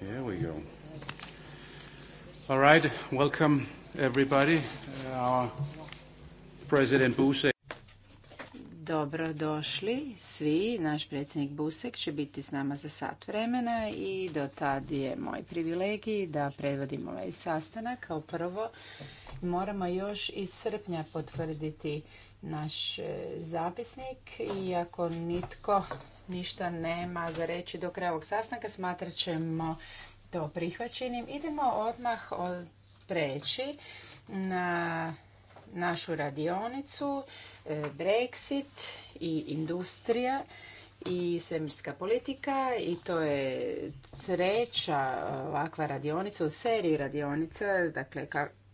Here we go. All welcome everybody. Uh, our President Busek. Dobro došli svi. Naš predsjednik Busek će biti s nama za sat vremena i do tad je moj privilegij da predvodim ovaj sastanak. Kao prvo moramo još iz srpnja potvrditi naš e, zapisnik. Iako nitko ništa nema za reći do kraja ovog sastanka, smatrat ćemo to prihvaćenim. Idemo odmah preći na našu radionicu e, Brexit i industrija i svemirska politika i to je treća ovakva radionica u seriji radionica, dakle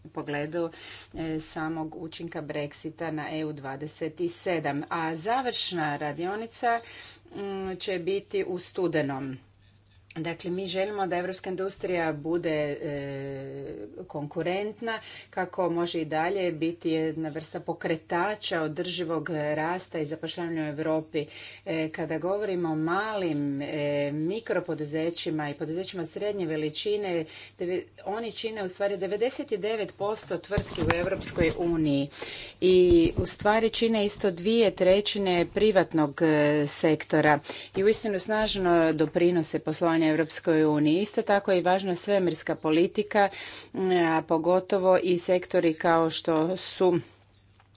u pogledu e, samog učinka Brexita na EU 27. A završna radionica će biti u studenom. Dakle, mi želimo da evropska industrija bude e, konkurentna, kako može i dalje biti jedna vrsta pokretača održivog rasta i zapošljavanja u Europi. E, kada govorimo o malim e, mikropoduzećima i poduzećima srednje veličine, oni čine u stvari 99% tvrtki u Europskoj uniji i u stvari čine isto dvije trećine privatnog sektora i uistinu snažno doprinose poslovanja EU. Europskoj uniji. Isto tako je i važna svemirska politika, pogotovo i sektori kao što su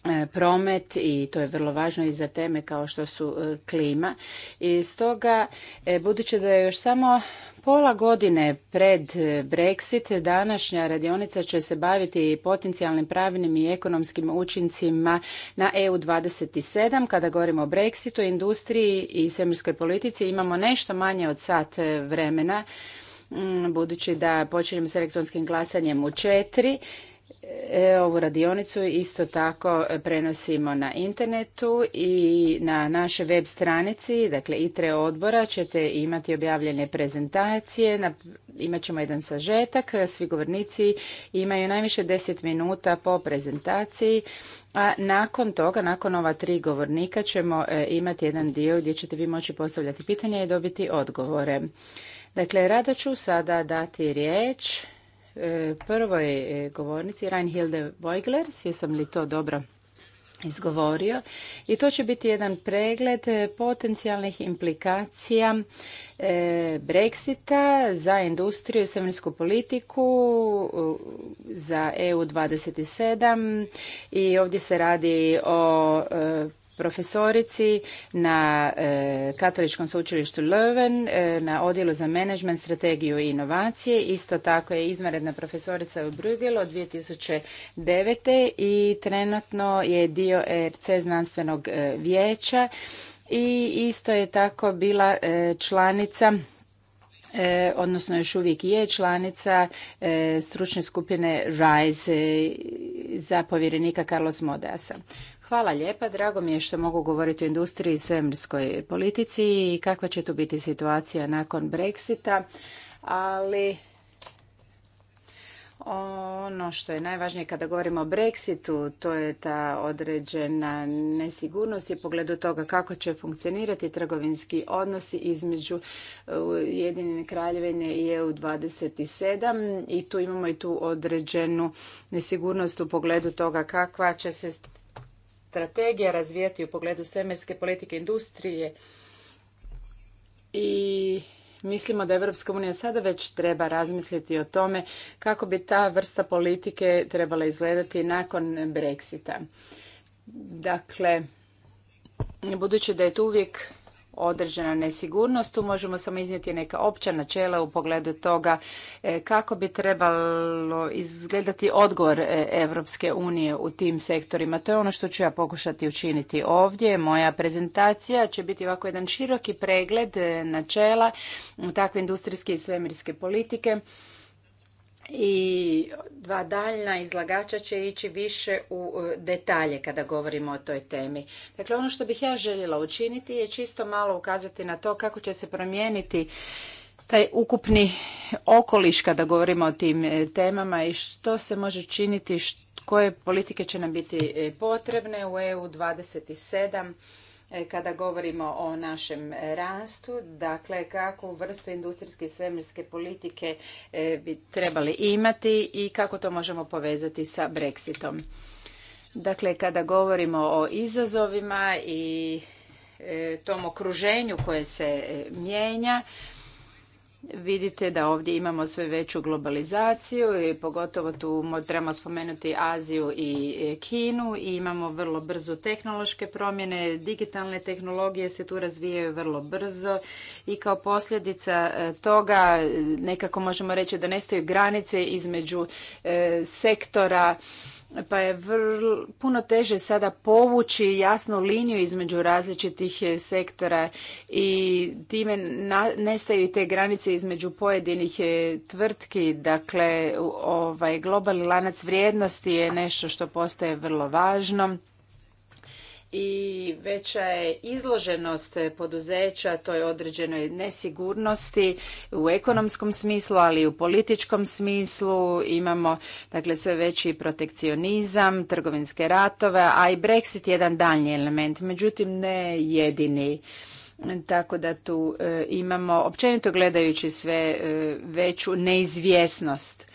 E, promet i to je vrlo važno i za teme kao što su e, klima. I stoga, e, budući da je još samo pola godine pred Brexit, današnja radionica će se baviti potencijalnim pravnim i ekonomskim učincima na EU27. Kada govorimo o Brexitu, industriji i svemirskoj politici imamo nešto manje od sat vremena, mm, budući da počinjem s elektronskim glasanjem u četiri E, ovu radionicu isto tako prenosimo na internetu i na našoj web stranici, dakle ITRE odbora ćete imati objavljene prezentacije, imat ćemo jedan sažetak, svi govornici imaju najviše deset minuta po prezentaciji, a nakon toga, nakon ova tri govornika ćemo e, imati jedan dio gdje ćete vi moći postavljati pitanja i dobiti odgovore. Dakle, rado ću sada dati riječ E, prvoj e, govornici, Reinhilde Beugler, sam li to dobro izgovorio i to će biti jedan pregled e, potencijalnih implikacija Brexita za industriju i svemirsku politiku za EU 27 i ovdje se radi o profesorici na e, Katoličkom sveučilištu Leuven e, na odjelu za menadžment, strategiju i inovacije. Isto tako je izvanredna profesorica u Brugelu od 2009. i trenutno je dio e RC znanstvenog vijeća i isto je tako bila članica odnosno još uvijek je članica stručne skupine RISE za povjerenika Carlos Modasa. Hvala lijepa, drago mi je što mogu govoriti o industriji i svemirskoj politici i kakva će tu biti situacija nakon Brexita, ali ono što je najvažnije kada govorimo o Brexitu, to je ta određena nesigurnost i pogledu toga kako će funkcionirati trgovinski odnosi između Ujedinjene kraljevine i EU27 i tu imamo i tu određenu nesigurnost u pogledu toga kakva će se strategija razvijati u pogledu svemirske politike industrije i mislimo da Evropska unija sada već treba razmisliti o tome kako bi ta vrsta politike trebala izgledati nakon Brexita. Dakle, budući da je tu uvijek određena nesigurnost. Tu možemo samo iznijeti neka opća načela u pogledu toga e, kako bi trebalo izgledati odgovor e, Evropske unije u tim sektorima. To je ono što ću ja pokušati učiniti ovdje. Moja prezentacija će biti ovako jedan široki pregled e, načela takve industrijske i svemirske politike i dva daljna izlagača će ići više u e, detalje kada govorimo o toj temi. Dakle, ono što bih ja željela učiniti je čisto malo ukazati na to kako će se promijeniti taj ukupni okoliš kada govorimo o tim e, temama i što se može činiti, koje politike će nam biti e, potrebne u EU 27 E, kada govorimo o našem rastu, dakle kakvu vrstu industrijske i svemirske politike e, bi trebali imati i kako to možemo povezati sa Brexitom. Dakle, kada govorimo o izazovima i e, tom okruženju koje se mijenja, Vidite da ovdje imamo sve veću globalizaciju i pogotovo tu trebamo spomenuti Aziju i e, Kinu i imamo vrlo brzo tehnološke promjene, digitalne tehnologije se tu razvijaju vrlo brzo i kao posljedica e, toga e, nekako možemo reći da nestaju granice između sektora pa je puno teže sada povući jasnu liniju između različitih e, sektora i time nestaju nestaju te granice između pojedinih e, tvrtki. Dakle, ovaj globalni lanac vrijednosti je nešto što postaje vrlo važno i veća je izloženost poduzeća toj određenoj nesigurnosti u ekonomskom smislu, ali i u političkom smislu. Imamo dakle sve veći protekcionizam, trgovinske ratove, a i Brexit je jedan daljnji element, međutim ne jedini. Tako da tu e, imamo općenito gledajući sve e, veću neizvjesnost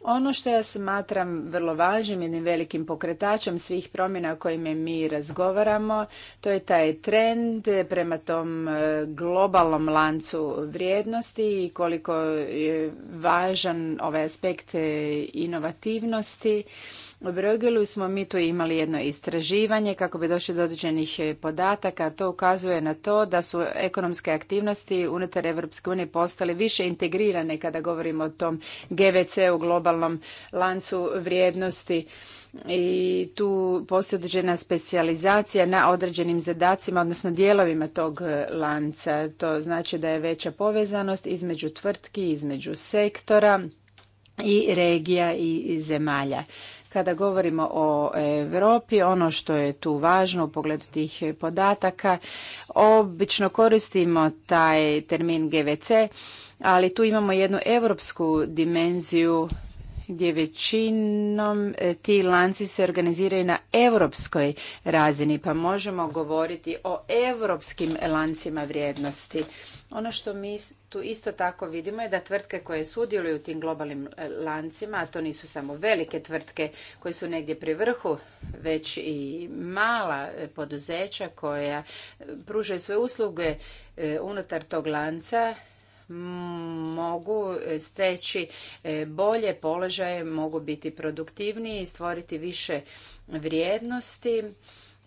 ono što ja smatram vrlo važnim, jednim velikim pokretačem svih promjena o kojima mi razgovaramo, to je taj trend prema tom e, globalnom lancu vrijednosti i koliko je važan ovaj aspekt e, inovativnosti u smo mi tu imali jedno istraživanje kako bi došli do određenih e, podataka. To ukazuje na to da su ekonomske aktivnosti unutar EU unije postale više integrirane kada govorimo o tom GVC u globalnom lancu vrijednosti i tu postoji određena specijalizacija na određenim zadacima, odnosno dijelovima tog e, lanca. To znači da je veća povezanost između tvrtki, između sektora i regija i zemalja. Kada govorimo o Europi, ono što je tu važno u pogledu tih podataka, obično koristimo taj termin GVC, ali tu imamo jednu europsku dimenziju gdje većinom e, ti lanci se organiziraju na europskoj razini, pa možemo govoriti o europskim lancima vrijednosti. Ono što mi tu isto tako vidimo je da tvrtke koje sudjeluju u tim globalnim e, lancima, a to nisu samo velike tvrtke koje su negdje pri vrhu, već i mala e, poduzeća koja pružaju svoje usluge unutar tog lanca, mogu steći e, bolje položaje, mogu biti produktivniji i stvoriti više vrijednosti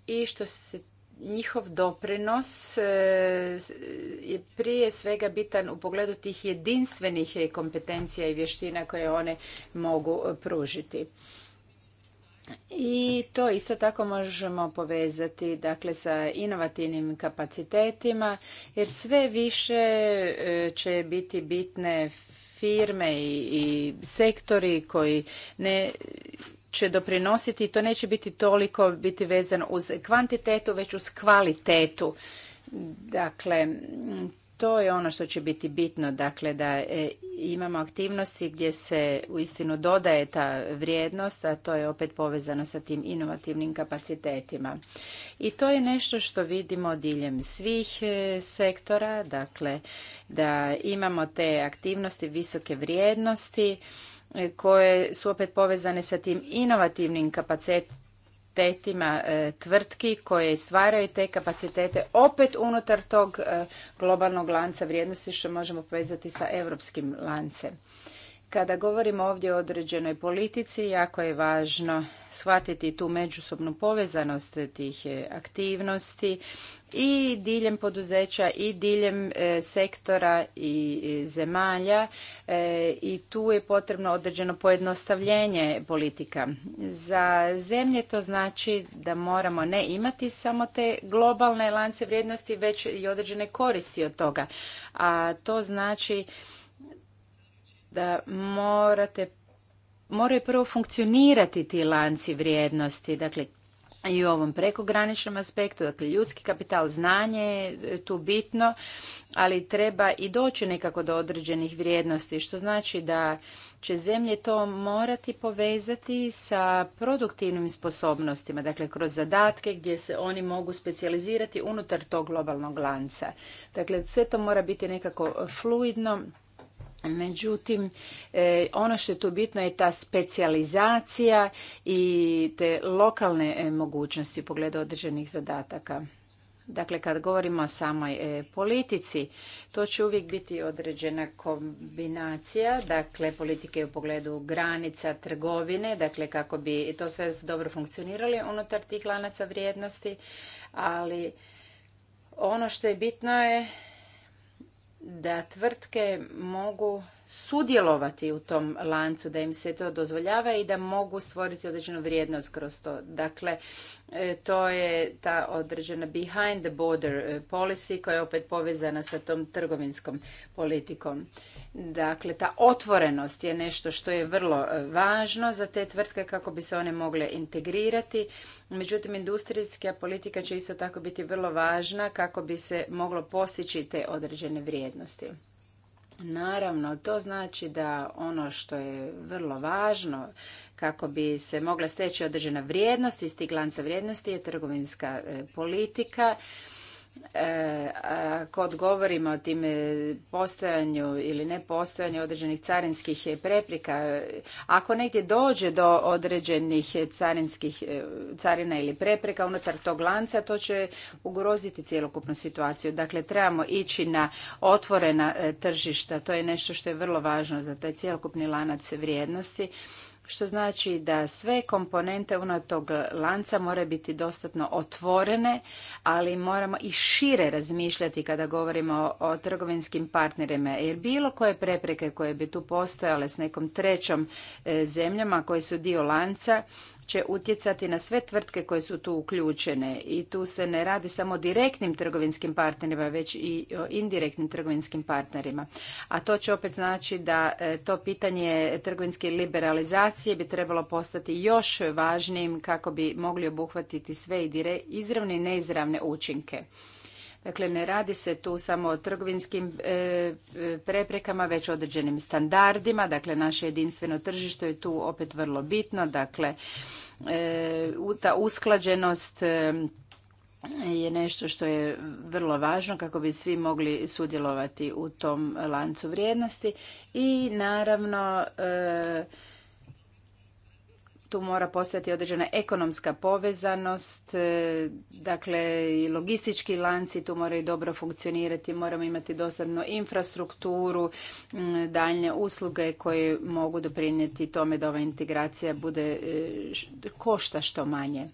i što se njihov doprinos e, je prije svega bitan u pogledu tih jedinstvenih kompetencija i vještina koje one mogu pružiti i to isto tako možemo povezati dakle sa inovativnim kapacitetima jer sve više e, će biti bitne firme i, sektori koji ne će doprinositi i to neće biti toliko biti vezano uz kvantitetu već uz kvalitetu. Dakle, to je ono što će biti bitno, dakle da e, imamo aktivnosti gdje se uistinu dodaje ta vrijednost, a to je opet povezano sa tim inovativnim kapacitetima. I to je nešto što vidimo diljem svih e, sektora, dakle da imamo te aktivnosti visoke vrijednosti e, koje su opet povezane sa tim inovativnim kapacitetima kapacitetima e, tvrtki koje stvaraju te kapacitete opet unutar tog e, globalnog lanca vrijednosti što možemo povezati sa europskim lancem. Kada govorimo ovdje o određenoj politici, jako je važno shvatiti tu međusobnu povezanost tih e, aktivnosti i diljem poduzeća i diljem e, sektora i e, zemalja i tu je potrebno određeno pojednostavljenje politika. Za zemlje to znači da moramo ne imati samo te globalne lance vrijednosti, već i određene koristi od toga. A to znači da morate moraju prvo funkcionirati ti lanci vrijednosti, dakle i u ovom prekograničnom aspektu, dakle ljudski kapital, znanje je tu bitno, ali treba i doći nekako do određenih vrijednosti, što znači da će zemlje to morati povezati sa produktivnim sposobnostima, dakle kroz zadatke gdje se oni mogu specijalizirati unutar tog globalnog lanca. Dakle, sve to mora biti nekako fluidno, Međutim, e, ono što je tu bitno je ta specijalizacija i te lokalne e, mogućnosti u pogledu određenih zadataka. Dakle, kad govorimo o samoj e, politici, to će uvijek biti određena kombinacija, dakle, politike u pogledu granica, trgovine, dakle, kako bi to sve dobro funkcionirali unutar tih lanaca vrijednosti, ali ono što je bitno je da tvrtke mogu sudjelovati u tom lancu, da im se to dozvoljava i da mogu stvoriti određenu vrijednost kroz to. Dakle, e, to je ta određena behind the border e, policy koja je opet povezana sa tom trgovinskom politikom. Dakle, ta otvorenost je nešto što je vrlo e, važno za te tvrtke kako bi se one mogle integrirati. Međutim, industrijska politika će isto tako biti vrlo važna kako bi se moglo postići te određene vrijednosti. Naravno, to znači da ono što je vrlo važno kako bi se mogla steći određena vrijednost iz tih vrijednosti je trgovinska e, politika E, kod govorimo o tim e, postojanju ili nepostojanju određenih carinskih e, prepreka, ako negdje dođe do određenih carinskih carina ili prepreka unutar tog lanca, to će ugroziti cjelokupnu situaciju. Dakle, trebamo ići na otvorena tržišta. To je nešto što je vrlo važno za taj cjelokupni lanac vrijednosti što znači da sve komponente unatog lanca moraju biti dostatno otvorene, ali moramo i šire razmišljati kada govorimo o, trgovinskim partnerima, jer bilo koje prepreke koje bi tu postojale s nekom trećom e, zemljama koje su dio lanca, će utjecati na sve tvrtke koje su tu uključene i tu se ne radi samo o direktnim trgovinskim partnerima, već i o indirektnim trgovinskim partnerima. A to će opet znači da e, to pitanje trgovinske liberalizacije bi trebalo postati još važnijim kako bi mogli obuhvatiti sve izravne i neizravne učinke. Dakle, ne radi se tu samo o trgovinskim e, e, preprekama, već o određenim standardima. Dakle, naše jedinstveno tržište je tu opet vrlo bitno. Dakle, e, ta usklađenost je nešto što je vrlo važno kako bi svi mogli sudjelovati u tom lancu vrijednosti i naravno tu mora postojati određena ekonomska povezanost, e, dakle i logistički lanci tu moraju dobro funkcionirati, moramo imati dosadnu infrastrukturu, daljnje usluge koje mogu doprinijeti tome da ova integracija bude e, košta što manje.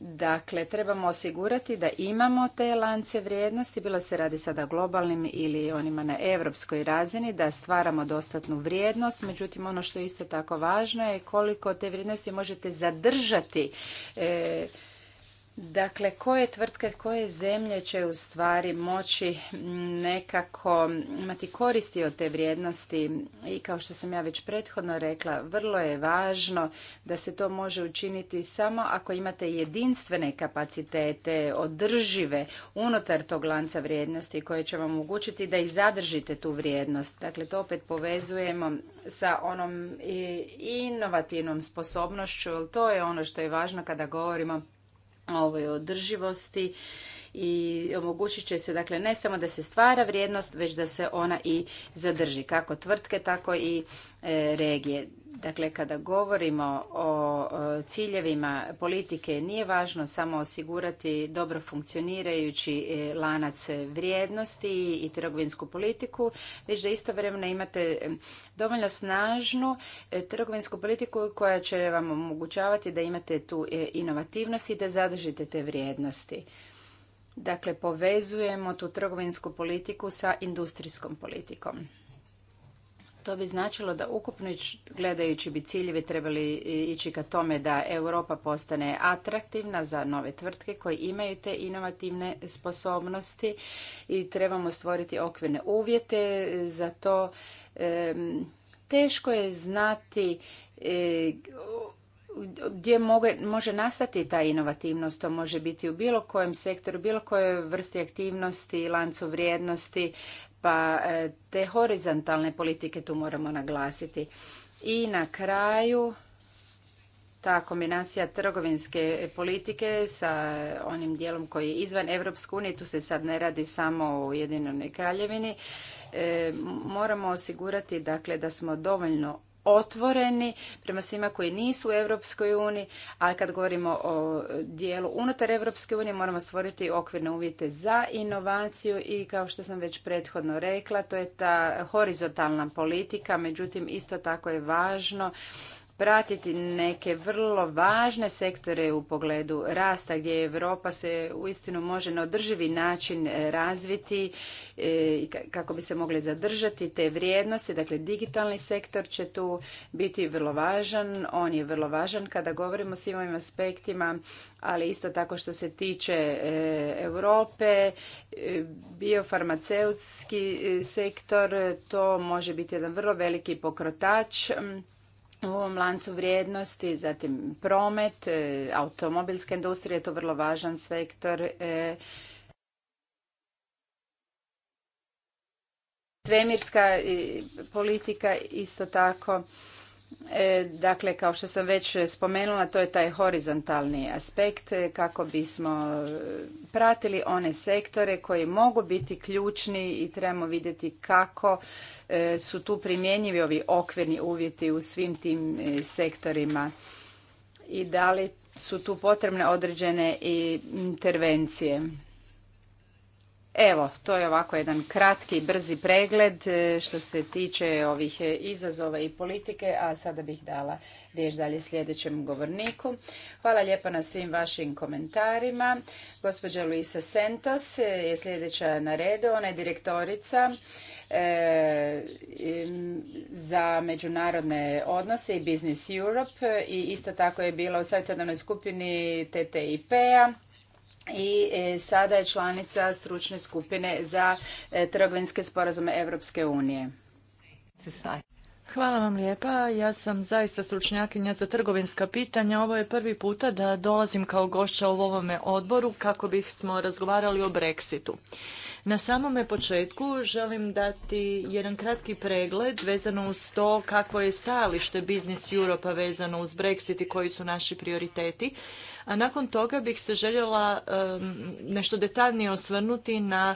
Dakle, trebamo osigurati da imamo te lance vrijednosti, bilo se radi sada globalnim ili onima na europskoj razini, da stvaramo dostatnu vrijednost. Međutim, ono što je isto tako važno je koliko te vrijednosti možete zadržati e, Dakle, koje tvrtke, koje zemlje će u stvari moći nekako imati koristi od te vrijednosti i kao što sam ja već prethodno rekla, vrlo je važno da se to može učiniti samo ako imate jedinstvene kapacitete, održive unutar tog lanca vrijednosti koje će vam omogućiti da i zadržite tu vrijednost. Dakle, to opet povezujemo sa onom inovativnom sposobnošću, jer to je ono što je važno kada govorimo ovoj održivosti i omogućit će se dakle ne samo da se stvara vrijednost, već da se ona i zadrži, kako tvrtke, tako i e, regije. Dakle, kada govorimo o ciljevima politike, nije važno samo osigurati dobro funkcionirajući e, lanac vrijednosti i trgovinsku politiku, već da istovremeno imate dovoljno snažnu e, trgovinsku politiku koja će vam omogućavati da imate tu e, inovativnost i da zadržite te vrijednosti. Dakle, povezujemo tu trgovinsku politiku sa industrijskom politikom. To bi značilo da ukupno gledajući bi ciljevi trebali ići ka tome da Europa postane atraktivna za nove tvrtke koje imaju te inovativne sposobnosti i trebamo stvoriti okvirne uvjete za to. Teško je znati e, gdje može nastati ta inovativnost, to može biti u bilo kojem sektoru, bilo kojoj vrsti aktivnosti, lancu vrijednosti, pa e, te horizontalne politike tu moramo naglasiti. I na kraju ta kombinacija trgovinske politike sa onim dijelom koji je izvan Evropske unije, tu se sad ne radi samo u Ujedinjenoj kraljevini, e, moramo osigurati dakle da smo dovoljno otvoreni prema svima koji nisu u Europskoj uniji, ali kad govorimo o dijelu unutar Europske unije moramo stvoriti okvirne uvjete za inovaciju i kao što sam već prethodno rekla, to je ta horizontalna politika, međutim isto tako je važno pratiti neke vrlo važne sektore u pogledu rasta gdje Europa se uistinu može na održivi način razviti e, i kako bi se mogle zadržati te vrijednosti. Dakle, digitalni sektor će tu biti vrlo važan. On je vrlo važan kada govorimo o svim ovim aspektima, ali isto tako što se tiče e, Europe, e, biofarmaceutski sektor, to može biti jedan vrlo veliki pokrotač u ovom lancu vrijednosti, zatim promet, e, automobilska industrija je to vrlo važan sektor. E, svemirska politika isto tako. E, dakle, kao što sam već spomenula, to je taj horizontalni aspekt e, kako bismo e, pratili one sektore koji mogu biti ključni i trebamo vidjeti kako su tu primjenjivi ovi okvirni uvjeti u svim tim sektorima i da li su tu potrebne određene intervencije. Evo, to je ovako jedan kratki, brzi pregled e, što se tiče ovih e, izazova i politike, a sada bih dala riječ dalje sljedećem govorniku. Hvala lijepa na svim vašim komentarima. Gospođa Luisa Sentos e, je sljedeća na redu, ona je direktorica za međunarodne odnose i Business Europe i isto tako je bila u savjetodavnoj skupini TTIP-a i e, sada je članica stručne skupine za e, trgovinske sporazume Evropske unije. Hvala vam lijepa. Ja sam zaista stručnjakinja za trgovinska pitanja. Ovo je prvi puta da dolazim kao gošća u ovome odboru kako smo razgovarali o Brexitu. Na samome početku želim dati jedan kratki pregled vezano uz to kakvo je stajalište Business Europa vezano uz Brexit i koji su naši prioriteti. A nakon toga bih se željela nešto detaljnije osvrnuti na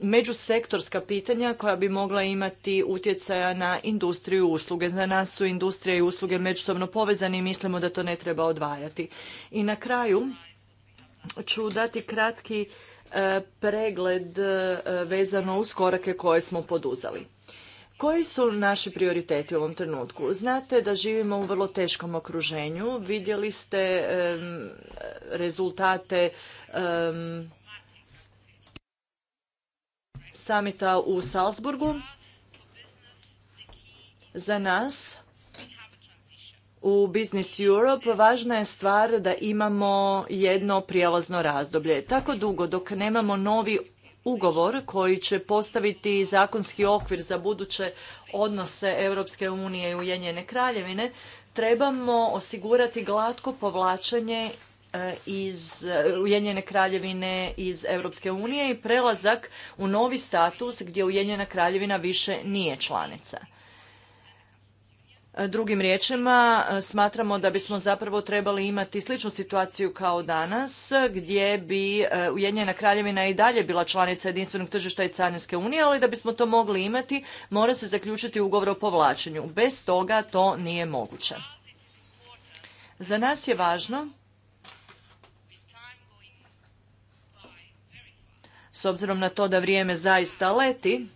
međusektorska pitanja koja bi mogla imati utjecaja na industriju usluge. Za nas su industrija i usluge međusobno povezani i mislimo da to ne treba odvajati. I na kraju ću dati kratki eh, pregled eh, vezano uz korake koje smo poduzeli. Koji su naši prioriteti u ovom trenutku? Znate da živimo u vrlo teškom okruženju. Vidjeli ste rezultate samita u Salzburgu. Za nas u Business Europe važna je stvar da imamo jedno prijelazno razdoblje. Tako dugo dok nemamo novi ugovor koji će postaviti zakonski okvir za buduće odnose Europske unije i Ujedinjene kraljevine, trebamo osigurati glatko povlačenje e, iz e, Ujedinjene kraljevine iz Europske unije i prelazak u novi status gdje Ujedinjena kraljevina više nije članica. E, drugim riječima, e, smatramo da bismo zapravo trebali imati sličnu situaciju kao danas, gdje bi e, Ujedinjena kraljevina i dalje bila članica jedinstvenog tržišta i carinske unije, ali da bismo to mogli imati, mora se zaključiti ugovor o povlačenju. Bez toga to nije moguće. Za nas je važno s obzirom na to da vrijeme zaista leti,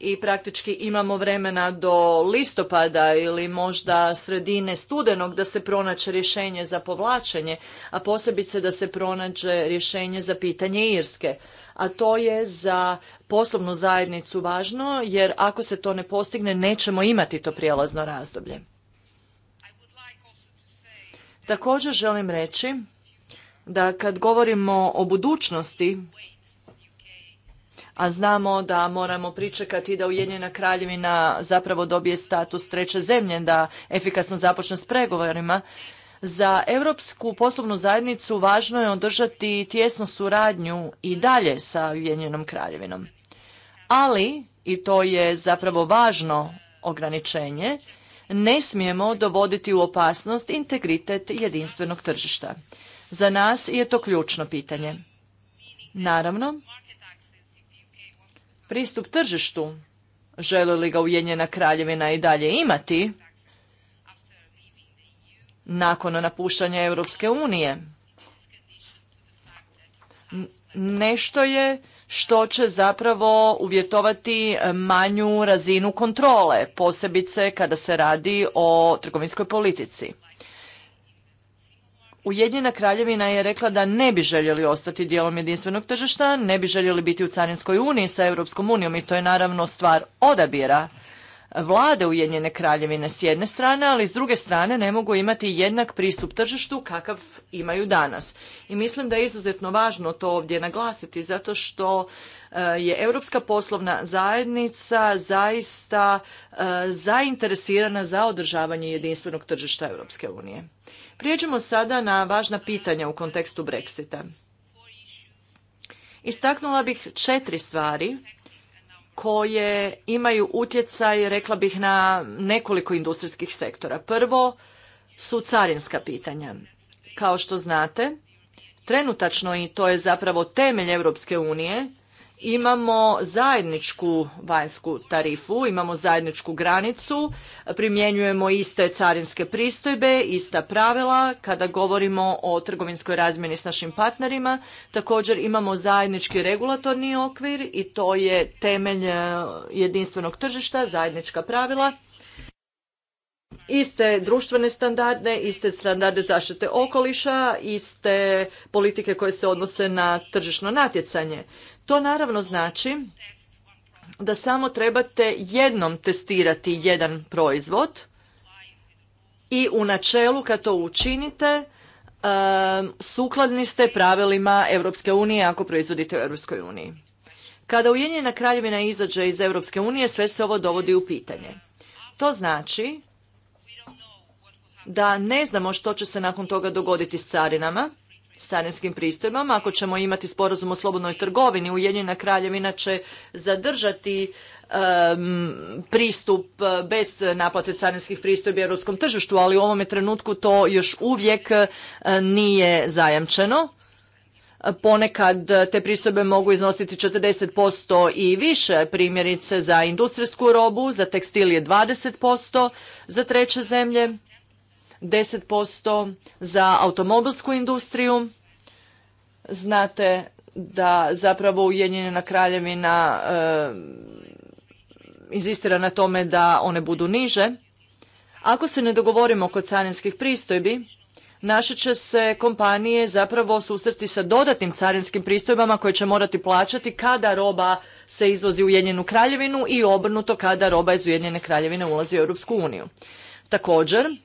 i praktički imamo vremena do listopada ili možda sredine studenog da se pronaće rješenje za povlačenje, a posebice da se pronađe rješenje za pitanje Irske. A to je za poslovnu zajednicu važno jer ako se to ne postigne nećemo imati to prijelazno razdoblje. Također želim reći da kad govorimo o budućnosti a znamo da moramo pričekati da Ujedinjena kraljevina zapravo dobije status treće zemlje, da efikasno započne s pregovorima. Za europsku poslovnu zajednicu važno je održati tjesnu suradnju i dalje sa Ujedinjenom kraljevinom. Ali, i to je zapravo važno ograničenje, ne smijemo dovoditi u opasnost integritet jedinstvenog tržišta. Za nas je to ključno pitanje. Naravno, pristup tržištu, želi li ga Ujedinjena kraljevina i dalje imati nakon napuštanja Europske unije. Nešto je što će zapravo uvjetovati e, manju razinu kontrole, posebice kada se radi o trgovinskoj politici. Ujedinjena kraljevina je rekla da ne bi željeli ostati dijelom jedinstvenog tržišta, ne bi željeli biti u Carinskoj uniji sa Europskom unijom i to je naravno stvar odabira vlade Ujedinjene kraljevine s jedne strane, ali s druge strane ne mogu imati jednak pristup tržištu kakav imaju danas. I mislim da je izuzetno važno to ovdje naglasiti zato što e, je Europska poslovna zajednica zaista e, zainteresirana za održavanje jedinstvenog tržišta Europske unije. Prijeđemo sada na važna pitanja u kontekstu Brexita. Istaknula bih četiri stvari koje imaju utjecaj, rekla bih, na nekoliko industrijskih sektora. Prvo su carinska pitanja. Kao što znate, trenutačno, i to je zapravo temelj Europske unije, imamo zajedničku vanjsku tarifu, imamo zajedničku granicu, primjenjujemo iste carinske pristojbe, ista pravila kada govorimo o trgovinskoj razmjeni s našim partnerima. Također imamo zajednički regulatorni okvir i to je temelj e, jedinstvenog tržišta, zajednička pravila iste društvene standarde, iste standarde zaštite okoliša, iste politike koje se odnose na tržišno natjecanje. To naravno znači da samo trebate jednom testirati jedan proizvod i u načelu kad to učinite sukladni ste pravilima Europske unije ako proizvodite u Europskoj uniji. Kada Ujedinjena kraljevina izađe iz Europske unije, sve se ovo dovodi u pitanje. To znači da ne znamo što će se nakon toga dogoditi s carinama s carinskim pristojbama. Ako ćemo imati sporazum o slobodnoj trgovini, Ujedinjena kraljevina će zadržati pristup eh, bez naplate carinskih pristojbi europskom tržištu, ali u ovome trenutku to još uvijek eh, nije zajamčeno ponekad te pristojbe mogu iznositi 40% i više, primjerice za industrijsku robu, za tekstil je 20%, za treće zemlje 10% za automobilsku industriju. Znate da zapravo Ujedinjena kraljevina e, inzistira na tome da one budu niže. Ako se ne dogovorimo kod carinskih pristojbi, naše će se kompanije zapravo susresti sa dodatnim carinskim pristojbama koje će morati plaćati kada roba se izvozi u Ujedinjenu kraljevinu i obrnuto kada roba iz Ujedinjene kraljevine ulazi u Europsku uniju. Također,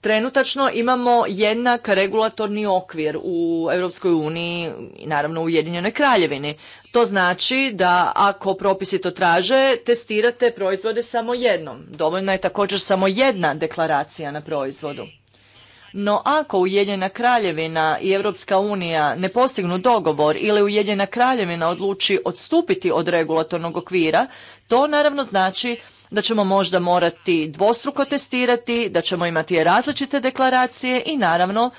Trenutačno imamo jednak regulatorni okvir u Europskoj uniji i naravno u Ujedinjenoj kraljevini. To znači da ako propisi to traže, testirate proizvode samo jednom. Dovoljna je također samo jedna deklaracija na proizvodu. No ako Ujedinjena kraljevina i Europska unija ne postignu dogovor ili Ujedinjena kraljevina odluči odstupiti od regulatornog okvira, to naravno znači da ćemo možda morati dvostruko testirati, da ćemo imati različite deklaracije i naravno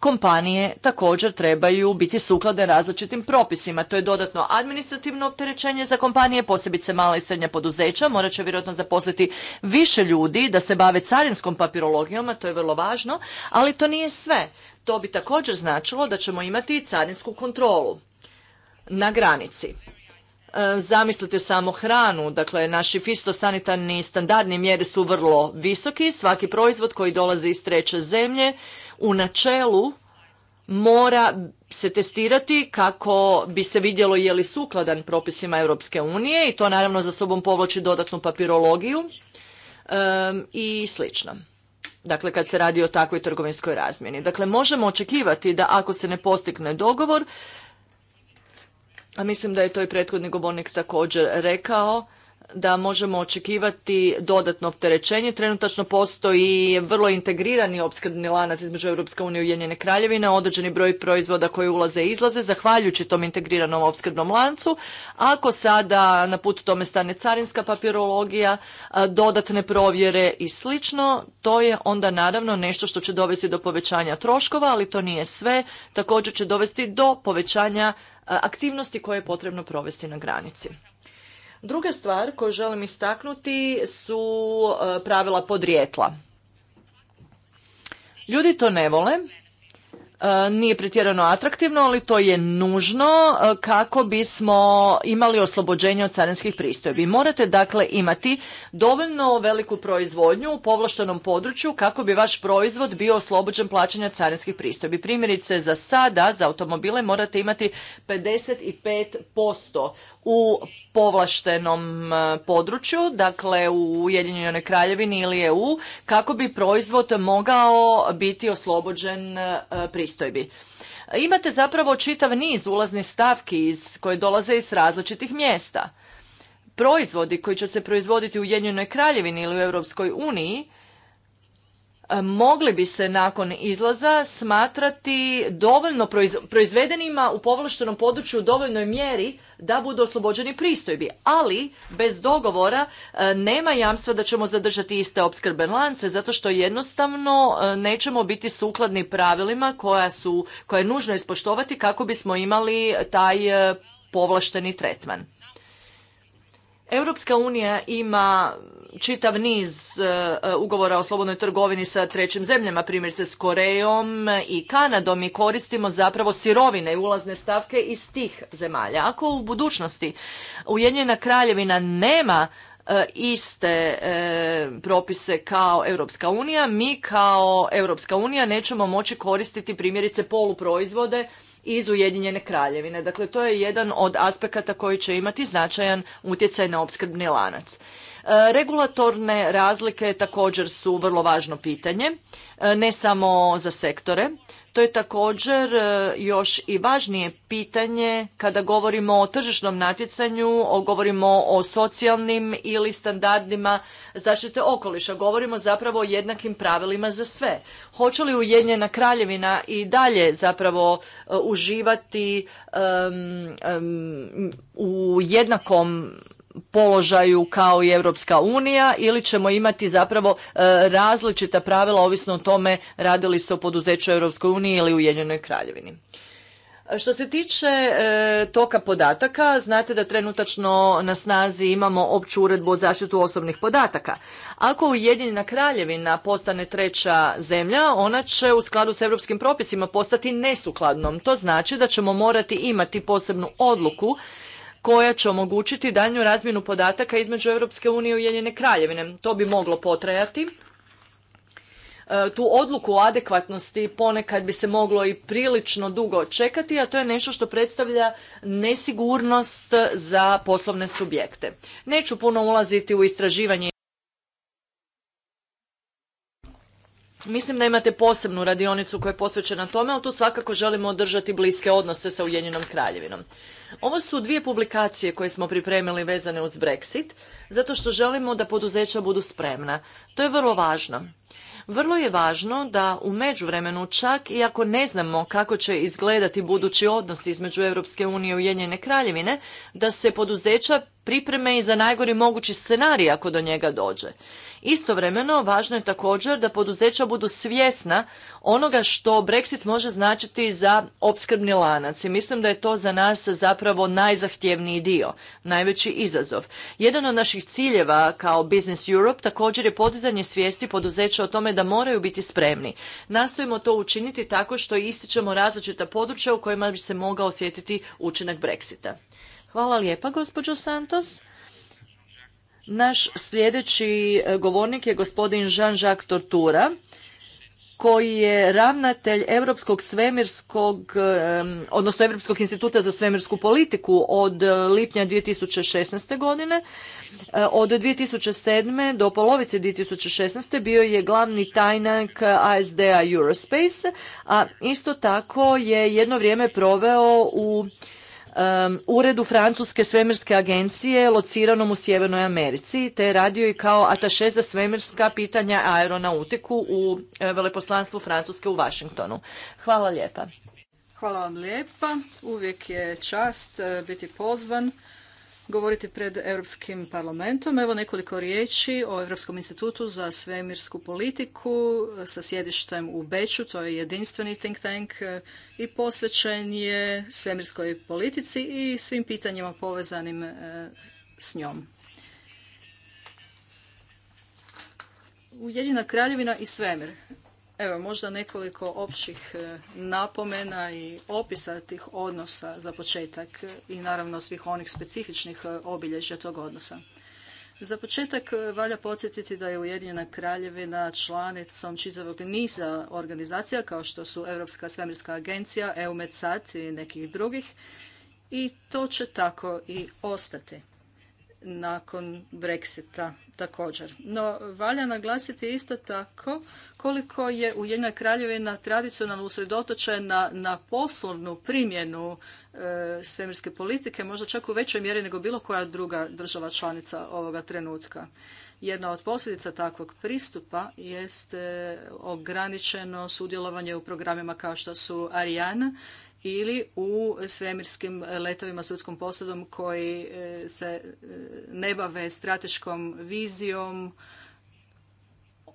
kompanije također trebaju biti sukladne različitim propisima. To je dodatno administrativno opterećenje za kompanije, posebice mala i srednja poduzeća. Morat će vjerojatno zaposliti više ljudi da se bave carinskom papirologijom, a to je vrlo važno, ali to nije sve. To bi također značilo da ćemo imati i carinsku kontrolu na granici. E, zamislite samo hranu, dakle naši fitosanitarni standardni mjere su vrlo visoki, svaki proizvod koji dolazi iz treće zemlje u načelu mora se testirati kako bi se vidjelo je li sukladan propisima Europske unije i to naravno za sobom povlači dodatnu papirologiju i slično. Dakle, kad se radi o takvoj trgovinskoj razmjeni. Dakle, možemo očekivati da ako se ne postigne dogovor, mislim da je to i prethodni govornik također rekao, da možemo očekivati dodatno opterećenje. Trenutačno postoji vrlo integrirani opskrbni lanac između Europske unije i Ujedinjene kraljevine, određeni broj proizvoda koji ulaze i izlaze, zahvaljujući tom integriranom opskrbnom lancu. Ako sada na put tome stane carinska papirologija, dodatne provjere i slično, to je onda naravno nešto što će dovesti do povećanja troškova, ali to nije sve. Također će dovesti do povećanja aktivnosti koje je potrebno provesti na granici. Druga stvar koju želim istaknuti su pravila podrijetla. Ljudi to ne vole E, nije pretjerano atraktivno, ali to je nužno e, kako bismo imali oslobođenje od carinskih pristojbi. Morate dakle imati dovoljno veliku proizvodnju u povlaštenom području kako bi vaš proizvod bio oslobođen plaćanja carinskih pristojbi. Primjerice za sada za automobile morate imati 55% u povlaštenom e, području, dakle u Ujedinjenoj kraljevini ili EU, kako bi proizvod mogao biti oslobođen e, pristojbi. Imate zapravo čitav niz ulaznih stavki iz, koje dolaze iz različitih mjesta. Proizvodi koji će se proizvoditi u Ujedinjenoj kraljevini ili u Europskoj uniji E, mogli bi se nakon izlaza smatrati dovoljno proizvedenima u povlaštenom području u dovoljnoj mjeri da budu oslobođeni pristojbi, ali bez dogovora e, nema jamstva da ćemo zadržati iste opskrbe lance zato što jednostavno e, nećemo biti sukladni pravilima koja, su, koja je nužno ispoštovati kako bismo imali taj povlašteni tretman. Europska unija ima čitav niz e, e, ugovora o slobodnoj trgovini sa trećim zemljama, primjerice s Korejom i Kanadom i koristimo zapravo sirovine i ulazne stavke iz tih zemalja. Ako u budućnosti Ujedinjena kraljevina nema e, iste propise kao Europska unija, mi kao Europska unija nećemo moći koristiti primjerice poluproizvode iz Ujedinjene kraljevine. Dakle, to je jedan od aspekata koji će imati značajan utjecaj na opskrbni lanac. E, regulatorne razlike također su vrlo važno pitanje, e, ne samo za sektore, to je također e, još i važnije pitanje kada govorimo o tržišnom natjecanju, o, govorimo o socijalnim ili standardima zaštite okoliša. Govorimo zapravo o jednakim pravilima za sve. Hoće li Ujedinjena kraljevina i dalje zapravo e, uživati u jednakom položaju kao i Europska unija ili ćemo imati zapravo e, različita pravila ovisno o tome radili se o poduzeću Europskoj uniji ili Ujedinjenoj kraljevini. Što se tiče e, toka podataka, znate da trenutačno na snazi imamo opću uredbu o zaštitu osobnih podataka. Ako Ujedinjena kraljevina postane treća zemlja, ona će u skladu s europskim propisima postati nesukladnom. To znači da ćemo morati imati posebnu odluku koja će omogućiti daljnju razmjenu podataka između Europske unije i Ujedinjene kraljevine. To bi moglo potrajati. E, tu odluku o adekvatnosti ponekad bi se moglo i prilično dugo čekati, a to je nešto što predstavlja nesigurnost za poslovne subjekte. Neću puno ulaziti u istraživanje Mislim da imate posebnu radionicu koja je posvećena tome, ali tu svakako želimo održati bliske odnose sa Ujedinjenom kraljevinom. Ovo su dvije publikacije koje smo pripremili vezane uz Brexit, zato što želimo da poduzeća budu spremna. To je vrlo važno. Vrlo je važno da u međuvremenu čak i ako ne znamo kako će izgledati budući odnos između Europske unije i Ujedinjene kraljevine, da se poduzeća pripreme i za najgori mogući scenarij ako do njega dođe. Istovremeno, važno je također da poduzeća budu svjesna onoga što Brexit može značiti za opskrbni lanac i mislim da je to za nas zapravo najzahtjevniji dio, najveći izazov. Jedan od naših ciljeva kao Business Europe također je podizanje svijesti poduzeća o tome da moraju biti spremni. Nastojimo to učiniti tako što ističemo različita područja u kojima bi se mogao osjetiti učinak Brexita. Hvala lijepa, gospođo Santos. Naš sljedeći e, govornik je gospodin Jean-Jacques Tortura koji je ravnatelj Europskog svemirskog, e, odnosno Europskog instituta za svemirsku politiku od e, lipnja 2016. godine. Od 2007. do polovice 2016. bio je glavni tajnak ASD-a Eurospace, a isto tako je jedno vrijeme proveo u uredu Francuske svemirske agencije lociranom u Sjevernoj Americi, te je radio i kao ataše za svemirska pitanja aeronautiku u e, veleposlanstvu Francuske u Washingtonu. Hvala lijepa. Hvala vam lijepa. Uvijek je čast e, biti pozvan govoriti pred Europskim parlamentom. Evo nekoliko riječi o Europskom institutu za svemirsku politiku sa sjedištem u Beču, to je jedinstveni think tank i posvećen je svemirskoj politici i svim pitanjima povezanim e, s njom. Ujedina kraljevina i svemir. Evo, možda nekoliko općih e, napomena i opisa tih odnosa za početak e, i naravno svih onih specifičnih e, obilježja tog odnosa. Za početak valja podsjetiti da je Ujedinjena kraljevina članicom čitavog niza organizacija kao što su Europska svemirska agencija, EUMETSAT i nekih drugih i to će tako i ostati nakon Brexita također. No, valja naglasiti isto tako koliko je Ujedinjena kraljevina tradicionalno usredotočena na poslovnu primjenu e, svemirske politike, možda čak u većoj mjeri nego bilo koja druga država članica ovoga trenutka. Jedna od posljedica takvog pristupa jest e, ograničeno sudjelovanje u programima kao što su Ariana ili u svemirskim letovima sudskom posadom koji e, se e, ne bave strateškom vizijom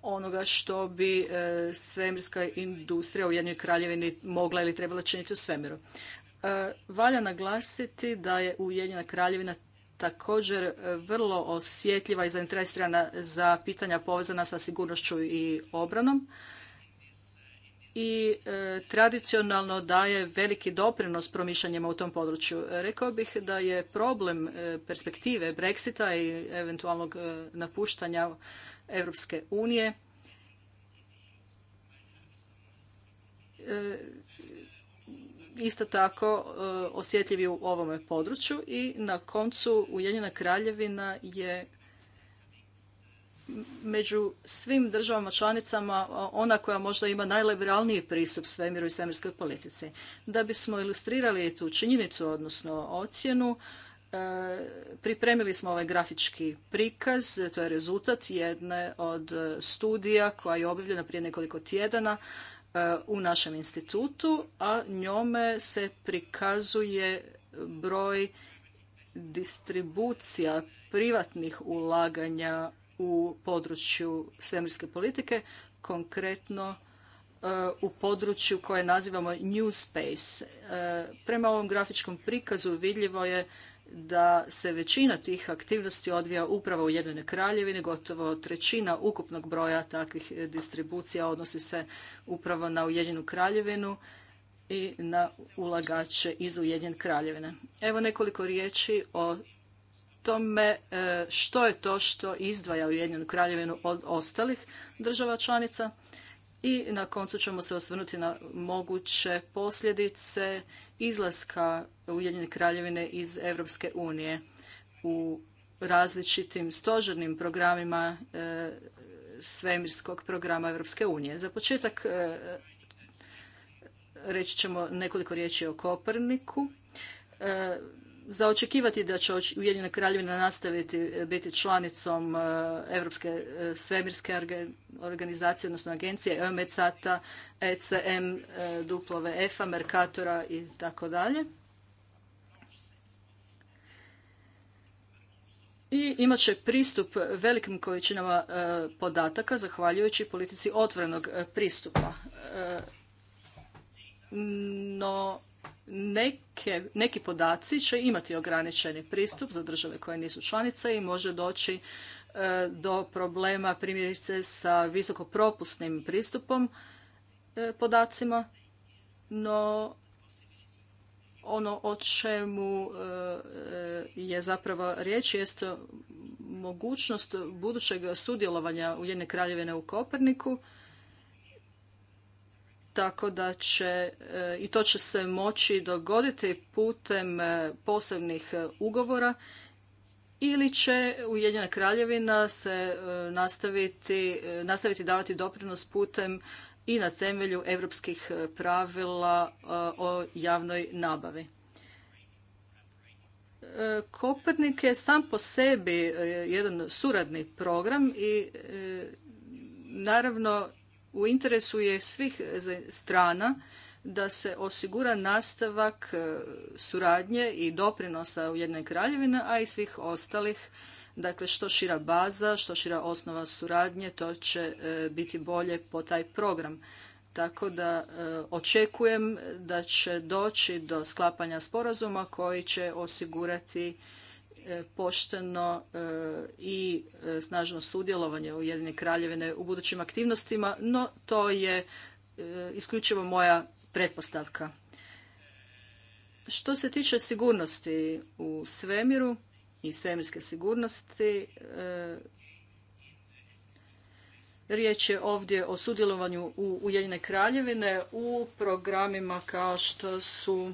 onoga što bi e, svemirska industrija u jednoj kraljevini mogla ili trebala činiti u svemiru. Valja naglasiti da je Ujedinjena kraljevina također vrlo osjetljiva i zainteresirana za pitanja povezana sa sigurnošću i obranom i e, tradicionalno daje veliki doprinos promišljanjima u tom području. Rekao bih da je problem e, perspektive Brexita i eventualnog e, napuštanja Europske unije isto tako osjetljivi u ovome području i na koncu Ujedinjena kraljevina je među svim državama članicama ona koja možda ima najliberalniji pristup svemiru i svemirskoj politici. Da bismo ilustrirali tu činjenicu, odnosno ocjenu, e, pripremili smo ovaj grafički prikaz, to je rezultat jedne od e, studija koja je objavljena prije nekoliko tjedana e, u našem institutu, a njome se prikazuje broj distribucija privatnih ulaganja u području svemirske politike, konkretno e, u području koje nazivamo New Space. E, prema ovom grafičkom prikazu vidljivo je da se većina tih aktivnosti odvija upravo u Jedine kraljevini, gotovo trećina ukupnog broja takvih distribucija odnosi se upravo na Ujedinu kraljevinu i na ulagače iz Ujedinjene kraljevine. Evo nekoliko riječi o tome e, što je to što izdvaja Ujedinjenu kraljevinu od ostalih država članica i na koncu ćemo se osvrnuti na moguće posljedice izlaska Ujedinjene kraljevine iz Europske unije u različitim stožernim programima e, svemirskog programa Europske unije. Za početak e, reći ćemo nekoliko riječi o Koperniku za očekivati da će Ujedinjena kraljevina nastaviti e, biti članicom Europske e, svemirske organizacije, odnosno agencije EMECATA, ECM, e, duplove EFA, Mercatora i tako dalje. I imat će pristup velikim količinama podataka zahvaljujući politici otvorenog pristupa. No, neki podaci će imati ograničeni pristup za države koje nisu članice i može doći e, do problema primjerice sa visokopropusnim pristupom e, podacima, no ono o čemu e, je zapravo riječ jest mogućnost budućeg sudjelovanja Ujedne kraljevine u Koperniku tako da će e, i to će se moći dogoditi putem e, posebnih e, ugovora ili će Ujedinjena kraljevina se nastaviti, nastaviti davati doprinos putem i na temelju europskih pravila o javnoj nabavi. Kopernik je sam po sebi jedan suradni program i naravno u interesu je svih strana da se osigura nastavak e, suradnje i doprinosa u jednoj kraljevini, a i svih ostalih. Dakle, što šira baza, što šira osnova suradnje, to će e, biti bolje po taj program. Tako da e, očekujem da će doći do sklapanja sporazuma koji će osigurati E, pošteno e, i e, snažno sudjelovanje Jedine kraljevine u budućim aktivnostima, no to je isključivo moja pretpostavka. Što se tiče sigurnosti u svemiru i svemirske sigurnosti, Riječ je ovdje o sudjelovanju u Ujedinjene kraljevine u programima kao što su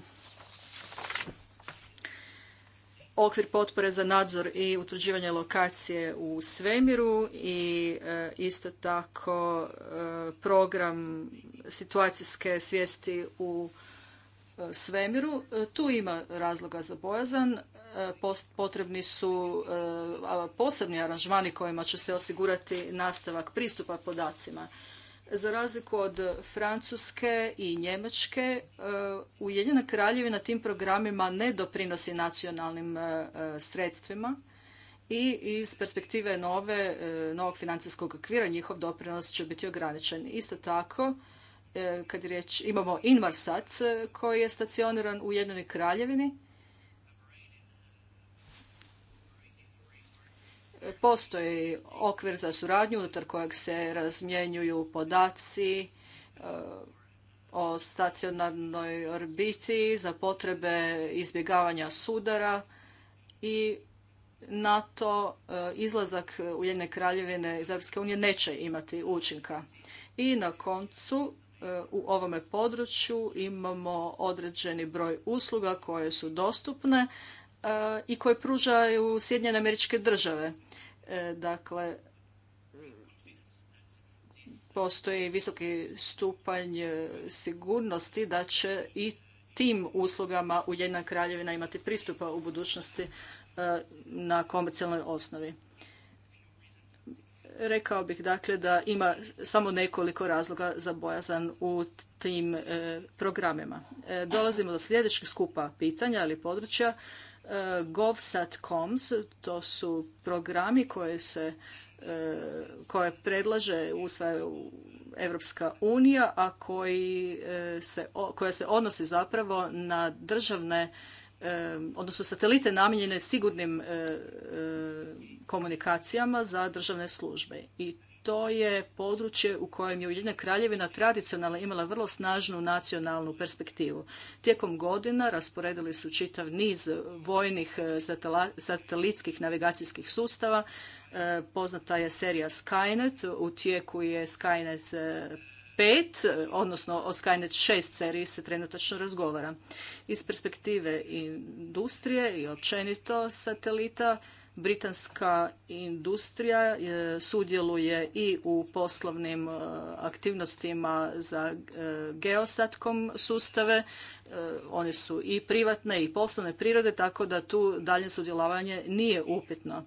okvir potpore za nadzor i utvrđivanje lokacije u svemiru i e, isto tako e, program situacijske svijesti u e, svemiru. Tu ima razloga za bojazan. Potrebni su posebni aranžmani kojima će se osigurati nastavak pristupa podacima. Za razliku od Francuske i Njemačke, e, Ujedinjena kraljevina tim programima ne doprinosi nacionalnim e, sredstvima i iz perspektive nove, e, novog financijskog okvira njihov doprinos će biti ograničen. Isto tako, kad je riječ, imamo Inmarsat koji je stacioniran u Ujedinjenoj kraljevini Postoji okvir za suradnju unutar kojeg se razmjenjuju podaci e, o stacionarnoj orbiti za potrebe izbjegavanja sudara i na to e, izlazak Ujedne kraljevine iz Europske unije neće imati učinka. I na koncu e, u ovome području imamo određeni broj usluga koje su dostupne i koje pružaju Sjedinjene američke države E, dakle, postoji visoki stupanj e, sigurnosti da će i tim uslugama ujedna kraljevina imati pristupa u budućnosti e, na komercijalnoj osnovi. Rekao bih dakle da ima samo nekoliko razloga za bojazan u tim programima. Dolazimo do sljedećeg skupa pitanja ili područja GovSat.coms, to su programi koje se e, koje predlaže usvaja unija, a koji e, se, koja se odnose zapravo na državne e, odnosno satelite namijenjene sigurnim komunikacijama za državne službe. I to je područje u kojem je Ujedinjena kraljevina tradicionalno imala vrlo snažnu nacionalnu perspektivu. Tijekom godina rasporedili su čitav niz vojnih e, satelitskih navigacijskih sustava. E, poznata je serija Skynet, u tijeku je Skynet 5, e, odnosno o Skynet 6 seriji se trenutačno razgovara. Iz perspektive industrije i općenito satelita, Britanska industrija e, sudjeluje i u poslovnim e, aktivnostima za e, geostatkom sustave. One su i privatne i poslovne prirode, tako da tu dalje sudjelovanje nije upitno.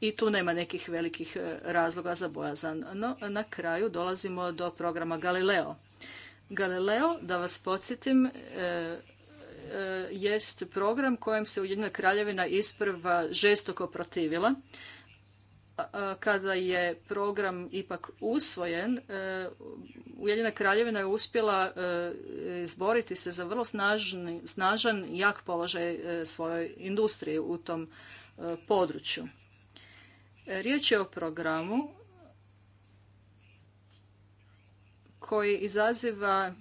I tu nema nekih velikih razloga za bojazan. No, na kraju dolazimo do programa Galileo. Galileo, da vas podsjetim, E, jest program kojem se Ujedinjena kraljevina isprva žestoko protivila. Kada je program ipak usvojen, e, Ujedinjena kraljevina je uspjela e, izboriti se za vrlo snažni, snažan, jak položaj svojoj industriji u tom području. Riječ je o programu koji izaziva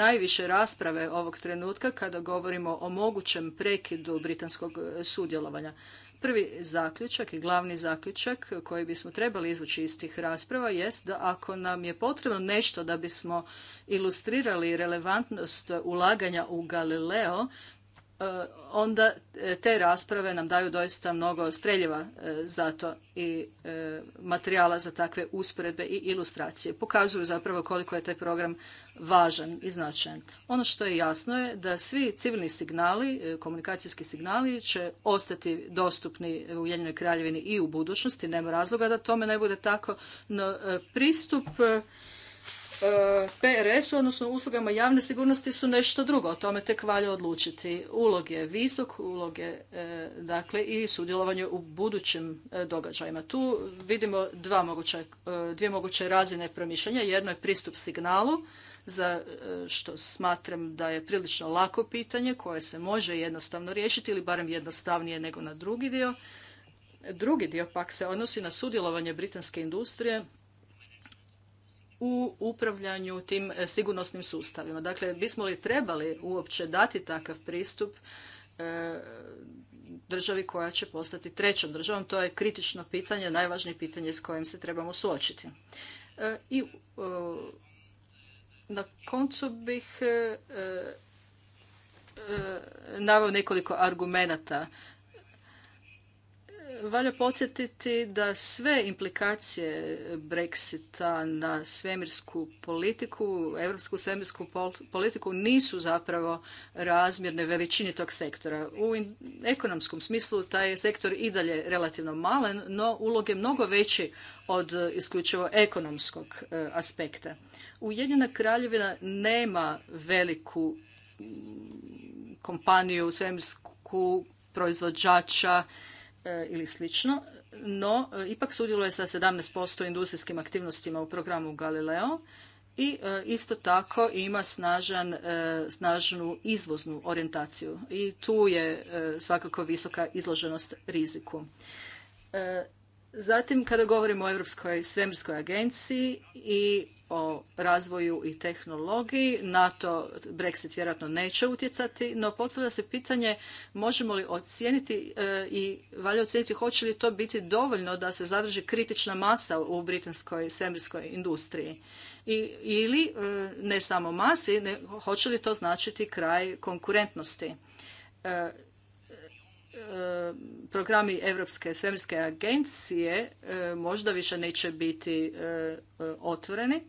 najviše rasprave ovog trenutka kada govorimo o mogućem prekidu britanskog e, sudjelovanja. Prvi zaključak i glavni zaključak koji bismo trebali izvući iz tih rasprava jest da ako nam je potrebno nešto da bismo ilustrirali relevantnost ulaganja u Galileo, E, onda e, te rasprave nam daju doista mnogo streljiva e, za to i materijala za takve usporedbe i ilustracije. Pokazuju zapravo koliko je taj program važan i značajan. Ono što je jasno je da svi civilni signali, komunikacijski signali će ostati dostupni u Ujedinjenoj kraljevini i u budućnosti. Nema razloga da tome ne bude tako, no pristup E, PRS-u, odnosno uslugama javne sigurnosti su nešto drugo. O tome tek valja odlučiti. Ulog je visok, ulog je e, dakle i sudjelovanje u budućim e, događajima. Tu vidimo dvije moguće razine promišljanja. Jedno je pristup signalu, za što smatram da je prilično lako pitanje koje se može jednostavno riješiti ili barem jednostavnije nego na drugi dio. Drugi dio pak se odnosi na sudjelovanje britanske industrije u upravljanju tim e, sigurnosnim sustavima. Dakle, bismo li trebali uopće dati takav pristup e, državi koja će postati trećom državom? To je kritično pitanje, najvažnije pitanje s kojim se trebamo suočiti. E, I na koncu bih naveo nekoliko argumenata valja podsjetiti da sve implikacije Brexita na svemirsku politiku, europsku svemirsku politiku nisu zapravo razmjerne veličini tog sektora. U ekonomskom smislu taj je sektor i dalje relativno malen, no ulog je mnogo veći od isključivo ekonomskog e, aspekta. Ujedinjena kraljevina nema veliku kompaniju svemirsku proizvođača E, ili slično, no e, ipak sudjeluje sa 17% industrijskim aktivnostima u programu Galileo i e, isto tako ima snažan, snažnu izvoznu orijentaciju i tu je svakako visoka izloženost riziku. Zatim, kada govorimo o Europskoj svemirskoj agenciji i o razvoju i tehnologiji. NATO Brexit vjerojatno neće utjecati, no postavlja se pitanje možemo li ocijeniti e, i valja ocijeniti hoće li to biti dovoljno da se zadrži kritična masa u britanskoj svemirskoj industriji. I, ili e, ne samo masi, ne, hoće li to značiti kraj konkurentnosti. E, programi Europske svemirske agencije možda više neće biti otvoreni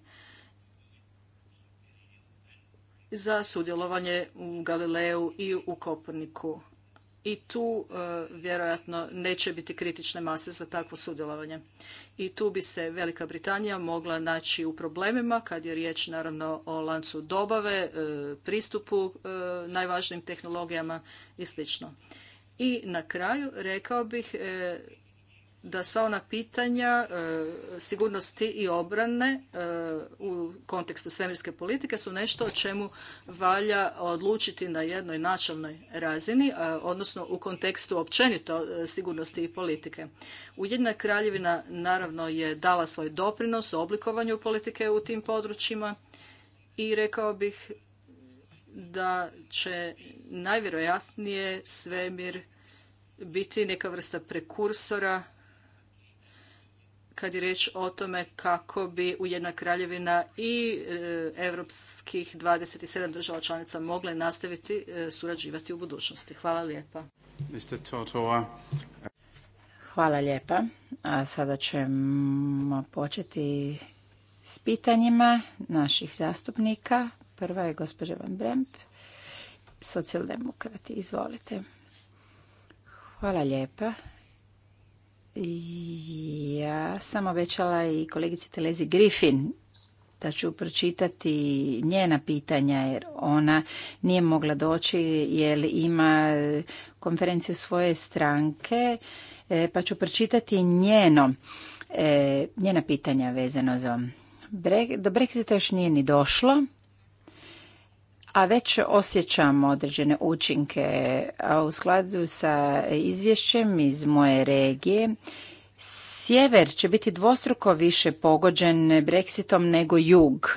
za sudjelovanje u Galileu i u Koperniku. I tu e, vjerojatno neće biti kritične mase za takvo sudjelovanje. I tu bi se Velika Britanija mogla naći u problemima kad je riječ naravno o lancu dobave, e, pristupu e, najvažnijim tehnologijama i sl. I na kraju rekao bih da sva ona pitanja e, sigurnosti i obrane e, u kontekstu svemirske politike su nešto o čemu valja odlučiti na jednoj načelnoj razini, e, odnosno u kontekstu općenito sigurnosti i politike. Ujedna kraljevina naravno je dala svoj doprinos u oblikovanju politike u tim područjima i rekao bih da će najvjerojatnije svemir biti neka vrsta prekursora kad je riječ o tome kako bi Ujedna kraljevina i europskih 27 država članica mogle nastaviti e, surađivati u budućnosti. Hvala lijepa. Hvala lijepa. A sada ćemo početi s pitanjima naših zastupnika. Prva je gospođa Van Bremp, socijaldemokrati. Izvolite. Hvala lijepa. Ja sam obećala i kolegici Telezi Griffin da ću pročitati njena pitanja jer ona nije mogla doći jer ima konferenciju svoje stranke e, pa ću pročitati njeno, e, njena pitanja vezano za do Brexita još nije ni došlo, a već osjećam određene učinke. u skladu sa izvješćem iz moje regije, sjever će biti dvostruko više pogođen Brexitom nego jug.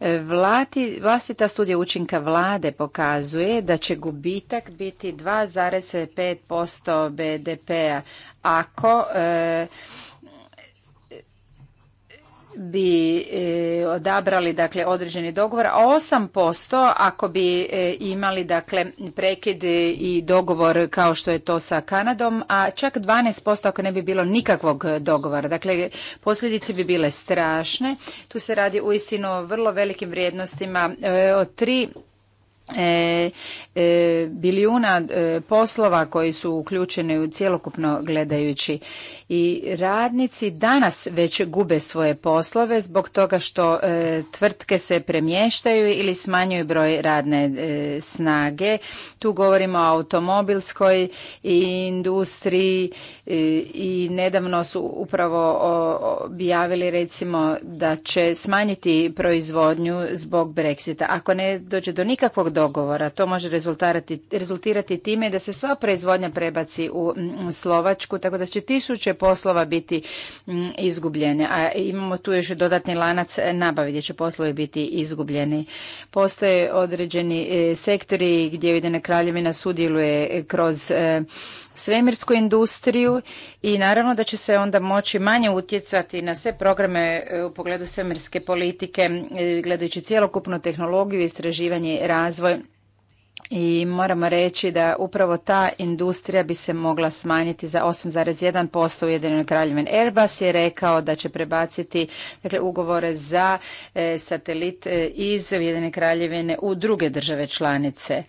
E, vlati, vlastita studija učinka vlade pokazuje da će gubitak biti 2,5% BDP-a ako e, bi e, odabrali dakle određeni dogovor, a 8% ako bi e, imali dakle prekid i dogovor kao što je to sa Kanadom, a čak 12% ako ne bi bilo nikakvog dogovora. Dakle, posljedice bi bile strašne. Tu se radi uistinu o vrlo velikim vrijednostima, e, od tri... E, e, bilijuna e, poslova koji su uključeni u cjelokupno gledajući i radnici danas već gube svoje poslove zbog toga što e, tvrtke se premještaju ili smanjuju broj radne snage. Tu govorimo o automobilskoj industriji i nedavno su upravo objavili recimo da će smanjiti proizvodnju zbog Brexita. Ako ne dođe do nikakvog dogovora. To može rezultirati time da se sva proizvodnja prebaci u Slovačku, tako da će tisuće poslova biti izgubljene. A imamo tu još dodatni lanac nabave gdje će poslovi biti izgubljeni. Postoje određeni e, sektori gdje Ujedina kraljevina sudjeluje kroz e, svemirsku industriju i naravno da će se onda moći manje utjecati na sve programe e, u pogledu svemirske politike, e, gledajući cjelokupnu tehnologiju, istraživanje i razvoj i moramo reći da upravo ta industrija bi se mogla smanjiti za 8,1% u Jedinoj kraljevini. Airbus je rekao da će prebaciti dakle, ugovore za e, satelit iz Ujedinjene kraljevine u druge države članice.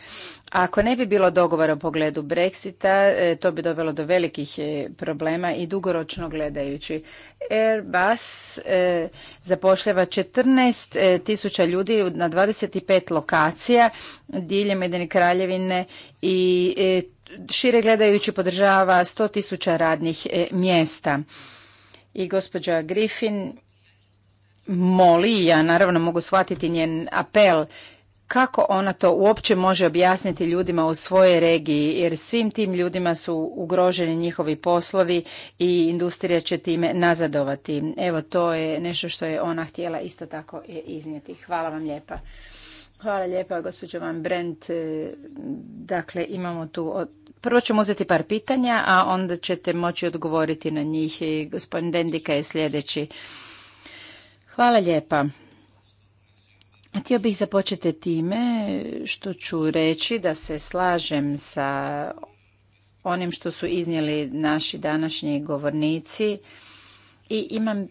Ako ne bi bilo dogovora u pogledu Brexita, e, to bi dovelo do velikih e, problema i dugoročno gledajući. Airbus e, zapošljava 14 tisuća ljudi na 25 lokacija diljem Medine kraljevine i šire gledajući podržava 100 tisuća radnih mjesta. I gospođa Griffin moli, ja naravno mogu shvatiti njen apel, kako ona to uopće može objasniti ljudima u svojoj regiji, jer svim tim ljudima su ugroženi njihovi poslovi i industrija će time nazadovati. Evo, to je nešto što je ona htjela isto tako iznijeti. Hvala vam lijepa. Hvala lijepa, gospođo Van Brent. E, dakle, imamo tu... Prvo ćemo uzeti par pitanja, a onda ćete moći odgovoriti na njih. E, gospodin Dendika je sljedeći. Hvala lijepa. Htio bih započeti time što ću reći da se slažem sa onim što su iznijeli naši današnji govornici i imam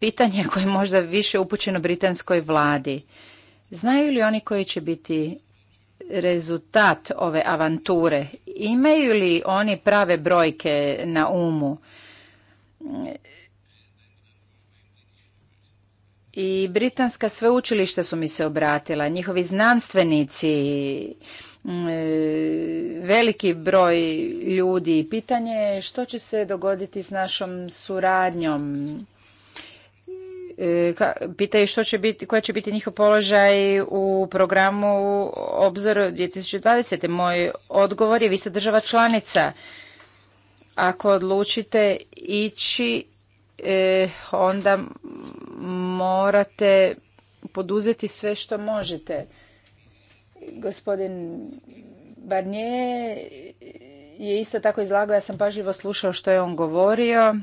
pitanje koje je možda više upućeno britanskoj vladi. Znaju li oni koji će biti rezultat ove avanture? Imaju li oni prave brojke na umu? i britanska sveučilišta su mi se obratila, njihovi znanstvenici, mm, e, veliki broj ljudi i pitanje je što će se dogoditi s našom suradnjom. E, pitaju što će biti, koja će biti njihov položaj u programu Obzor 2020. Moj odgovor je vi ste država članica. Ako odlučite ići E, onda morate poduzeti sve što možete. Gospodin Barnier je isto tako izlagao, ja sam pažljivo slušao što je on govorio.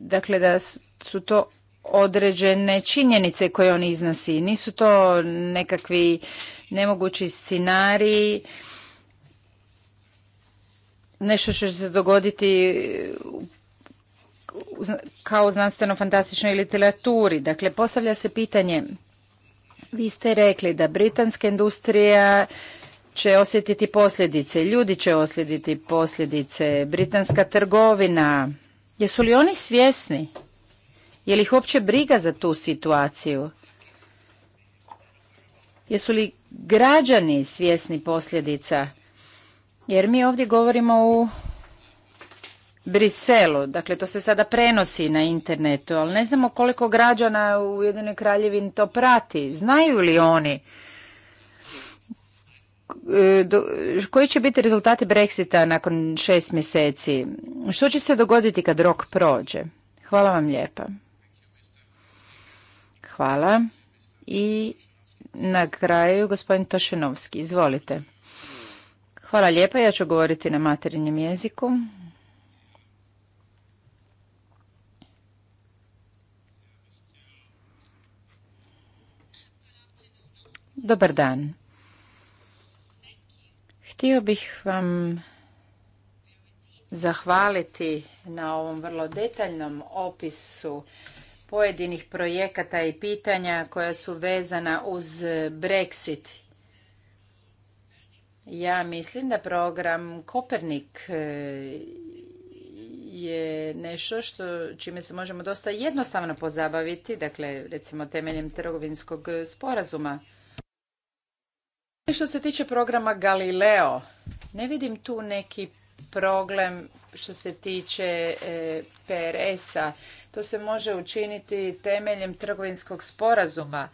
Dakle, da su to određene činjenice koje on iznosi. Nisu to nekakvi nemogući scenariji nešto što će se dogoditi kao znanstveno-fantastičnoj literaturi. Dakle, postavlja se pitanje, vi ste rekli da britanska industrija će osjetiti posljedice, ljudi će osjetiti posljedice, britanska trgovina. Jesu li oni svjesni? Je li ih uopće briga za tu situaciju? Jesu li građani svjesni posljedica? Jer mi ovdje govorimo u Briselu, dakle to se sada prenosi na internetu, ali ne znamo koliko građana u Ujedinoj kraljevini to prati. Znaju li oni e, koji će biti rezultati Brexita nakon šest mjeseci? Što će se dogoditi kad rok prođe? Hvala vam lijepa. Hvala. I na kraju gospodin Tošenovski. Izvolite. Hvala lijepa, ja ću govoriti na materinjem jeziku. Dobar dan. Htio bih vam zahvaliti na ovom vrlo detaljnom opisu pojedinih projekata i pitanja koja su vezana uz Brexit ja mislim da program Kopernik e, je nešto što, čime se možemo dosta jednostavno pozabaviti, dakle recimo temeljem trgovinskog sporazuma. Što se tiče programa Galileo, ne vidim tu neki problem što se tiče e, PRS-a. To se može učiniti temeljem trgovinskog sporazuma.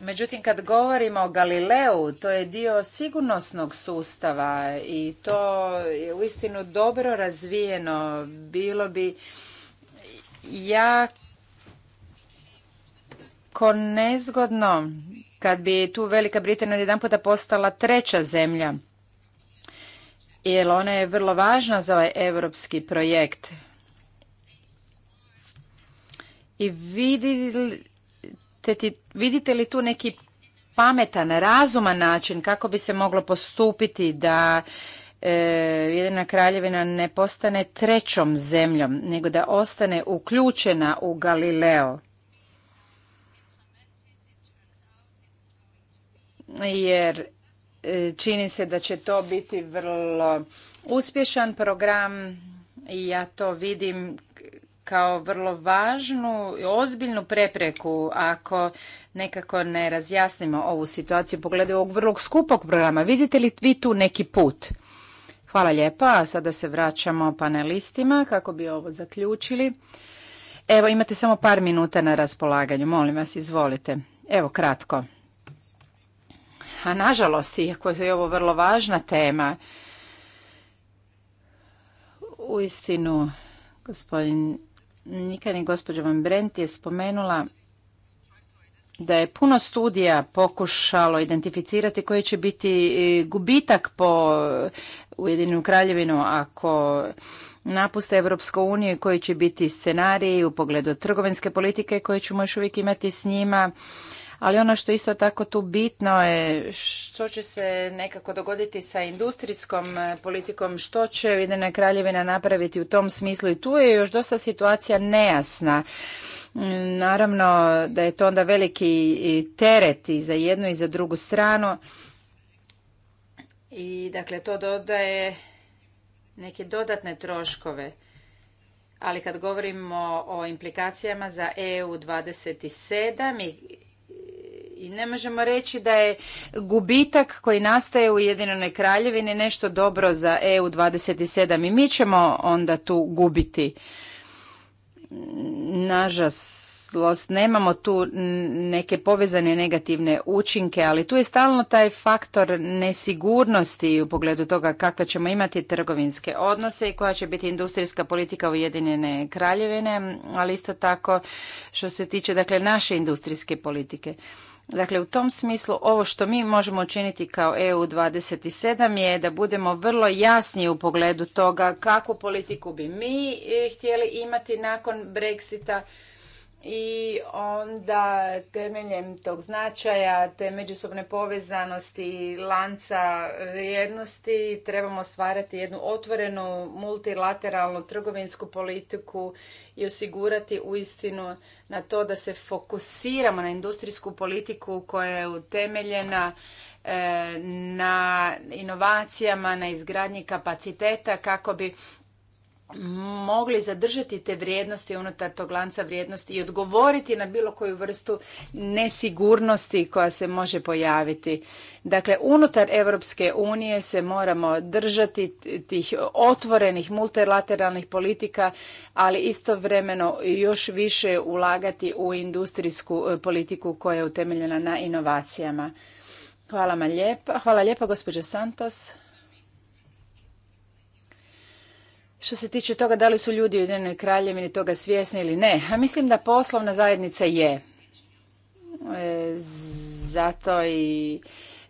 Međutim, kad govorimo o Galileu, to je dio sigurnosnog sustava i to je uistinu dobro razvijeno. Bilo bi jako nezgodno kad bi tu Velika Britanija jedan puta postala treća zemlja, jer ona je vrlo važna za ovaj evropski projekt. I vidjeli vidite li tu neki pametan, razuman način kako bi se moglo postupiti da e, jedina kraljevina ne postane trećom zemljom, nego da ostane uključena u Galileo. Jer e, čini se da će to biti vrlo uspješan program i ja to vidim kao vrlo važnu i ozbiljnu prepreku ako nekako ne razjasnimo ovu situaciju pogledu ovog vrlo skupog programa. Vidite li vi tu neki put? Hvala lijepa, a sada se vraćamo panelistima kako bi ovo zaključili. Evo, imate samo par minuta na raspolaganju, molim vas, izvolite. Evo, kratko. A nažalost, iako je ovo vrlo važna tema, uistinu gospodin nikad gospođa Van Brent je spomenula da je puno studija pokušalo identificirati koji će biti e, gubitak po e, Ujedinu kraljevinu ako napuste Europsku uniju i koji će biti scenariji u pogledu trgovinske politike koje ćemo još uvijek imati s njima ali ono što isto tako tu bitno je što će se nekako dogoditi sa industrijskom e, politikom, što će Ujedinjena kraljevina napraviti u tom smislu i tu je još dosta situacija nejasna. Mm, naravno da je to onda veliki teret i za jednu i za drugu stranu i dakle to dodaje neke dodatne troškove. Ali kad govorimo o implikacijama za EU 27 i i ne možemo reći da je gubitak koji nastaje u Ujedinjenoj kraljevini nešto dobro za EU 27 i mi ćemo onda tu gubiti. Nažalost, nemamo tu neke povezane negativne učinke, ali tu je stalno taj faktor nesigurnosti u pogledu toga kakve ćemo imati trgovinske odnose i koja će biti industrijska politika Ujedinjene kraljevine, ali isto tako što se tiče dakle, naše industrijske politike. Dakle, u tom smislu ovo što mi možemo učiniti kao EU27 je da budemo vrlo jasni u pogledu toga kakvu politiku bi mi e, htjeli imati nakon Brexita, i onda temeljem tog značaja, te međusobne povezanosti lanca vrijednosti trebamo stvarati jednu otvorenu multilateralnu trgovinsku politiku i osigurati uistinu na to da se fokusiramo na industrijsku politiku koja je utemeljena e, na inovacijama, na izgradnji kapaciteta kako bi mogli zadržati te vrijednosti unutar tog lanca vrijednosti i odgovoriti na bilo koju vrstu nesigurnosti koja se može pojaviti. Dakle, unutar Europske unije se moramo držati tih otvorenih multilateralnih politika, ali istovremeno još više ulagati u industrijsku e, politiku koja je utemeljena na inovacijama. Hvala vam lijepa. Hvala lijepa, gospođo Santos. što se tiče toga da li su ljudi u Ujedinjenoj kraljevini toga svjesni ili ne. A mislim da poslovna zajednica je. E, zato i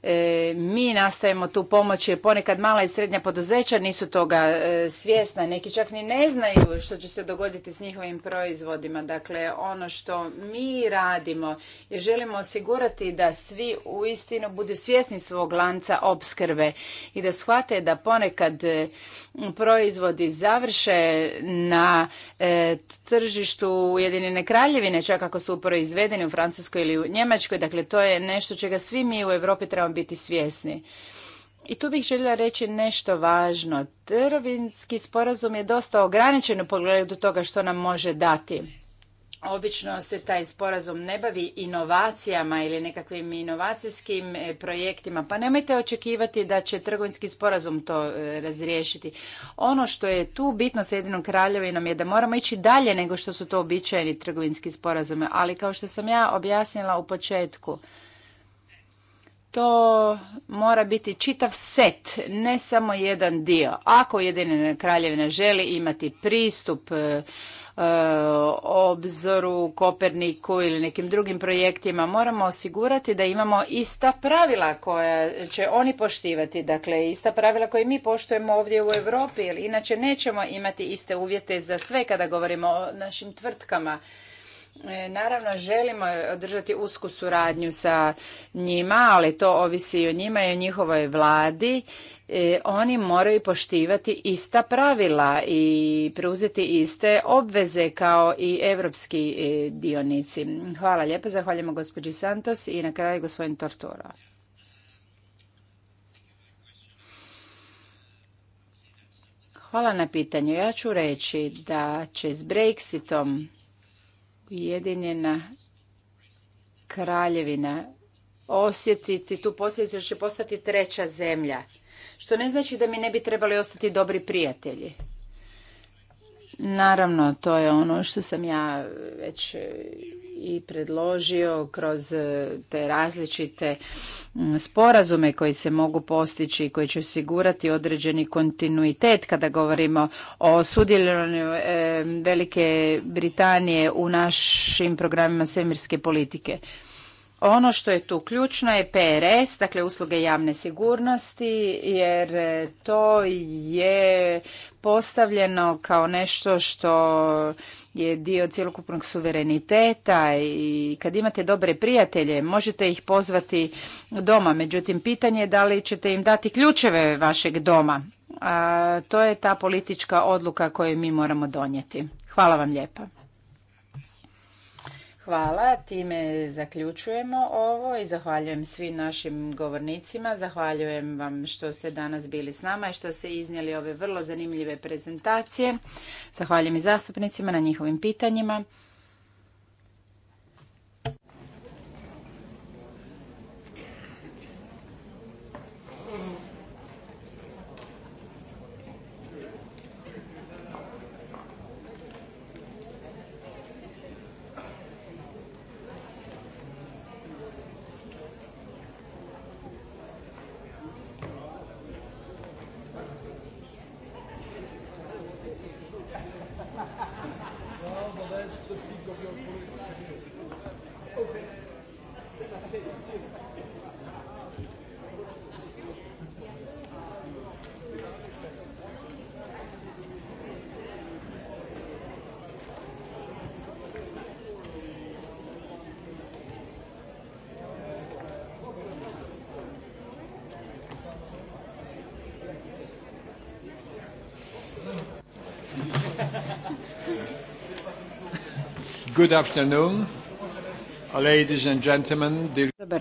E, mi nastajemo tu pomoći jer ponekad mala i srednja poduzeća nisu toga e, svjesna, neki čak ni ne znaju što će se dogoditi s njihovim proizvodima. Dakle, ono što mi radimo je želimo osigurati da svi uistinu budu svjesni svog lanca opskrbe i da shvate da ponekad e, proizvodi završe na tržištu Ujedinjene kraljevine, čak ako su proizvedeni u Francuskoj ili u Njemačkoj. Dakle, to je nešto čega svi mi u Europi trebamo biti svjesni. I tu bih željela reći nešto važno. Trgovinski sporazum je dosta ograničen u pogledu toga što nam može dati. Obično se taj sporazum ne bavi inovacijama ili nekakvim inovacijskim e, projektima, pa nemojte očekivati da će trgovinski sporazum to e, razriješiti. Ono što je tu bitno s Jedinom kraljevinom je da moramo ići dalje nego što su to običajni trgovinski sporazume, ali kao što sam ja objasnila u početku, to mora biti čitav set, ne samo jedan dio. Ako Ujedinjena kraljevina želi imati pristup e, e, obzoru, Koperniku ili nekim drugim projektima, moramo osigurati da imamo ista pravila koja će oni poštivati, dakle ista pravila koje mi poštujemo ovdje u Europi, jer inače nećemo imati iste uvjete za sve kada govorimo o našim tvrtkama. E, naravno, želimo održati usku suradnju sa njima, ali to ovisi i o njima i o njihovoj vladi. E, oni moraju poštivati ista pravila i preuzeti iste obveze kao i evropski e, dionici. Hvala lijepo, zahvaljujemo gospođi Santos i na kraju gospodin Tortora. Hvala na pitanju. Ja ću reći da će s Brexitom Ujedinjena kraljevina osjetiti tu posljedicu jer će postati treća zemlja. Što ne znači da mi ne bi trebali ostati dobri prijatelji. Naravno, to je ono što sam ja već e, i predložio kroz e, te različite sporazume koji se mogu postići i koji će osigurati određeni kontinuitet kada govorimo o sudjelovanju e, Velike Britanije u našim programima svemirske politike. Ono što je tu ključno je PRS, dakle usluge javne sigurnosti, jer to je postavljeno kao nešto što je dio cjelokupnog suvereniteta i kad imate dobre prijatelje možete ih pozvati doma. Međutim, pitanje je da li ćete im dati ključeve vašeg doma. to je ta politička odluka koju mi moramo donijeti. Hvala vam lijepa. Hvala, time zaključujemo ovo i zahvaljujem svim našim govornicima. Zahvaljujem vam što ste danas bili s nama i što ste iznijeli ove vrlo zanimljive prezentacije. Zahvaljujem i zastupnicima na njihovim pitanjima. Dobar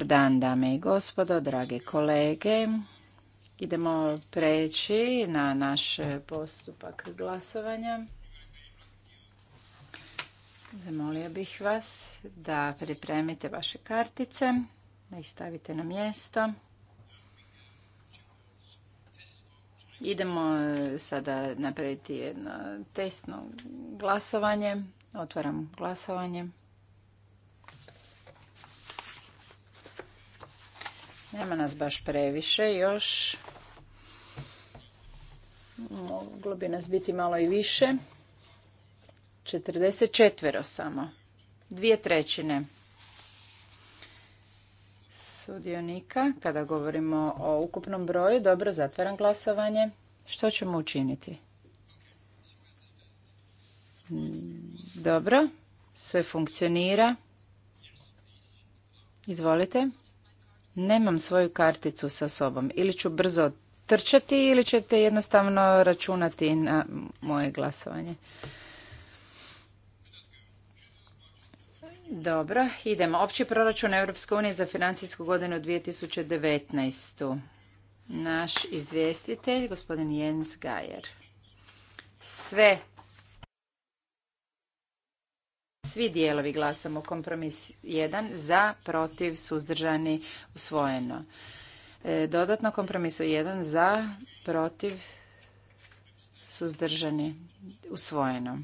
dan, dame i gospodo, drage kolege. Idemo preći na naš postupak glasovanja. Zamolio bih vas da pripremite vaše kartice, da ih stavite na mjesto. Idemo sada napraviti jedno testno glasovanje. Otvaram glasovanje. Nema nas baš previše još. Moglo bi nas biti malo i više. 44 samo. Dvije trećine sudionika. Kada govorimo o ukupnom broju, dobro, zatvaram glasovanje. Što ćemo učiniti? Dobro, sve funkcionira. Izvolite. Nemam svoju karticu sa sobom. Ili ću brzo trčati ili ćete jednostavno računati na moje glasovanje. Dobro, idemo. Opći proračun Europske unije za financijsku godinu 2019. Naš izvjestitelj, gospodin Jens Gajer. Sve svi dijelovi glasamo. Kompromis 1 za, protiv, suzdržani, usvojeno. E, dodatno kompromisu 1 za, protiv, suzdržani, usvojeno.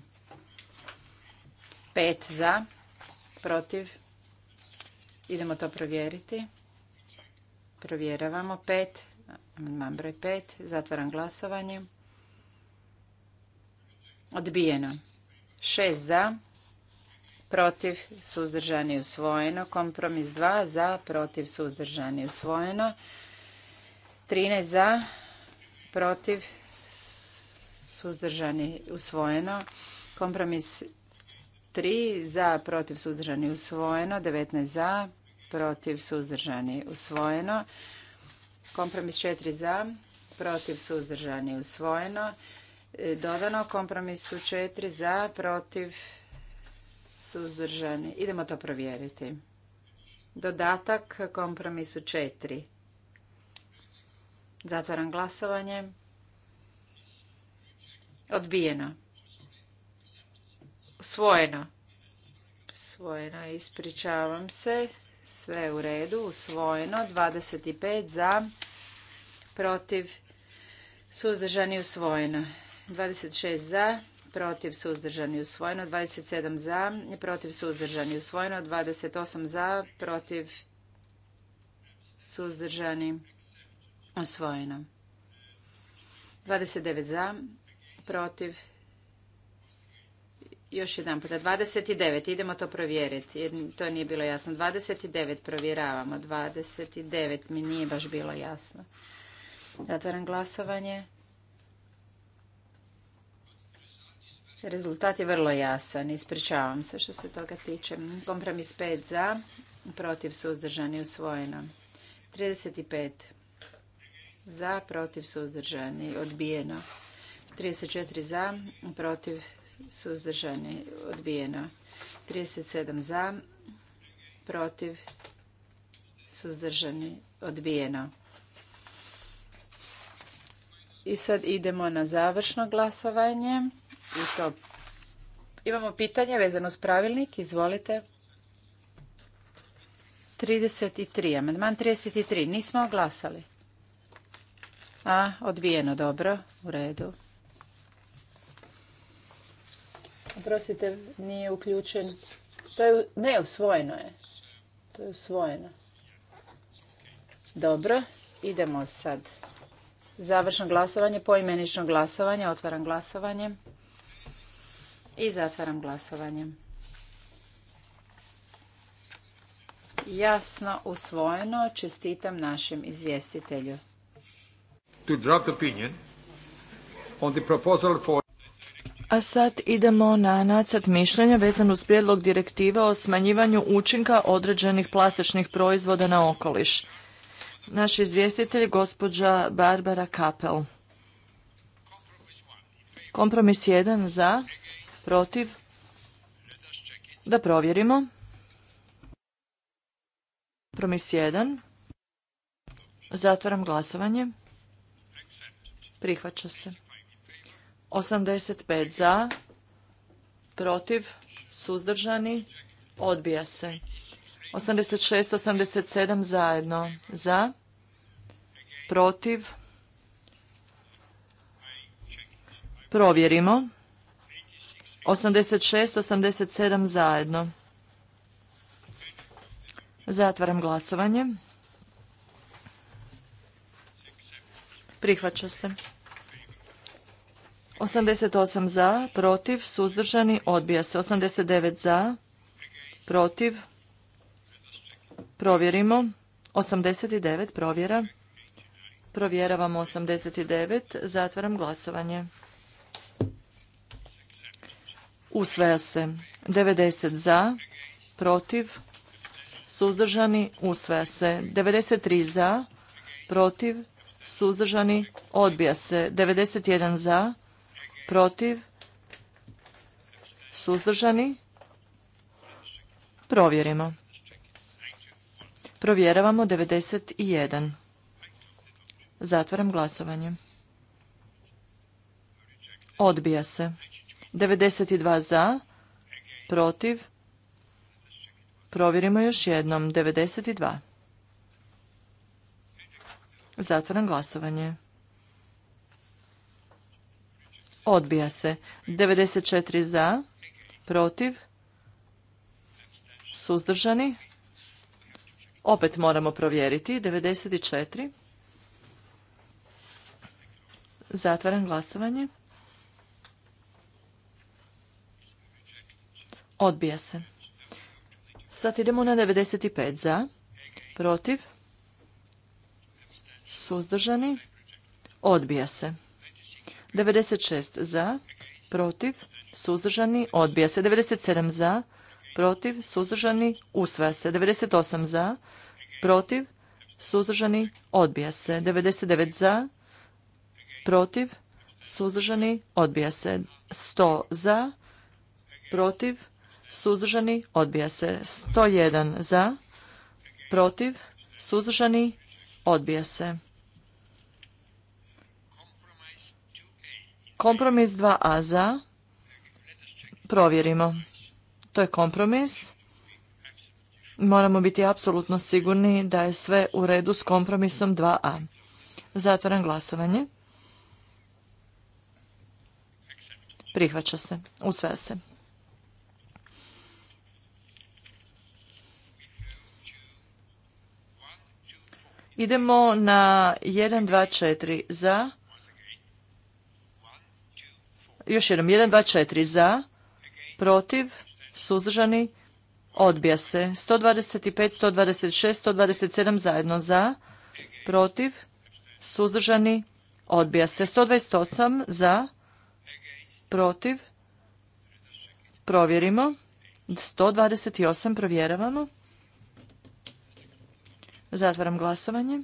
5 za, protiv, idemo to provjeriti. Provjeravamo 5, amandman broj 5, zatvaram glasovanje. Odbijeno. 6 za, protiv, suzdržani, usvojeno. Kompromis 2 za, protiv, suzdržani, usvojeno. 13 za, protiv, suzdržani, usvojeno. Kompromis 3 za, protiv, suzdržani, usvojeno. 19 za, protiv, suzdržani, usvojeno. Kompromis 4 za, protiv, suzdržani, usvojeno. E, dodano kompromisu 4 za, protiv, suzdržani. Idemo to provjeriti. Dodatak kompromisu 4. Zatvaram glasovanje. Odbijeno. Usvojeno. Usvojeno, ispričavam se. Sve u redu, usvojeno. 25 za, protiv, suzdržani, usvojeno. 26 za, protiv suzdržani usvojeno, 27 za, protiv suzdržani usvojeno, 28 za, protiv suzdržani usvojeno. 29 za, protiv, još jedan puta, 29, idemo to provjeriti, to nije bilo jasno. 29 provjeravamo, 29 mi nije baš bilo jasno. Zatvaram glasovanje. Rezultat je vrlo jasan. Ispričavam se što se toga tiče. Kompromis 5 za, protiv suzdržani usvojeno. 35 za, protiv suzdržani odbijeno. 34 za, protiv suzdržani odbijeno. 37 za, protiv suzdržani odbijeno. I sad idemo na završno glasovanje i to. Imamo pitanje vezano s pravilnik, izvolite. 33, amandman 33, nismo glasali. A, odbijeno, dobro, u redu. Oprostite, nije uključen. To je, ne, usvojeno je. To je usvojeno. Dobro, idemo sad. Završno glasovanje, poimenično glasovanje, otvaram glasovanje. I zatvaram glasovanje. Jasno usvojeno, čestitam našem izvjestitelju. a sad idemo na nacrt mišljenja vezan uz prijedlog direktive o smanjivanju učinka određenih plastičnih proizvoda na okoliš. Naš izvjestitelj gospođa Barbara Kapel. Kompromis 1 za, protiv, da provjerimo. Promis 1. Zatvaram glasovanje. Prihvaća se. 85 za, protiv, suzdržani, odbija se. 86, 87 zajedno, za, protiv, provjerimo. 86, 87 zajedno. Zatvaram glasovanje. Prihvaća se. 88 za, protiv, suzdržani, odbija se. 89 za, protiv, provjerimo. 89 provjera. Provjeravamo 89, zatvaram glasovanje. Usvaja se. 90 za, protiv, suzdržani, usvaja se. 93 za, protiv, suzdržani, odbija se. 91 za, protiv, suzdržani, provjerimo. Provjeravamo 91. Zatvaram glasovanje. Odbija se. 92 za, protiv, provjerimo još jednom, 92. Zatvoram glasovanje. Odbija se. 94 za, protiv, suzdržani. Opet moramo provjeriti. 94. Zatvaram glasovanje. Odbija se. Sad idemo na 95 za, protiv, suzdržani, odbija se. 96 za, protiv, suzdržani, odbija se. 97 za, protiv, suzdržani, usvaja se. 98 za, protiv, suzdržani, odbija se. 99 za, protiv, suzdržani, odbija se. 100 za, protiv, suzdržani, odbija se. 101 za, protiv, suzdržani, odbija se. Kompromis 2a za, provjerimo. To je kompromis. Moramo biti apsolutno sigurni da je sve u redu s kompromisom 2a. Zatvaram glasovanje. Prihvaća se. Usvaja se. Idemo na 1, 2, 4 za. Još jednom, 1, 2, 4 za, protiv, suzdržani, odbija se. 125, 126, 127 zajedno za, protiv, suzdržani, odbija se. 128 za, protiv, provjerimo. 128 provjeravamo. Zatvaram glasovanje.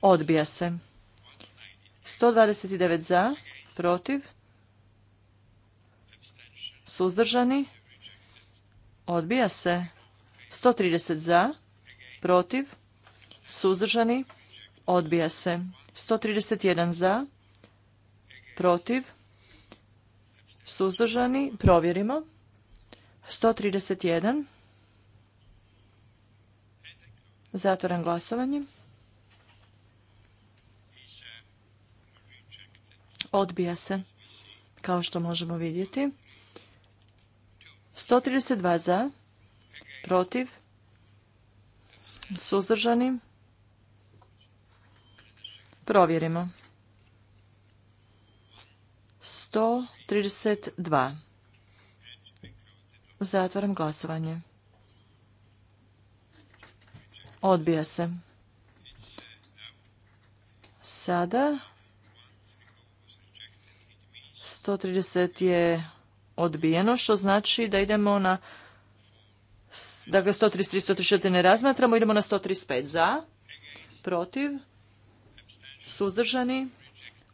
Odbija se. 129 za, protiv, suzdržani, odbija se. 130 za, protiv, suzdržani, odbija se. 131 za, protiv, suzdržani, provjerimo. 131 Zatvaram glasovanje. Odbija se, kao što možemo vidjeti. 132 za, protiv, suzdržani. Provjerimo. 132. Zatvaram glasovanje. Odbija se. Sada 130 je odbijeno, što znači da idemo na dakle 133, 134 ne razmatramo, idemo na 135 za, protiv, suzdržani,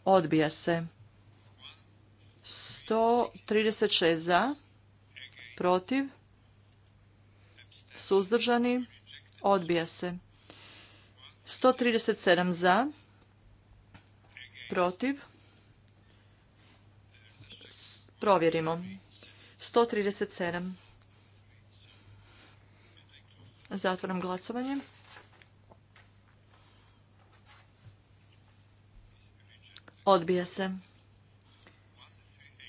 odbija se. 136 za, protiv, suzdržani, Odbija se. 137 za. Protiv. Provjerimo. 137. Zatvoram glasovanje. Odbija se.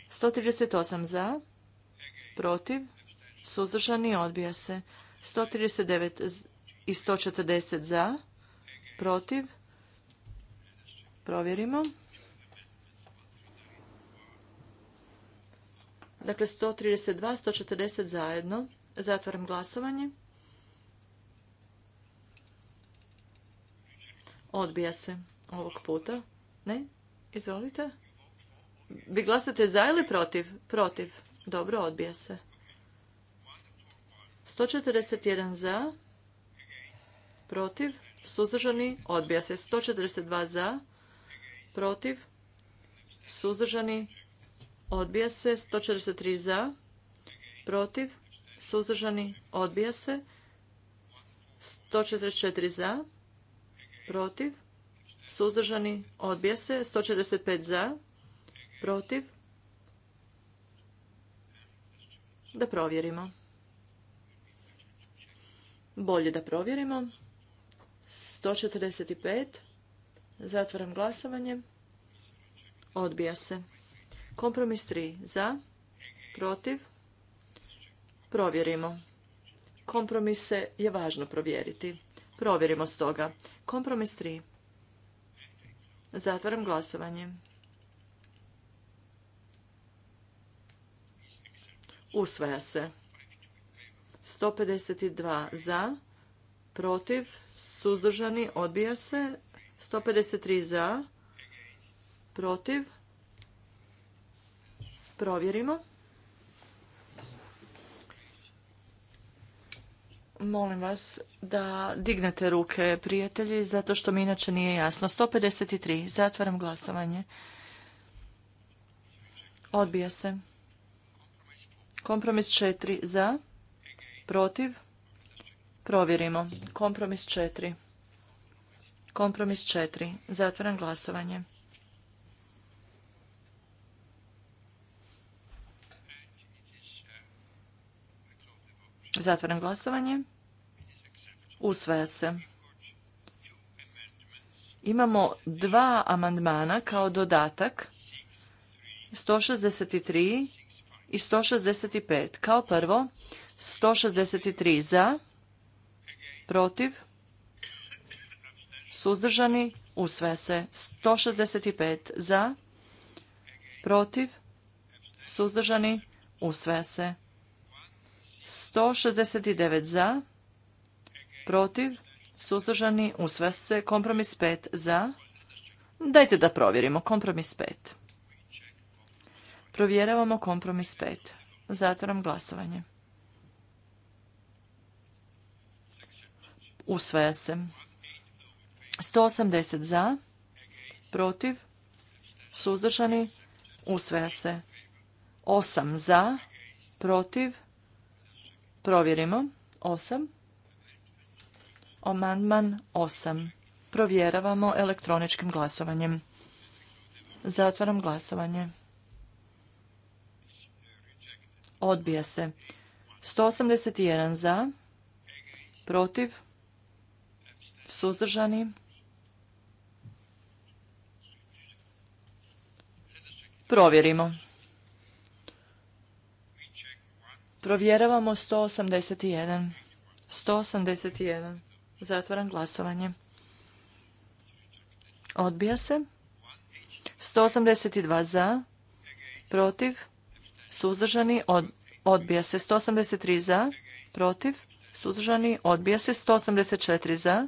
138 za. Protiv. Suzdržani odbija se. 139 i 140 za, protiv, provjerimo. Dakle, 132, 140 zajedno. Zatvaram glasovanje. Odbija se ovog puta. Ne? Izvolite. Vi glasate za ili protiv? Protiv. Dobro, odbija se. 141 za, protiv, suzdržani, odbija se. 142 za, protiv, suzdržani, odbija se. 143 za, protiv, suzdržani, odbija se. 144 za, protiv, suzdržani, odbija se. 145 za, protiv, da provjerimo. Bolje da provjerimo. 145. Zatvaram glasovanje. Odbija se. Kompromis 3. Za. Protiv. Provjerimo. Kompromise je važno provjeriti. Provjerimo stoga. Kompromis 3. Zatvaram glasovanje. Usvaja se. 152 za, protiv, suzdržani, odbija se. 153 za, protiv, provjerimo. Molim vas da dignete ruke, prijatelji, zato što mi inače nije jasno. 153. Zatvaram glasovanje. Odbija se. Kompromis 4. Za. Protiv. Provjerimo. Kompromis četiri. Kompromis četiri. Zatvaram glasovanje. Zatvaram glasovanje. Usvaja se. Imamo dva amandmana kao dodatak 163 i 165. Kao prvo 163 za protiv, suzdržani, usvaja se. 165 za, protiv, suzdržani, usvaja se. 169 za, protiv, suzdržani, usvaja se. Kompromis 5 za. Dajte da provjerimo. Kompromis 5. Provjeravamo kompromis 5. Zatvaram glasovanje. Usvaja se. 180 za, protiv, suzdržani, usvaja se. 8 za, protiv, provjerimo. 8. Amandman 8. Provjeravamo elektroničkim glasovanjem. Zatvaram glasovanje. Odbija se. 181 za, protiv, Suzdržani? Provjerimo. Provjeravamo 181. 181. Zatvaram glasovanje. Odbija se. 182 za. Protiv. Suzdržani. odbija se. 183 za. Protiv. Suzdržani. Odbija se. 184 za.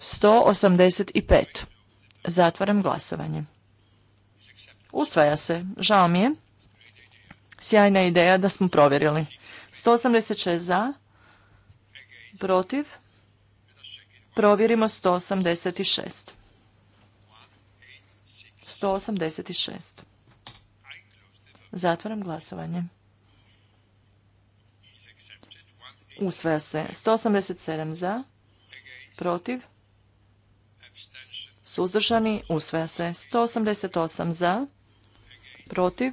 185. Zatvaram glasovanje. Usvaja se. Žao mi je. Sjajna ideja da smo provjerili. 186 za, protiv. Provjerimo 186. 186. Zatvaram glasovanje. Usvaja se. 187 za, protiv suzdržani, usvaja se. 188 za, protiv,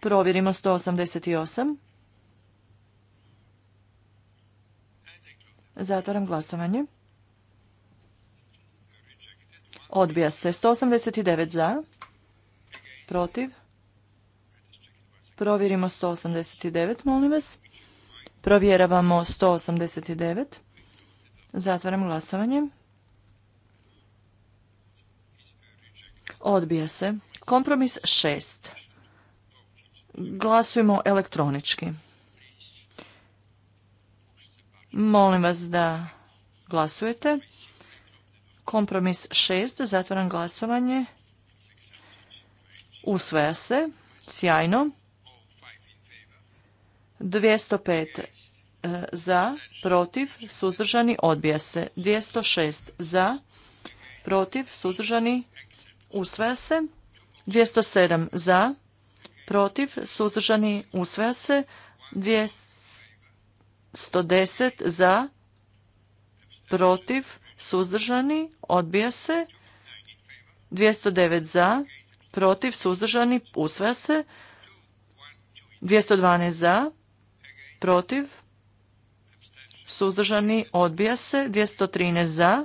provjerimo 188. Zatvaram glasovanje. Odbija se. 189 za, protiv, provjerimo 189, molim vas. Provjeravamo 189. Zatvaram glasovanje. Odbija se. Kompromis 6. Glasujemo elektronički. Molim vas da glasujete. Kompromis 6. Zatvaram glasovanje. Usvaja se. Sjajno. 205 e, za, protiv, suzdržani, odbija se. 206 za, protiv, suzdržani, usvaja se. 207 za, protiv, suzdržani, usvaja se. 210 za, protiv, suzdržani, odbija se. 209 za, protiv, suzdržani, usvaja se. 212 za, protiv, suzdržani, odbija se. 213 za,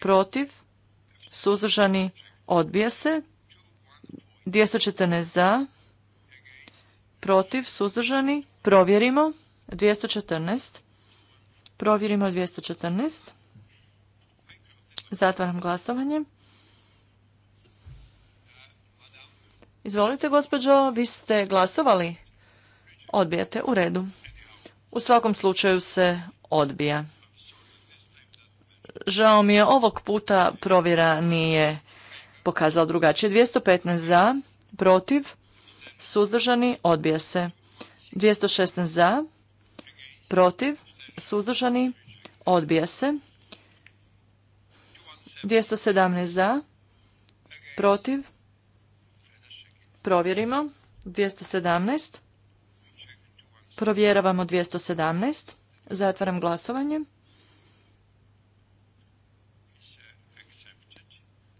protiv, suzdržani, odbija se. 214 za, protiv, suzdržani, provjerimo. 214, provjerimo 214. Zatvaram glasovanje. Izvolite, gospođo, vi ste glasovali? Odbijate, u redu. U svakom slučaju se odbija. Žao mi je, ovog puta provjera nije pokazala drugačije. 215 za, protiv, suzdržani, odbija se. 216 za, protiv, suzdržani, odbija se. 217 za, protiv, provjerimo. 217, provjeravamo 217, zatvaram glasovanje.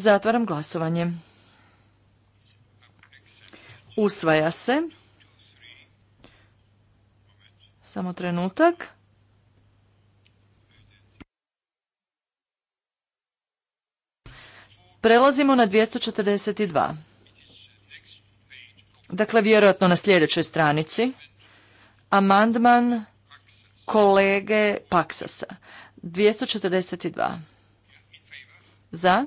Zatvaram glasovanje. Usvaja se. Samo trenutak. Prelazimo na 242. Dakle, vjerojatno na sljedećoj stranici. Amandman kolege Paksasa. 242. Za?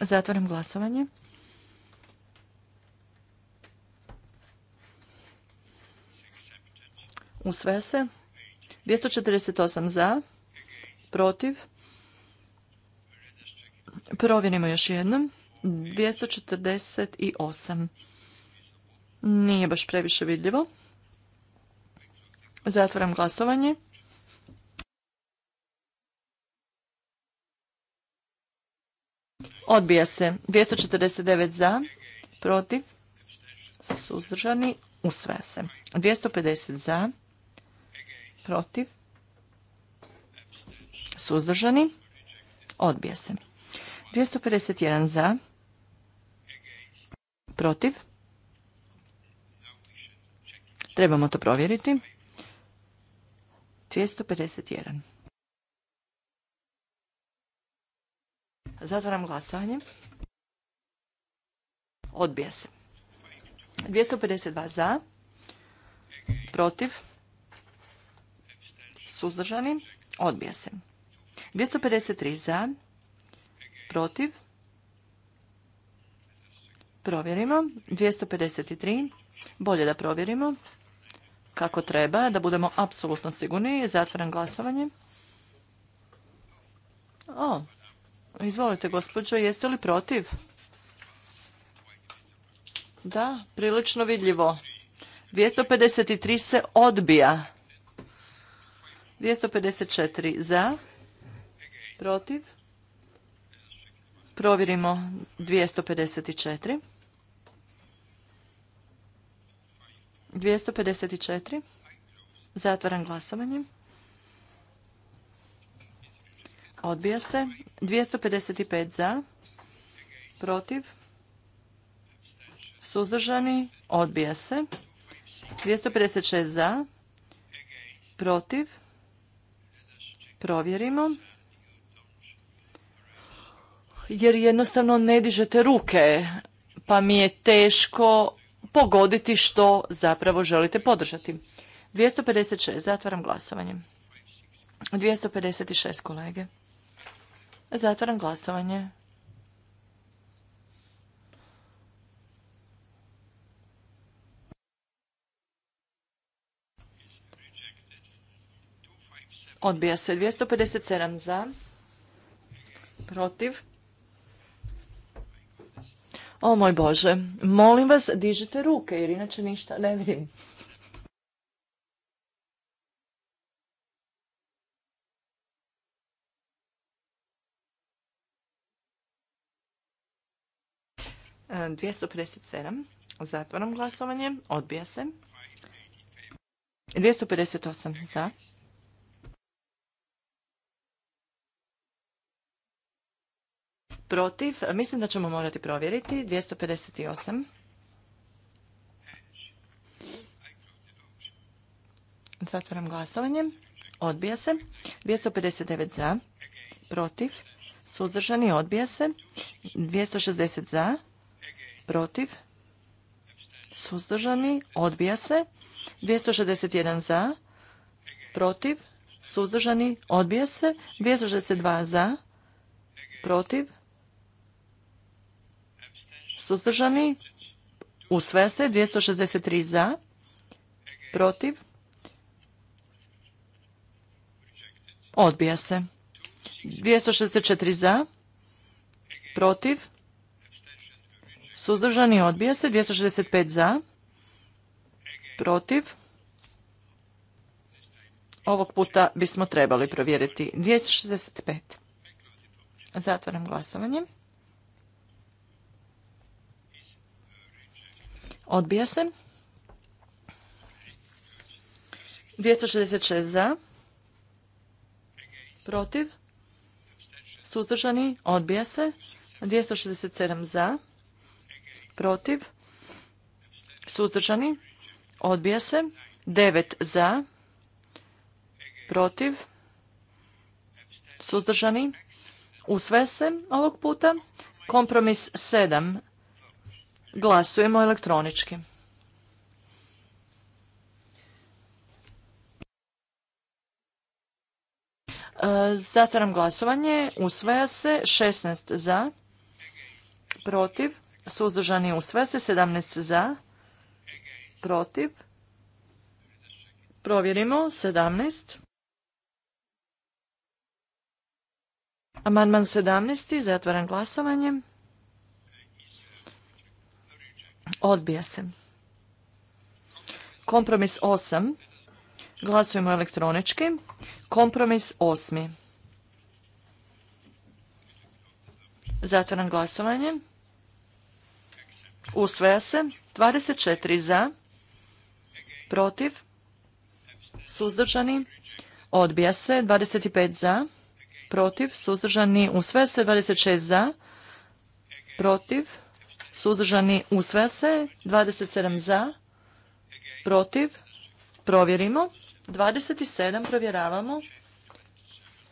Zatvaram glasovanje. Usvaja se. 248 za, protiv. Provjerimo još jednom. 248. Nije baš previše vidljivo. Zatvaram glasovanje. Odbija se. 249 za, protiv, suzdržani, usvaja se. 250 za, protiv, suzdržani, odbija se. 251 za, protiv, trebamo to provjeriti. 251. Zatvaram glasovanje. Odbija se. 252 za, protiv, suzdržani, odbija se. 253 za, protiv, provjerimo. 253, bolje da provjerimo kako treba, da budemo apsolutno sigurni. Zatvaram glasovanje. O, Izvolite, gospođo, jeste li protiv? Da, prilično vidljivo. 253 se odbija. 254 za. Protiv. Provjerimo 254. 254. Zatvaram glasovanje. Odbija se. 255 za. Protiv. Suzdržani. Odbija se. 256 za. Protiv. Provjerimo. Jer jednostavno ne dižete ruke, pa mi je teško pogoditi što zapravo želite podržati. 256. Zatvaram glasovanje. 256 kolege. Zatvaram glasovanje. Odbija se 257 za. Protiv. O moj Bože, molim vas dižite ruke jer inače ništa ne vidim. 257. Zatvaram glasovanje. Odbija se. 258 za. Protiv. Mislim da ćemo morati provjeriti. 258. Zatvaram glasovanje. Odbija se. 259 za. Protiv. Suzdržani. Odbija se. 260 za protiv, suzdržani, odbija se. 261 za, protiv, suzdržani, odbija se. 262 za, protiv, suzdržani, usve se. 263 za, protiv, odbija se. 264 za, protiv, Suzdržani odbija se. 265 za. Protiv. Ovog puta bismo trebali provjeriti. 265. Zatvaram glasovanje. Odbija se. 266 za. Protiv. Suzdržani. Odbija se. 267 za protiv, suzdržani, odbija se. devet za, protiv, suzdržani, usve se ovog puta. Kompromis 7. Glasujemo elektronički. E, zatvaram glasovanje. Usvaja se 16 za, protiv, suzdržani u se, 17 za, protiv, provjerimo, 17. Amandman 17. Zatvaram glasovanje. Odbija se. Kompromis 8. Glasujemo elektronički. Kompromis 8. Zatvaram glasovanje. Usvaja se. 24 za. Protiv. Suzdržani. Odbija se. 25 za. Protiv. Suzdržani. Usvaja se. 26 za. Protiv. Suzdržani. Usvaja se. 27 za. Protiv. Provjerimo. 27 provjeravamo.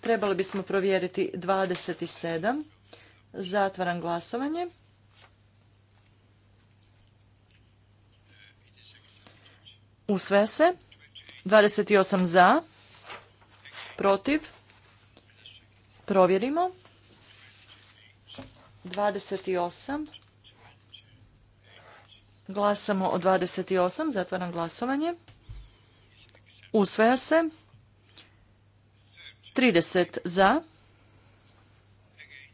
Trebali bismo provjeriti 27. Zatvaram glasovanje. Usve se. 28 za. Protiv. Provjerimo. 28. Glasamo o 28. Zatvaram glasovanje. usveja se. 30 za.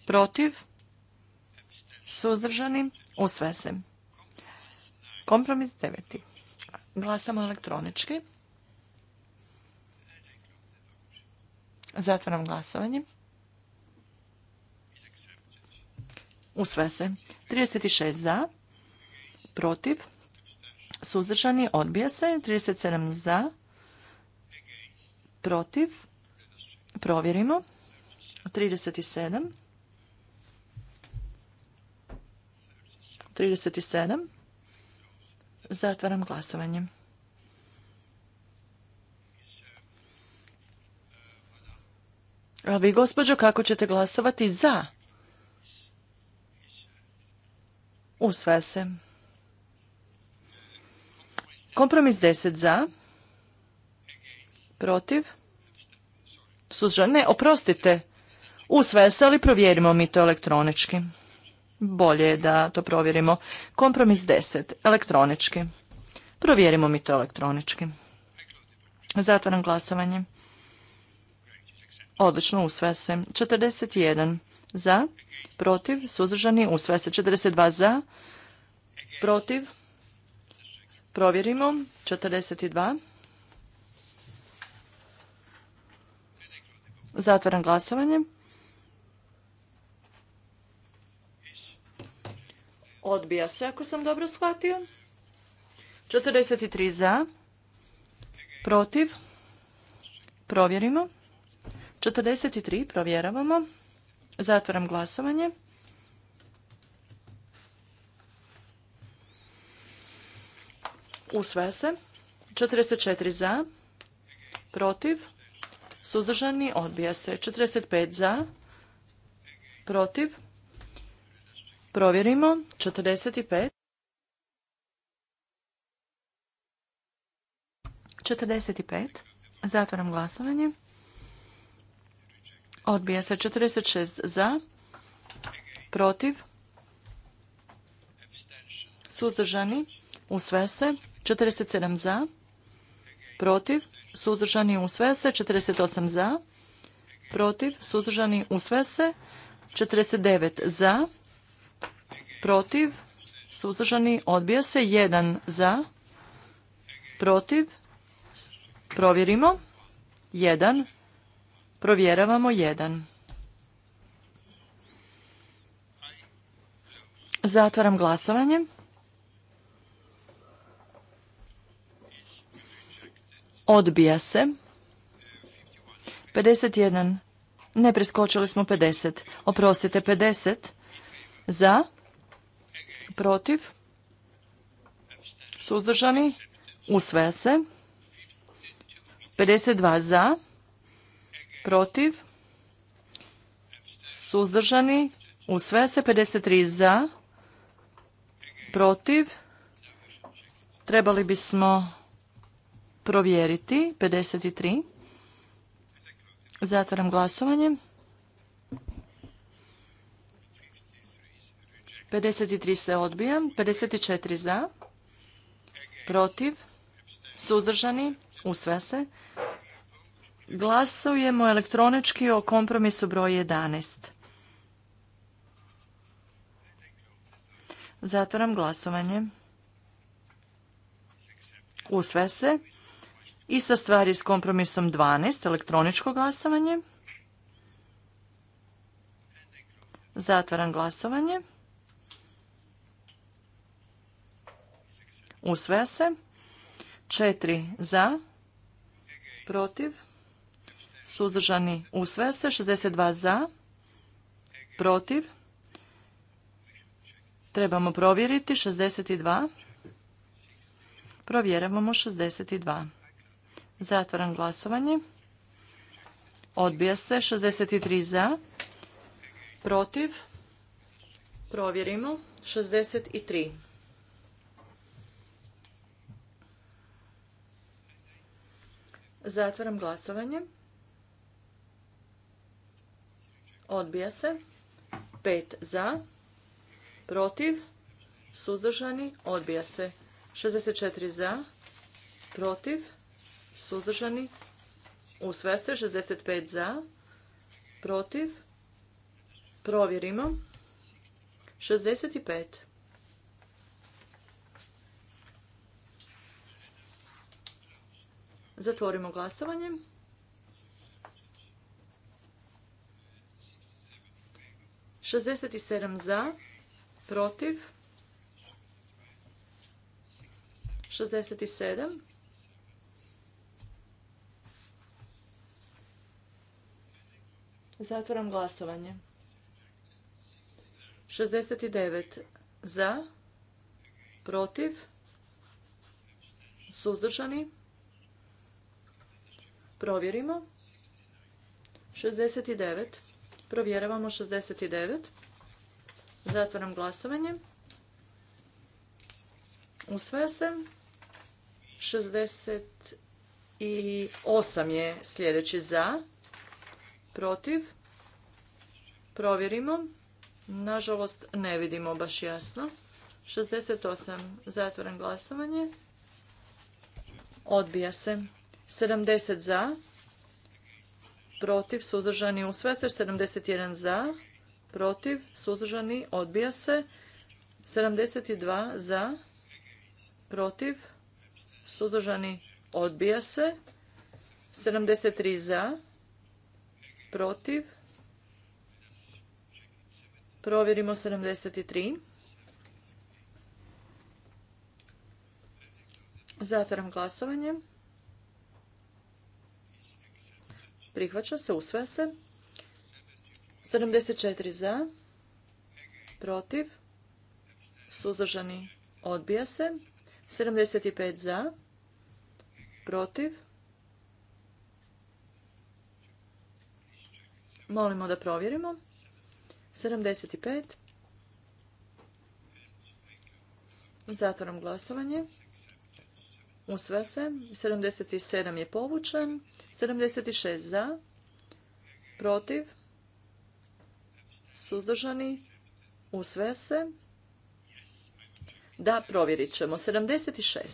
Protiv. Suzdržani. usveja se. Kompromis 9. Glasamo elektronički. Zatvaram glasovanje. U sve se. 36 za, protiv, suzdržani, odbija se. 37 za, protiv, provjerimo. 37. 37. Zatvaram glasovanje. A vi, gospođo, kako ćete glasovati za? Usvaja se. Kompromis 10 za. Protiv. Suzdržan. Ne, oprostite. Usvaja se, ali provjerimo mi to elektronički bolje je da to provjerimo. Kompromis 10. Elektronički. Provjerimo mi to elektronički. Zatvaram glasovanje. Odlično, usvaja se. 41 za, protiv, suzdržani, usvaja se. 42 za, protiv, provjerimo. 42. Zatvaram glasovanje. Odbija se, ako sam dobro shvatio. 43 za. Protiv. Provjerimo. 43 provjeravamo. Zatvaram glasovanje. Usvaja se. 44 za. Protiv. Suzdržani odbija se. 45 za. Protiv. Provjerimo. 45. 45. Zatvaram glasovanje. Odbija se 46 za, protiv, suzdržani, usve se, 47 za, protiv, suzdržani, usve se, 48 za, protiv, suzdržani, usve se, 49 za, protiv, suzdržani, odbija se. 1 za, protiv, provjerimo. 1, provjeravamo 1. Zatvaram glasovanje. Odbija se. 51. Ne preskočili smo 50. Oprostite, 50. Za protiv, suzdržani, usvaja se. 52 za, protiv, suzdržani, usvaja se. 53 za, protiv, trebali bismo provjeriti. 53. Zatvaram glasovanje. 53 se odbija. 54 za. Protiv. Suzdržani. Usvaja se. Glasujemo elektronički o kompromisu broj 11. Zatvaram glasovanje. Usvaja se. Ista stvar stvari s kompromisom 12, elektroničko glasovanje. Zatvaram glasovanje. Usvaja se. 4 za, protiv, suzdržani. Usvaja se. 62 za, protiv. Trebamo provjeriti. 62. Provjeravamo 62. Zatvaram glasovanje. Odbija se. 63 za, protiv. Provjerimo. 63. Zatvaram glasovanje. Odbija se. 5 za. Protiv. Suzdržani. Odbija se. 64 za. Protiv. Suzdržani. U se. 65 za. Protiv. Provjerimo. 65. Zatvorimo glasovanje. 67 za, protiv, 67. Zatvoram glasovanje. 69 za, protiv, suzdržani. Provjerimo. 69. Provjeravamo 69. Zatvaram glasovanje. Usvaja se. 68 je sljedeći za. Protiv. Provjerimo. Nažalost, ne vidimo baš jasno. 68. Zatvoram glasovanje. Odbija se. 70 za, protiv, suzdržani, u se. 71 za, protiv, suzdržani, odbija se. 72 za, protiv, suzdržani, odbija se. 73 za, protiv, provjerimo 73. Zatvaram glasovanje. Prihvaća se, usvaja se. 74 za, protiv, suzdržani, odbija se. 75 za, protiv. Molimo da provjerimo. 75. Zatvaram glasovanje. Usvaja se. 77 je povučen. 76 za. Protiv. Suzdržani. Usvaja se. Da, provjerit ćemo. 76.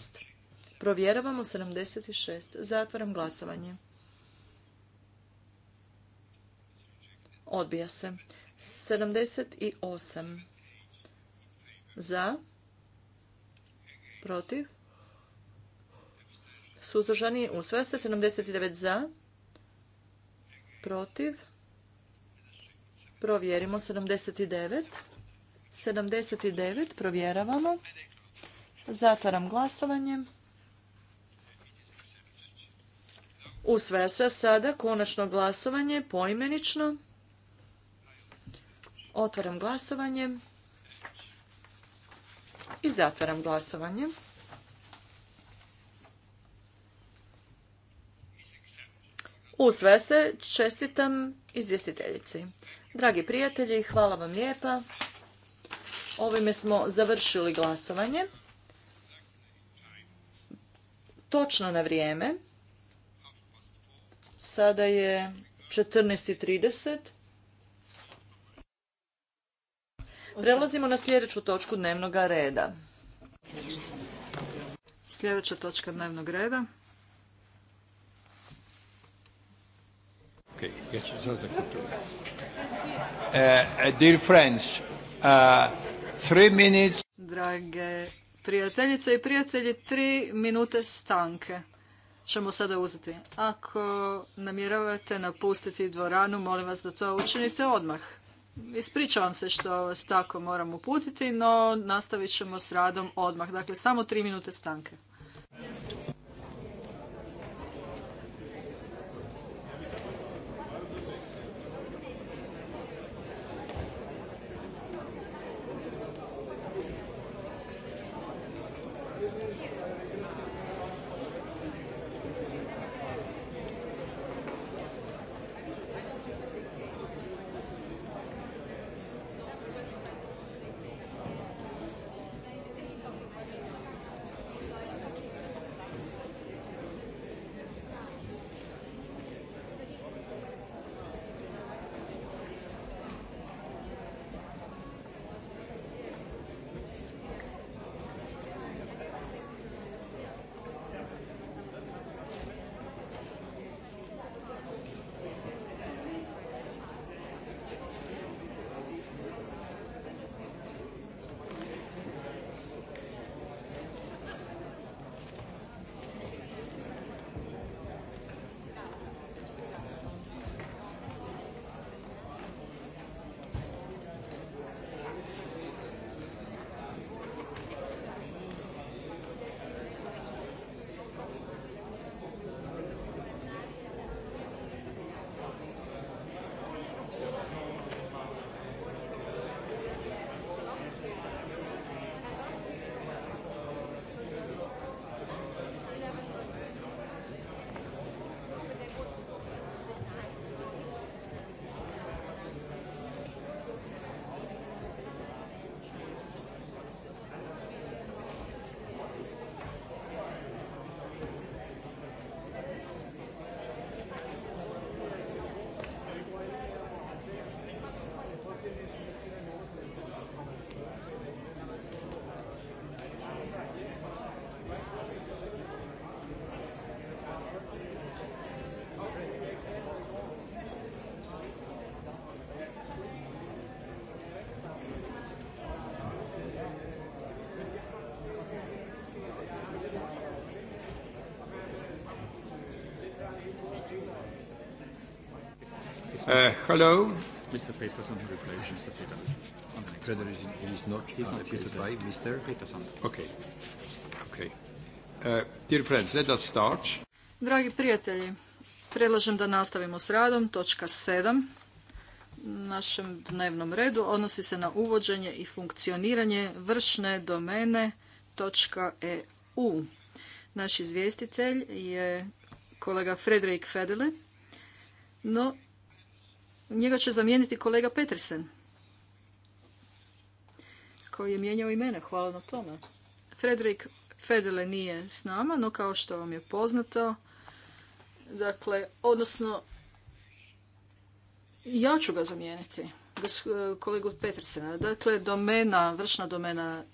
Provjeravamo 76. Zatvaram glasovanje. Odbija se. 78. Za. Protiv. Suzdržani usvaja se. 79 za. Protiv. Provjerimo 79. 79 provjeravamo. Zatvaram glasovanje. Usvaja se sada konačno glasovanje poimenično. Otvaram glasovanje i zatvaram glasovanje. sve se, čestitam izvjestiteljici. Dragi prijatelji, hvala vam lijepa. Ovime smo završili glasovanje. Točno na vrijeme. Sada je 14.30. Prelazimo na sljedeću točku dnevnog reda. Sljedeća točka dnevnog reda. Okay, e, dear friends, uh, minutes... Drage prijateljice i prijatelji, tri minute stanke ćemo sada uzeti. Ako namjeravate napustiti dvoranu, molim vas da to učinite odmah. Ispričavam se što vas tako moram uputiti, no nastavit ćemo s radom odmah. Dakle, samo tri minute stanke. hello. Mr. Peterson replaced Mr. Federer. Federer is, is not he's not replaced by Mr. Peterson. Okay. Okay. Uh, dear friends, let us start. Dragi prijatelji, predlažem da nastavimo s radom. Točka 7 našem dnevnom redu odnosi se na uvođenje i funkcioniranje vršne domene točka .eu. Naš izvjestitelj je kolega Frederik Fedele, no Njega će zamijeniti kolega Petersen, koji je mijenjao i mene. Hvala na tome. Fredrik Fedele nije s nama, no kao što vam je poznato, dakle, odnosno, ja ću ga zamijeniti, kolegu Petersena. Dakle, domena, vršna domena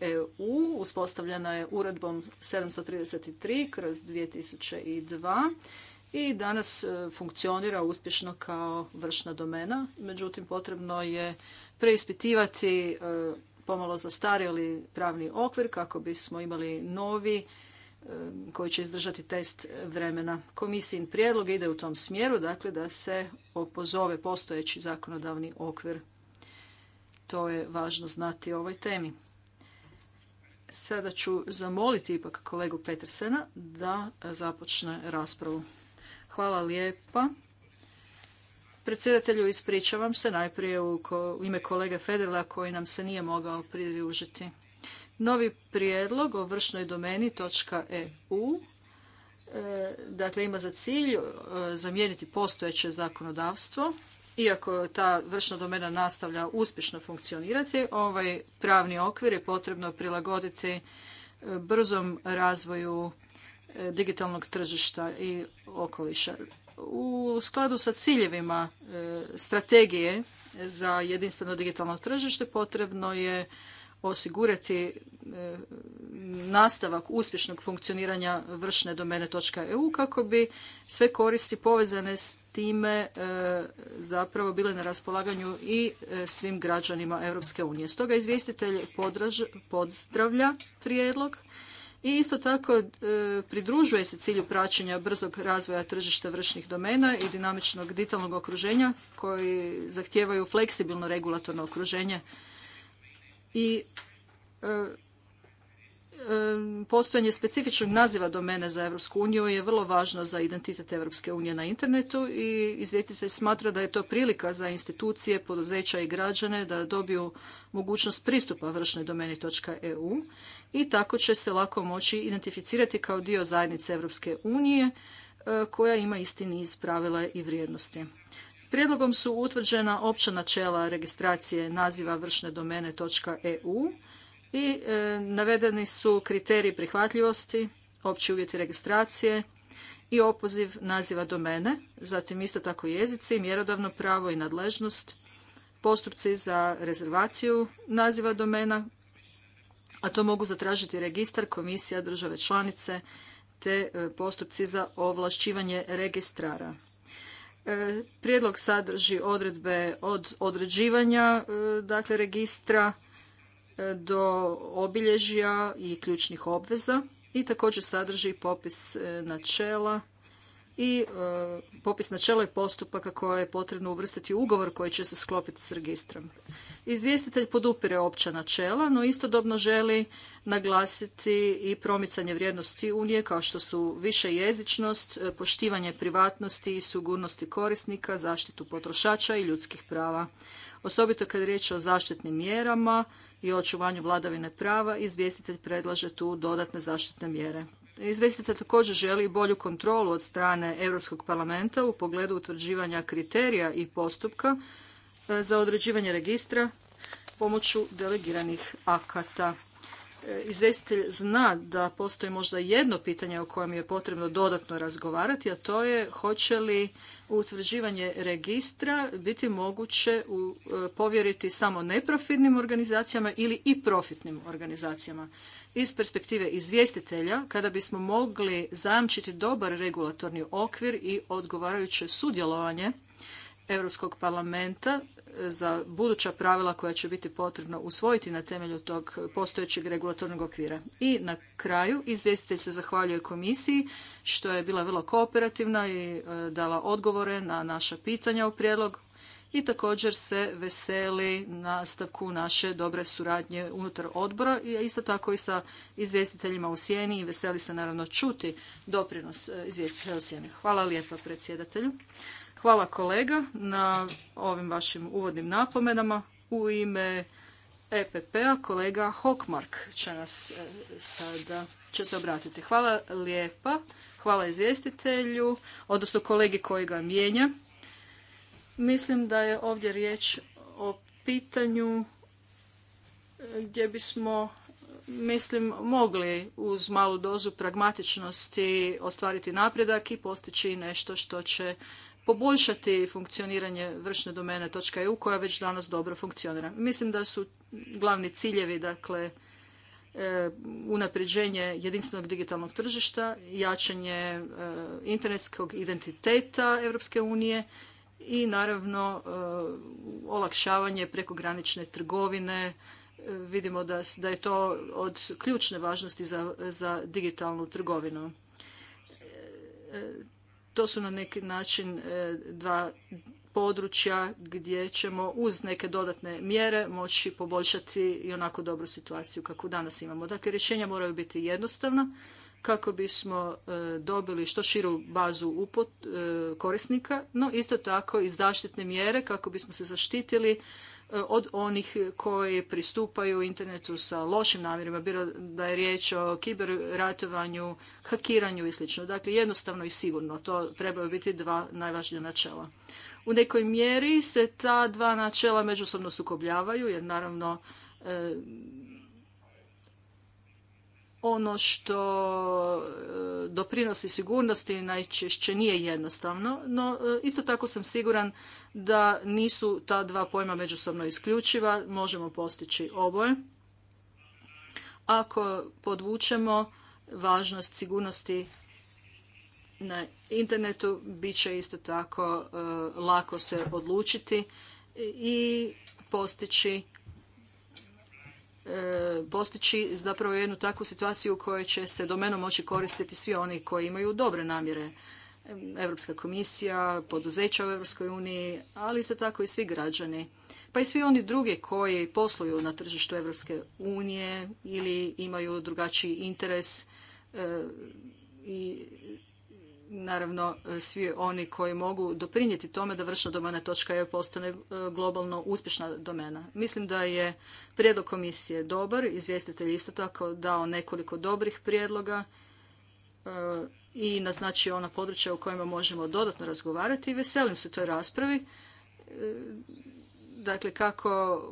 .eu e uspostavljena je uredbom 733 kroz 2002 i danas e, funkcionira uspješno kao vršna domena. Međutim, potrebno je preispitivati e, pomalo zastarjeli pravni okvir kako bismo imali novi e, koji će izdržati test vremena. Komisijin prijedlog ide u tom smjeru, dakle da se opozove postojeći zakonodavni okvir. To je važno znati o ovoj temi. Sada ću zamoliti ipak kolegu Petersena da započne raspravu. Hvala lijepa. Predsjedatelju ispričavam se najprije u ime kolege Federla koji nam se nije mogao pridružiti. Novi prijedlog o vršnoj domeni .eu e, dakle ima za cilj e, zamijeniti postojeće zakonodavstvo. Iako ta vršna domena nastavlja uspješno funkcionirati, ovaj pravni okvir je potrebno prilagoditi e, brzom razvoju digitalnog tržišta i okoliša. U skladu sa ciljevima e, strategije za jedinstveno digitalno tržište potrebno je osigurati e, nastavak uspješnog funkcioniranja vršne EU e kako bi sve koristi povezane s time zapravo bile na raspolaganju i svim građanima Europske unije. Stoga izvjestitelj pozdravlja prijedlog i isto tako e, pridružuje se cilju praćenja brzog razvoja tržišta vršnih domena i dinamičnog digitalnog okruženja koji zahtijevaju fleksibilno regulatorno okruženje i e, e, postojanje specifičnog naziva domene za Europsku uniju je vrlo važno za identitet Europske unije na internetu i se smatra da je to prilika za institucije, poduzeća i građane da dobiju mogućnost pristupa vršnoj domeni .eu i tako će se lako moći identificirati kao dio zajednice Europske unije e, koja ima isti niz pravila i vrijednosti. Prijedlogom su utvrđena opća načela registracije naziva vršne domene .eu i e, navedeni su kriteriji prihvatljivosti, opći uvjeti registracije i opoziv naziva domene, zatim isto tako jezici, mjerodavno pravo i nadležnost, postupci za rezervaciju naziva domena a to mogu zatražiti registar, komisija, države članice te e, postupci za ovlašćivanje registrara. E, prijedlog sadrži odredbe od određivanja e, dakle, registra do obilježja i ključnih obveza i također sadrži popis načela i e, popis načela i postupaka koje je potrebno uvrstiti u ugovor koji će se sklopiti s registrom. Izvjestitelj podupire opća načela, no istodobno želi naglasiti i promicanje vrijednosti Unije kao što su više jezičnost, e, poštivanje privatnosti i sigurnosti korisnika, zaštitu potrošača i ljudskih prava. Osobito kad je riječ o zaštitnim mjerama i očuvanju vladavine prava, izvjestitelj predlaže tu dodatne zaštitne mjere. Izvestitelj također želi bolju kontrolu od strane Europskog parlamenta u pogledu utvrđivanja kriterija i postupka e, za određivanje registra pomoću delegiranih akata. E, Izvestitelj zna da postoji možda jedno pitanje o kojem je potrebno dodatno razgovarati, a to je hoće li utvrđivanje registra biti moguće e, povjeriti samo neprofitnim organizacijama ili i profitnim organizacijama iz perspektive izvjestitelja kada bismo mogli zajamčiti dobar regulatorni okvir i odgovarajuće sudjelovanje Europskog parlamenta e, za buduća pravila koja će biti potrebno usvojiti na temelju tog postojećeg regulatornog okvira. I na kraju izvjestitelj se zahvaljuje komisiji što je bila vrlo kooperativna i e, dala odgovore na naša pitanja u prijedlog i također se veseli nastavku naše dobre suradnje unutar odbora i isto tako i sa izvjestiteljima u sjeni i veseli se naravno čuti doprinos e, izvjestitelja u sjeni. Hvala lijepa predsjedatelju. Hvala kolega na ovim vašim uvodnim napomenama. U ime EPP-a kolega Hokmark će nas e, sada će se obratiti. Hvala lijepa. Hvala izvjestitelju, odnosno kolegi koji ga mijenja. Mislim da je ovdje riječ o pitanju e, gdje bismo mislim mogli uz malu dozu pragmatičnosti ostvariti napredak i postići nešto što će poboljšati funkcioniranje vršne domene .eu koja već danas dobro funkcionira. Mislim da su glavni ciljevi dakle e, unapređenje jedinstvenog digitalnog tržišta, jačanje e, internetskog identiteta Europske unije i naravno e, olakšavanje prekogranične trgovine. E, vidimo da, je to od ključne važnosti za, za digitalnu trgovinu. E, to su na neki način dva područja gdje ćemo uz neke dodatne mjere moći poboljšati i onako dobru situaciju kakvu danas imamo. Dakle, rješenja moraju biti jednostavna kako bismo e, dobili što širu bazu e, korisnika, no isto tako i zaštitne mjere kako bismo se zaštitili e, od onih koji pristupaju internetu sa lošim namjerima, bilo da je riječ o kiberratovanju, hakiranju i sl. Dakle, jednostavno i sigurno. To trebaju biti dva najvažnija načela. U nekoj mjeri se ta dva načela međusobno sukobljavaju, jer naravno ono što e, doprinosi sigurnosti najčešće nije jednostavno, no e, isto tako sam siguran da nisu ta dva pojma međusobno isključiva, možemo postići oboje. Ako podvučemo važnost sigurnosti na internetu, bit će isto tako e, lako se odlučiti i postići E, postići zapravo jednu takvu situaciju u kojoj će se domeno moći koristiti svi oni koji imaju dobre namjere. Europska komisija, poduzeća u Europskoj uniji, ali isto tako i svi građani. Pa i svi oni drugi koji posluju na tržištu Europske unije ili imaju drugačiji interes e, i naravno e, svi oni koji mogu doprinijeti tome da vršna domena točka je postane e, globalno uspješna domena. Mislim da je prijedlog komisije dobar, izvjestitelj isto tako dao nekoliko dobrih prijedloga e, i naznačio ona područja u kojima možemo dodatno razgovarati i veselim se toj raspravi. Dakle, kako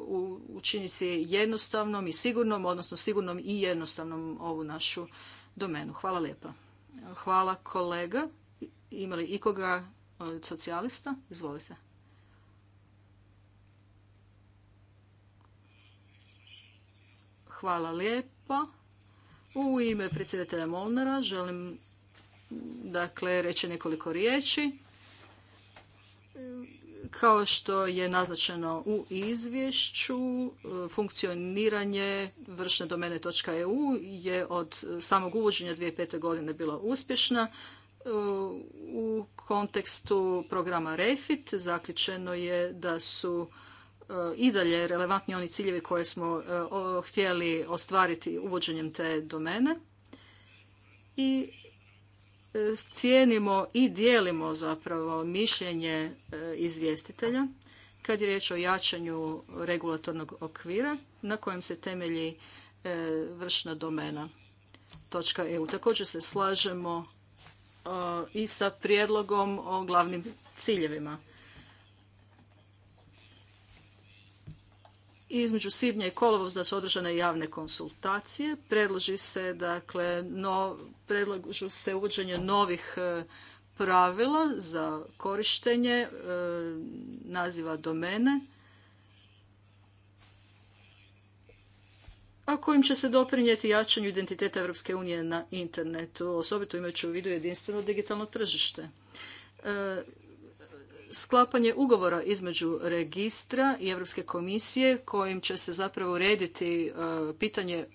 učiniti jednostavnom i sigurnom, odnosno sigurnom i jednostavnom ovu našu domenu. Hvala lijepa. Hvala kolega. Imali ikoga od e, socijalista? Izvolite. Hvala lijepa. U ime predsjedatelja Molnara želim dakle reći nekoliko riječi kao što je naznačeno u izvješću, e, funkcioniranje vršne EU e je od samog uvođenja 2005. godine bila uspješna. E, u kontekstu programa REFIT zaključeno je da su i dalje relevantni oni ciljevi koje smo htjeli ostvariti uvođenjem te domene. I cijenimo i dijelimo zapravo mišljenje e, izvjestitelja kad je riječ o jačanju regulatornog okvira na kojem se temelji e, vršna domena točka .eu. Također se slažemo e, i sa prijedlogom o glavnim ciljevima. između svibnja i da su održane javne konsultacije. Predloži se, dakle, no, predlažu se uvođenje novih e, pravila za korištenje e, naziva domene, a kojim će se doprinijeti jačanju identiteta Europske unije na internetu, osobito imajući u vidu jedinstveno digitalno tržište. E, sklapanje ugovora između registra i Europske komisije kojim će se zapravo urediti e, pitanje e,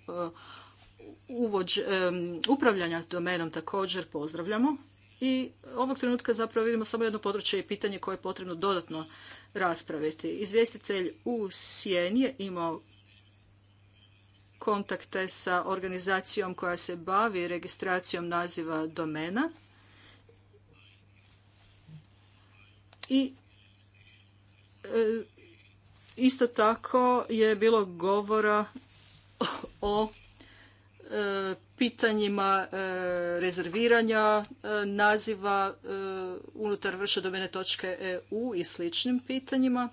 e, upravljanja domenom također pozdravljamo. I ovog trenutka zapravo vidimo samo jedno područje i pitanje koje je potrebno dodatno raspraviti. Izvjestitelj u Sjeni je imao kontakte sa organizacijom koja se bavi registracijom naziva domena I e, isto tako je bilo govora o e, pitanjima e, rezerviranja naziva unutar vrše domene točke EU i sličnim pitanjima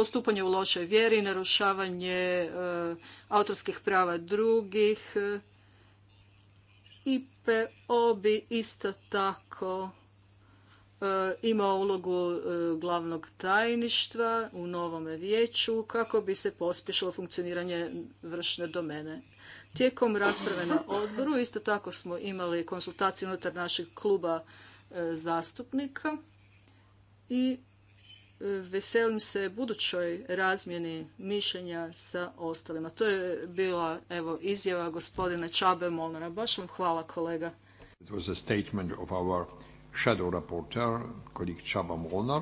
postupanje u lošoj vjeri, narušavanje e, autorskih prava drugih. E, IPO bi isto tako e, imao ulogu glavnog tajništva u novome vijeću kako bi se pospješilo funkcioniranje vršne domene. Tijekom rasprave na odboru isto tako smo imali konsultacije unutar našeg kluba zastupnika i veselim se budućoj razmjeni mišljenja sa ostalima. To je bila evo izjava gospodina Čabe Molnara. Baš vam hvala kolega. It was a statement of our shadow reporter, colleague Chaba Molnar,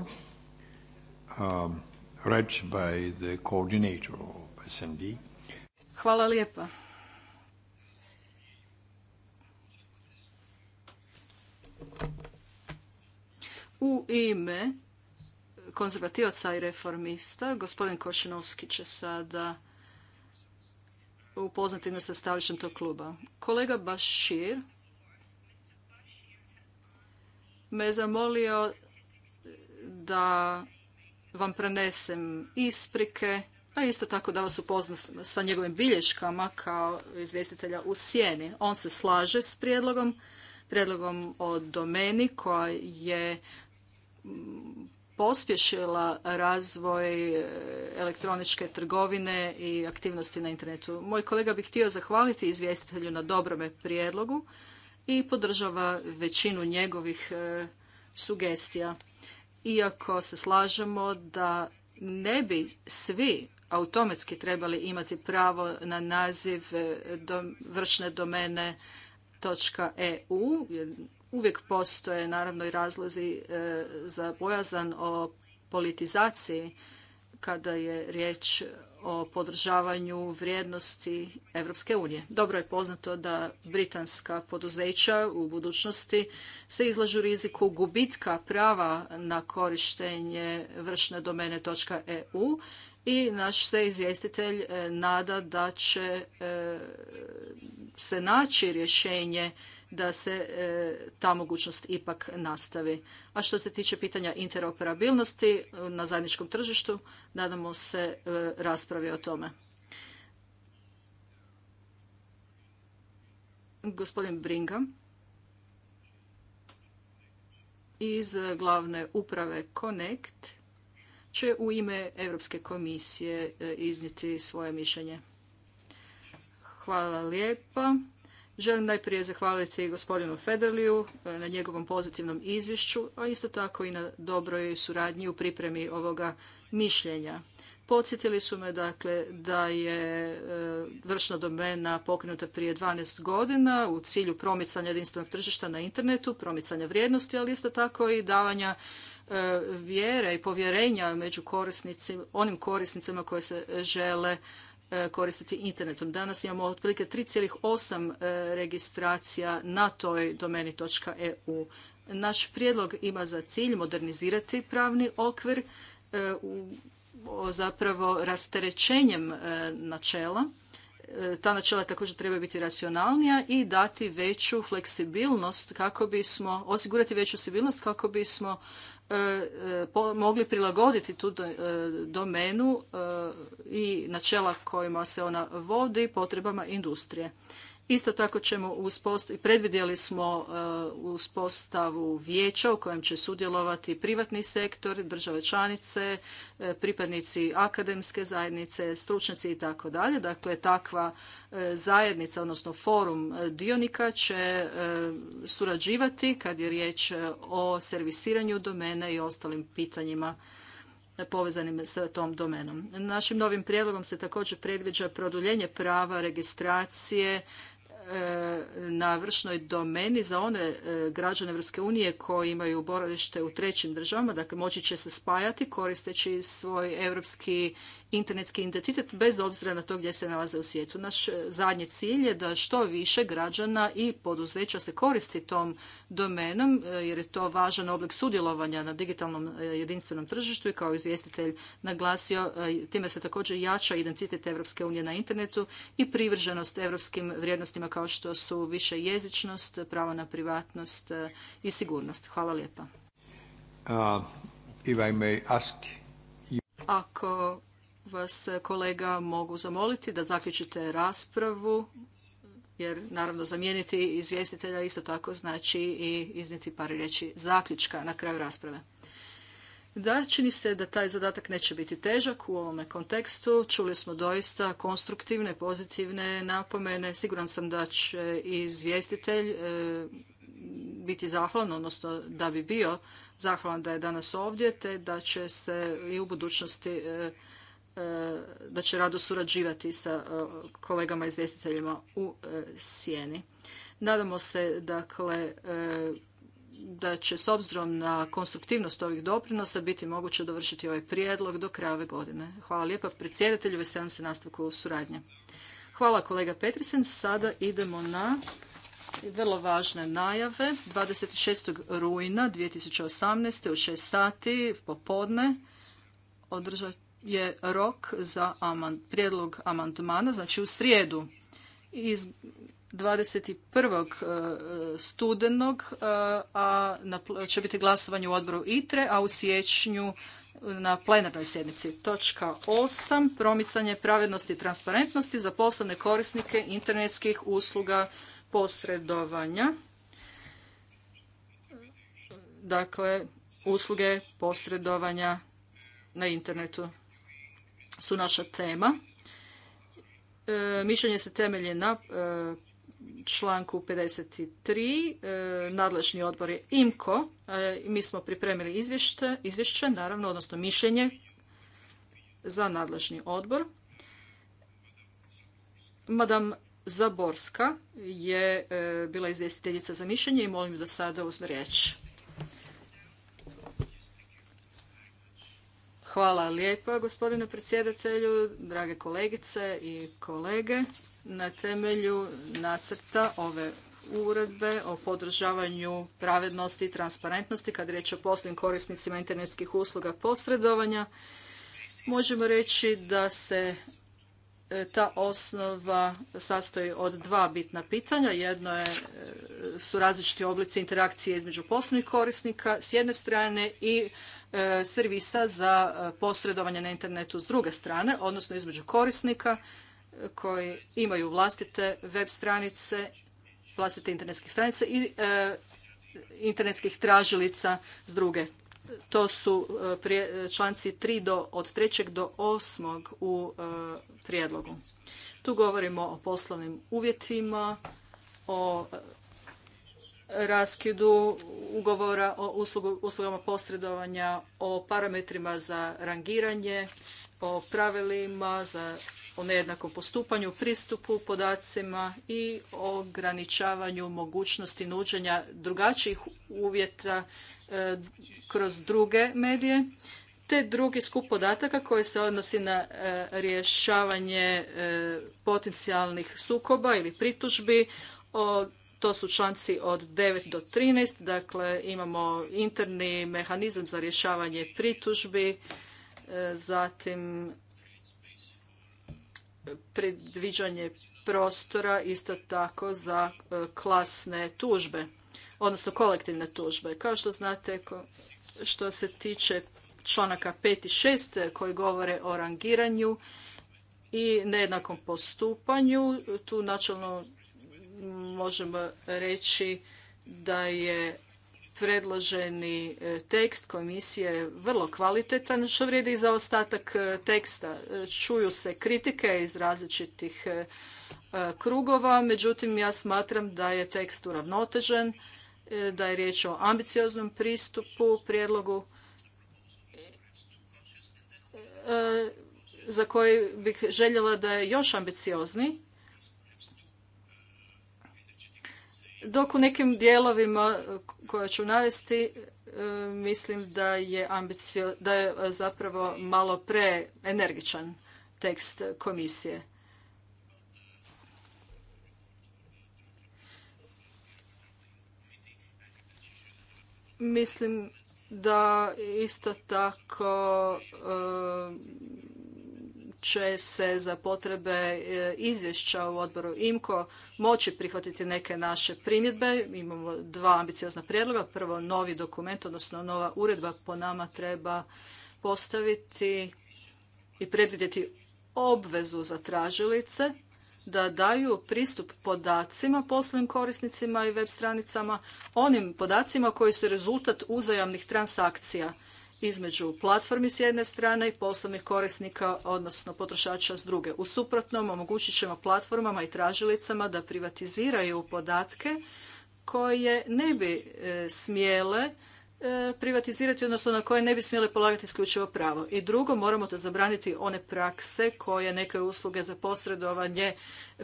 um, read by the coordinator of SND. Hvala lijepa. U ime konzervativaca i reformista. Gospodin Košinovski će sada upoznati me sa tog kluba. Kolega Bašir me zamolio da vam prenesem isprike, a isto tako da vas upoznam sa njegovim bilješkama kao izvjestitelja u sjeni. On se slaže s prijedlogom, prijedlogom o domeni koja je pospješila razvoj eh, elektroničke trgovine i aktivnosti na internetu. Moj kolega bi htio zahvaliti izvjestitelju na dobrome prijedlogu i podržava većinu njegovih eh, sugestija. Iako se slažemo da ne bi svi automatski trebali imati pravo na naziv eh, vršne domene .eu, Uvijek postoje naravno i razlozi e, za bojazan o politizaciji kada je riječ o podržavanju vrijednosti Europske unije. Dobro je poznato da britanska poduzeća u budućnosti se izlažu riziku gubitka prava na korištenje vršne domene .eu i naš se izvjestitelj e, nada da će e, se naći rješenje da se e, ta mogućnost ipak nastavi. A što se tiče pitanja interoperabilnosti e, na zajedničkom tržištu, nadamo se e, raspravi o tome. Gospodin Bringa iz glavne uprave Connect će u ime Europske komisije iznijeti svoje mišljenje. Hvala lijepa. Želim najprije zahvaliti gospodinu Federliju eh, na njegovom pozitivnom izvješću, a isto tako i na dobroj suradnji u pripremi ovoga mišljenja. Podsjetili su me dakle da je eh, vršna domena pokrenuta prije 12 godina u cilju promicanja jedinstvenog tržišta na internetu, promicanja vrijednosti, ali isto tako i davanja eh, vjere i povjerenja među onim korisnicima koje se žele E, koristiti internetom. Danas imamo otprilike 3,8 e, registracija na toj EU. E Naš prijedlog ima za cilj modernizirati pravni okvir zapravo rasterećenjem načela. Ta načela također treba biti racionalnija i dati veću fleksibilnost kako bismo, osigurati veću sigurnost kako bismo mogli prilagoditi tu e, domenu e, i načela kojima se ona vodi potrebama industrije. Isto tako ćemo uspostaviti, predvidjeli smo e, uspostavu vijeća u kojem će sudjelovati privatni sektor, države članice, e, pripadnici akademske zajednice, stručnjaci i tako dalje. Dakle, takva e, zajednica, odnosno forum dionika će surađivati kad je riječ o servisiranju domene i ostalim pitanjima povezanim sa tom domenom. Našim novim prijedlogom se također predviđa produljenje prava registracije na vršnoj domeni za one e, građane Europske unije koji imaju boravište u trećim državama, dakle moći će se spajati koristeći svoj europski internetski identitet bez obzira na to gdje se nalaze u svijetu. Naš e, zadnji cilj je da što više građana i poduzeća se koristi tom domenom e, jer je to važan oblik sudjelovanja na digitalnom e, jedinstvenom tržištu i kao izvjestitelj naglasio time se također jača identitet Europske unije na internetu i privrženost europskim vrijednostima kao što su više jezičnost, pravo na privatnost i sigurnost. Hvala lijepa. Uh, ask Ako vas kolega mogu zamoliti da zaključite raspravu jer naravno zamijeniti izvjestitelja isto tako znači i izniti par riječi zaključka na kraju rasprave. Da, čini se da taj zadatak neće biti težak u ovome kontekstu. Čuli smo doista konstruktivne, pozitivne napomene. Siguran sam da će i izvjestitelj e, biti zahvalan, odnosno da bi bio zahvalan da je danas ovdje, te da će se i u budućnosti e, E, da će rado surađivati sa e, kolegama izvjestiteljima u e, sjeni. Nadamo se dakle da će s obzirom na konstruktivnost ovih doprinosa biti moguće dovršiti ovaj prijedlog do kraja ove godine. Hvala lijepa predsjedatelju, veselim se nastavku suradnje. Hvala kolega Petrisen. Sada idemo na vrlo važne najave. 26. rujna 2018. u 6 sati popodne održat je rok za prijedlog amandmana, znači u srijedu iz 21. E, studenog, e, a će biti glasovanje u odboru ITRE, a u siječnju na plenarnoj sjednici. Točka 8. Promicanje pravednosti i transparentnosti za poslovne korisnike internetskih usluga posredovanja. Dakle, usluge posredovanja na internetu su naša tema. E, mišljenje se temelje na e, članku 53. E, nadležni odbor je IMKO. Mi smo pripremili izvješće, izvješće, naravno, odnosno mišljenje za nadležni odbor. Madam Zaborska je bila izvjestiteljica za mišljenje i molim da sada uzme riječ. Hvala lijepa gospodine predsjedatelju, drage kolegice i kolege. Na temelju nacrta ove uredbe o podržavanju pravednosti i transparentnosti kad riječ o poslovnim korisnicima internetskih usluga posredovanja možemo reći da se E, ta osnova sastoji od dva bitna pitanja. Jedno je, e, su različiti oblici interakcije između poslovnih korisnika s jedne strane i e, servisa za posredovanje na internetu s druge strane, odnosno između korisnika koji imaju vlastite web stranice, vlastite internetske stranice i internetskih tražilica s druge to su e, e, članci 3 do, od 3. do 8. u e, prijedlogu. Tu govorimo o poslovnim uvjetima, o raskidu ugovora o uslugama posredovanja, o parametrima za rangiranje, o pravilima za o nejednakom postupanju, pristupu podacima i ograničavanju mogućnosti nuđenja drugačijih uvjeta E, kroz druge medije, te drugi skup podataka koji se odnosi na e, rješavanje e, potencijalnih sukoba ili pritužbi. To su članci od 9 do 13, dakle imamo interni mehanizam za rješavanje pritužbi, zatim predviđanje prostora isto tako za klasne tužbe odnosno kolektivne tužbe. Kao što znate, što se tiče članaka 5 i 6 eh, koji govore o rangiranju i nejednakom postupanju, tu načelno možemo reći da je predloženi eh, tekst komisije vrlo kvalitetan, što vrijedi i za ostatak eh, teksta. Čuju se kritike iz različitih krugova, međutim ja smatram da je tekst uravnotežen E, da je riječ o ambicioznom pristupu prijedlogu e, za koji bih željela da je još ambiciozni. Dok u nekim dijelovima koje ću navesti e, mislim da je, da je zapravo malo preenergičan tekst komisije. Mislim da isto tako e, će se za potrebe e, izvješća u odboru IMKO moći prihvatiti neke naše primjedbe. Imamo dva ambiciozna prijedloga. Prvo, novi dokument, odnosno nova uredba po nama treba postaviti i predvidjeti obvezu za tražilice da daju pristup podacima poslovnim korisnicima i web stranicama, onim podacima koji su rezultat uzajamnih transakcija između platformi s jedne strane i poslovnih korisnika, odnosno potrošača s druge. U suprotnom omogućit ćemo platformama i tražilicama da privatiziraju podatke koje ne bi e, smjele E, privatizirati, odnosno na koje ne bi smjeli polagati isključivo pravo. I drugo, moramo to zabraniti one prakse koje neke usluge za posredovanje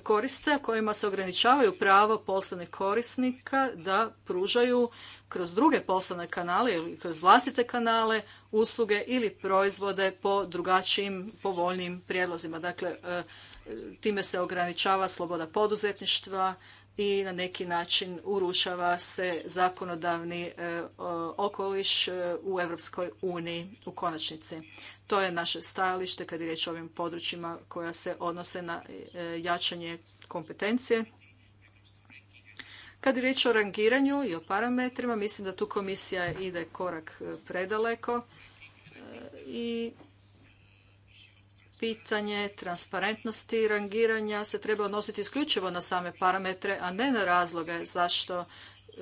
koriste, kojima se ograničavaju pravo poslovnih korisnika da pružaju kroz druge poslovne kanale ili kroz vlastite kanale usluge ili proizvode po drugačijim povoljnijim prijedlozima. Dakle, e, time se ograničava sloboda poduzetništva, i na neki način urušava se zakonodavni e, okoliš e, u Europskoj uniji u konačnici. To je naše stajalište kad je riječ o ovim područjima koja se odnose na e, jačanje kompetencije. Kad je riječ o rangiranju i o parametrima, mislim da tu komisija ide korak predaleko i pitanje transparentnosti rangiranja se treba odnositi isključivo na same parametre, a ne na razloge zašto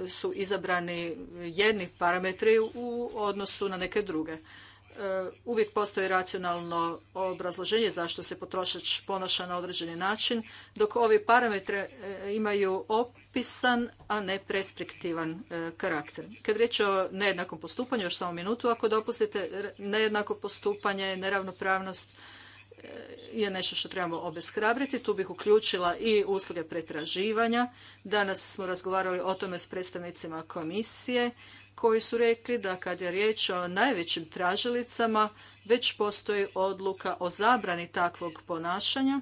su izabrani jedni parametri u odnosu na neke druge. E, uvijek postoji racionalno obrazloženje zašto se potrošač ponaša na određeni način, dok ovi parametre e, imaju opisan, a ne prespektivan e, karakter. Kad riječ o nejednakom postupanju, još samo minutu ako dopustite, nejednako postupanje, neravnopravnost, je nešto što trebamo obeshrabriti. Tu bih uključila i usluge pretraživanja. Danas smo razgovarali o tome s predstavnicima komisije koji su rekli da kad je riječ o najvećim tražilicama već postoji odluka o zabrani takvog ponašanja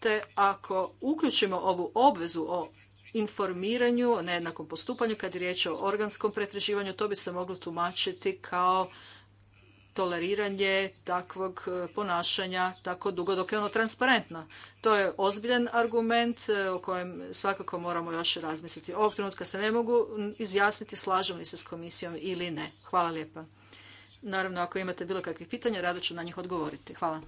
te ako uključimo ovu obvezu o informiranju o nejednakom postupanju kad je riječ o organskom pretraživanju to bi se moglo tumačiti kao toleriranje takvog e, ponašanja tako dugo dok je ono transparentno. To je ozbiljan argument e, o kojem svakako moramo još razmisliti. Ovog trenutka se ne mogu izjasniti slažem li se s komisijom ili ne. Hvala lijepa. Naravno, ako imate bilo kakvih pitanja, rado ću na njih odgovoriti. Hvala.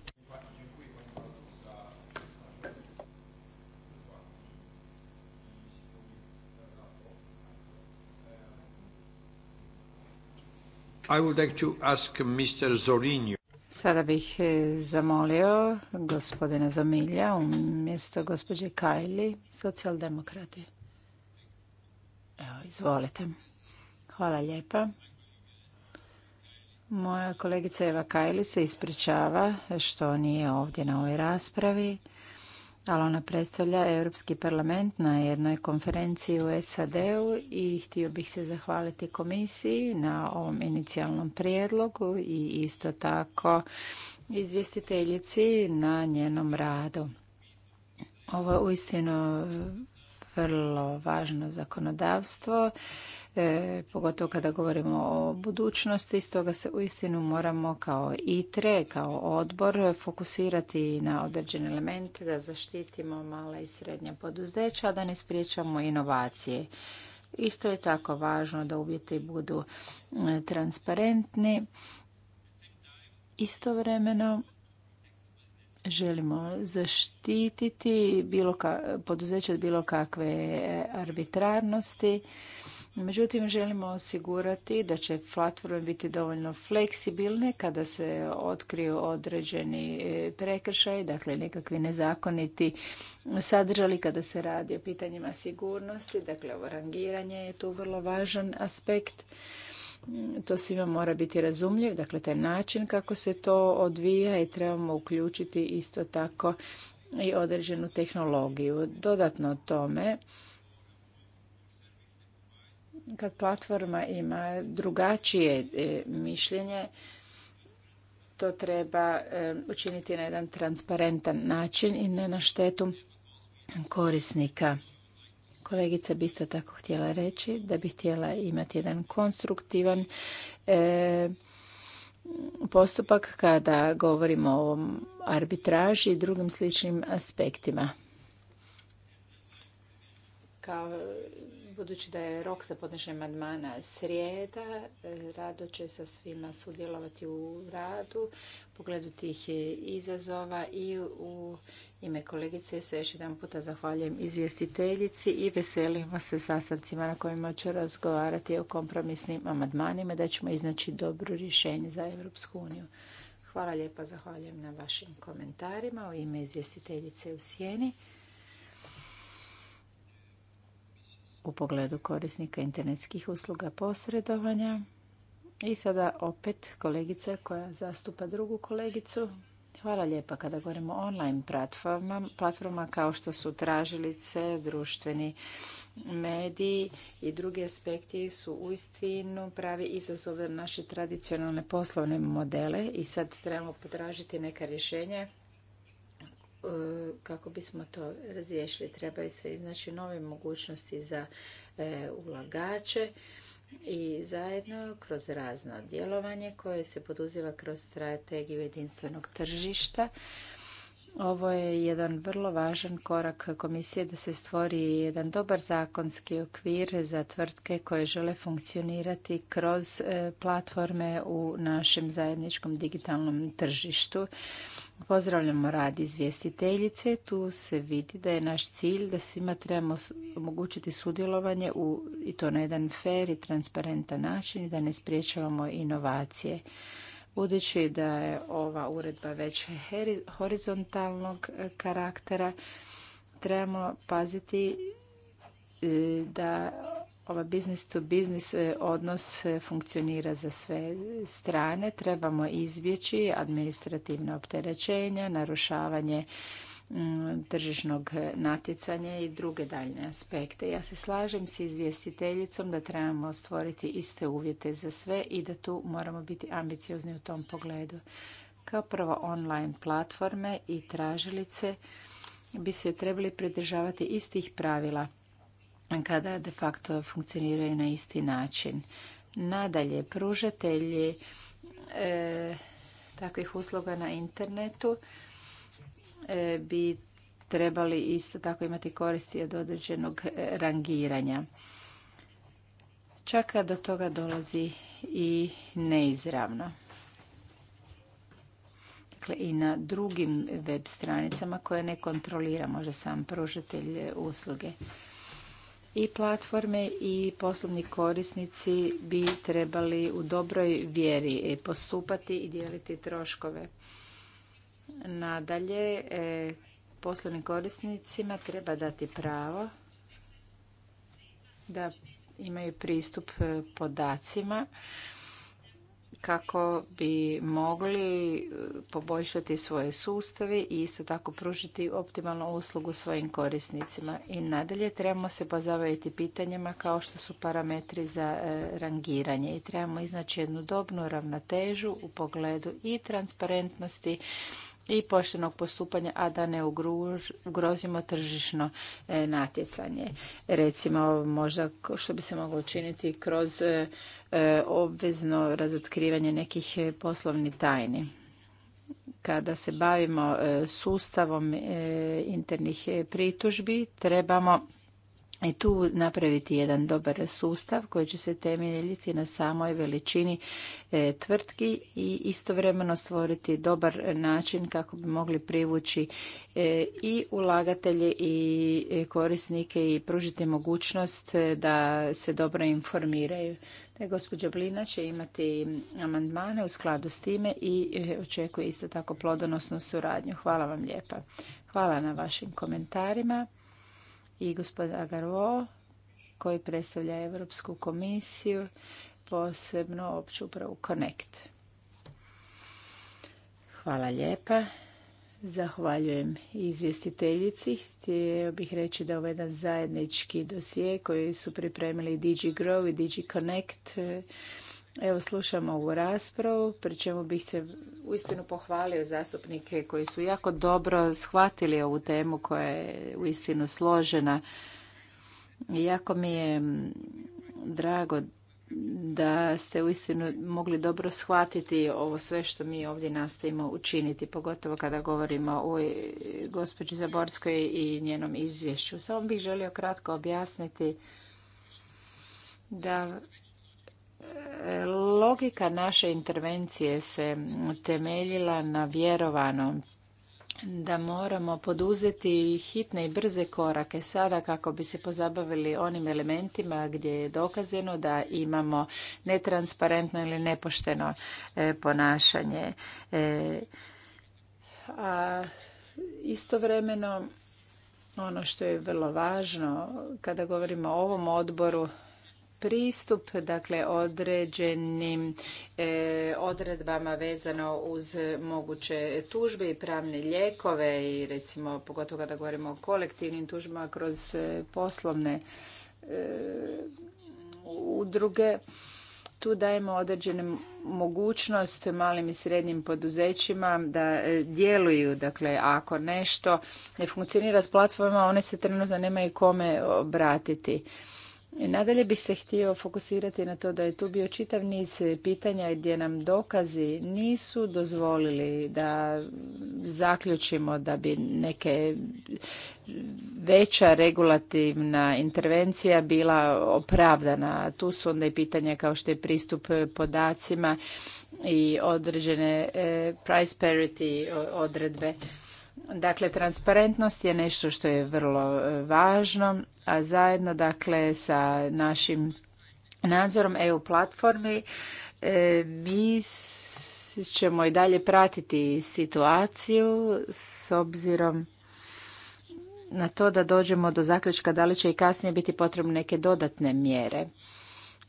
ask Sada bih e, zamolio gospodina Zomilja umjesto gospođe Kajli, socijaldemokrati. Evo, izvolite. Hvala lijepa. Moja kolegica Eva Kajli se ispričava što nije ovdje na ovoj raspravi ali ona predstavlja Europski parlament na jednoj konferenciji u SAD-u i htio bih se zahvaliti komisiji na ovom inicijalnom prijedlogu i isto tako izvjestiteljici na njenom radu. Ovo je uistinu vrlo važno zakonodavstvo, e, pogotovo kada govorimo o budućnosti, stoga se uistinu moramo kao ITRE, kao odbor, fokusirati na određene elemente da zaštitimo mala i srednja poduzeća, a da ne spriječamo inovacije. Isto je tako važno da uvjeti budu e, transparentni. Istovremeno, želimo zaštititi bilo ka, poduzeće od bilo kakve arbitrarnosti. Međutim, želimo osigurati da će platforme biti dovoljno fleksibilne kada se otkriju određeni e, prekršaj, dakle nekakvi nezakoniti sadržali kada se radi o pitanjima sigurnosti. Dakle, ovo rangiranje je tu vrlo važan aspekt to svima mora biti razumljiv, dakle taj način kako se to odvija i trebamo uključiti isto tako i određenu tehnologiju. Dodatno tome, kad platforma ima drugačije e, mišljenje, to treba e, učiniti na jedan transparentan način i ne na štetu korisnika. Kolegica bi isto tako htjela reći da bi htjela imati jedan konstruktivan e, postupak kada govorimo o arbitraži i drugim sličnim aspektima. Kao, budući da je rok za podnošenje amandmana srijeda, rado će sa svima sudjelovati u radu, pogledu tih izazova i u ime kolegice se još jedan puta zahvaljujem izvjestiteljici i veselimo se sastancima na kojima ću razgovarati o kompromisnim amandmanima da ćemo iznaći dobro rješenje za Europsku uniju. Hvala lijepa, zahvaljujem na vašim komentarima u ime izvjestiteljice u Sjeni. u pogledu korisnika internetskih usluga posredovanja. I sada opet kolegica koja zastupa drugu kolegicu. Hvala lijepa kada govorimo o online platformama, platforma kao što su tražilice, društveni mediji i drugi aspekti su uistinu pravi izazove naše tradicionalne poslovne modele i sad trebamo potražiti neka rješenja E, kako bismo to razriješili trebaju se iznaći nove mogućnosti za e, ulagače i zajedno kroz razno djelovanje koje se poduziva kroz strategiju jedinstvenog tržišta. Ovo je jedan vrlo važan korak komisije da se stvori jedan dobar zakonski okvir za tvrtke koje žele funkcionirati kroz e, platforme u našem zajedničkom digitalnom tržištu. Pozdravljamo rad izvjestiteljice. Tu se vidi da je naš cilj da svima trebamo omogućiti sudjelovanje u, i to na jedan fair i transparentan način i da ne spriječavamo inovacije. Budući da je ova uredba već horizontalnog e, karaktera, trebamo paziti e, da ova business to business e, odnos e, funkcionira za sve strane. Trebamo izbjeći administrativne opterećenja, narušavanje mm, tržišnog e, natjecanja i druge daljne aspekte. Ja se slažem s izvjestiteljicom da trebamo stvoriti iste uvjete za sve i da tu moramo biti ambiciozni u tom pogledu. Kao prvo online platforme i tražilice bi se trebali pridržavati istih pravila kada de facto funkcioniraju na isti način. Nadalje, pružatelji e, takvih usluga na internetu e, bi trebali isto tako imati koristi od određenog e, rangiranja. Čak do toga dolazi i neizravno. Dakle, i na drugim web stranicama koje ne kontrolira možda sam pružatelj usluge i platforme i poslovni korisnici bi trebali u dobroj vjeri e, postupati i dijeliti troškove. Nadalje, e, poslovnim korisnicima treba dati pravo da imaju pristup e, podacima kako bi mogli e, poboljšati svoje sustave i isto tako pružiti optimalnu uslugu svojim korisnicima. I nadalje trebamo se pozabaviti pitanjima kao što su parametri za e, rangiranje i trebamo iznaći jednu dobnu ravnotežu u pogledu i transparentnosti i poštenog postupanja, a da ne ugrozimo tržišno e, natjecanje. Recimo, možda što bi se moglo učiniti kroz e, e, obvezno razotkrivanje nekih poslovnih tajni. Kada se bavimo sustavom internih pritužbi, trebamo i tu napraviti jedan dobar sustav koji će se temeljiti na samoj veličini e, tvrtki i istovremeno stvoriti dobar način kako bi mogli privući e, i ulagatelje i e, korisnike i pružiti mogućnost da se dobro informiraju. Da gospođa Blina će imati amandmane u skladu s time i očekuje isto tako plodonosnu suradnju. Hvala vam lijepa. Hvala na vašim komentarima i gospodin Agarvo koji predstavlja Europsku komisiju, posebno opću upravu Connect. Hvala lijepa. Zahvaljujem izvjestiteljici. Htio bih reći da ovo jedan zajednički dosije koji su pripremili DigiGrow i DigiConnect. Connect Evo slušamo ovu raspravu, pri čemu bih se uistinu pohvalio zastupnike koji su jako dobro shvatili ovu temu koja je uistinu složena. Jako mi je mm, drago da ste uistinu mogli dobro shvatiti ovo sve što mi ovdje nastojimo učiniti, pogotovo kada govorimo o e, gospođi Zaborskoj i njenom izvješću. Samo bih želio kratko objasniti da Logika naše intervencije se temeljila na vjerovanom da moramo poduzeti hitne i brze korake sada kako bi se pozabavili onim elementima gdje je dokazano da imamo netransparentno ili nepošteno e, ponašanje. E, a istovremeno ono što je vrlo važno kada govorimo o ovom odboru pristup dakle određenim e, odredbama vezano uz moguće tužbe i pravne lijekove i recimo pogotovo kada govorimo o kolektivnim tužbama kroz e, poslovne e, udruge tu dajemo određenu mogućnost malim i srednjim poduzećima da djeluju. Dakle, ako nešto ne funkcionira s platformama, one se trenutno nemaju kome obratiti. Nadalje bih se htio fokusirati na to da je tu bio čitav niz pitanja gdje nam dokazi nisu dozvolili da zaključimo da bi neke veća regulativna intervencija bila opravdana. Tu su onda i pitanja kao što je pristup podacima i određene eh, price parity odredbe. Dakle, transparentnost je nešto što je vrlo e, važno, a zajedno dakle sa našim nadzorom EU platformi e, mi ćemo i dalje pratiti situaciju s obzirom na to da dođemo do zaključka da li će i kasnije biti potrebne neke dodatne mjere.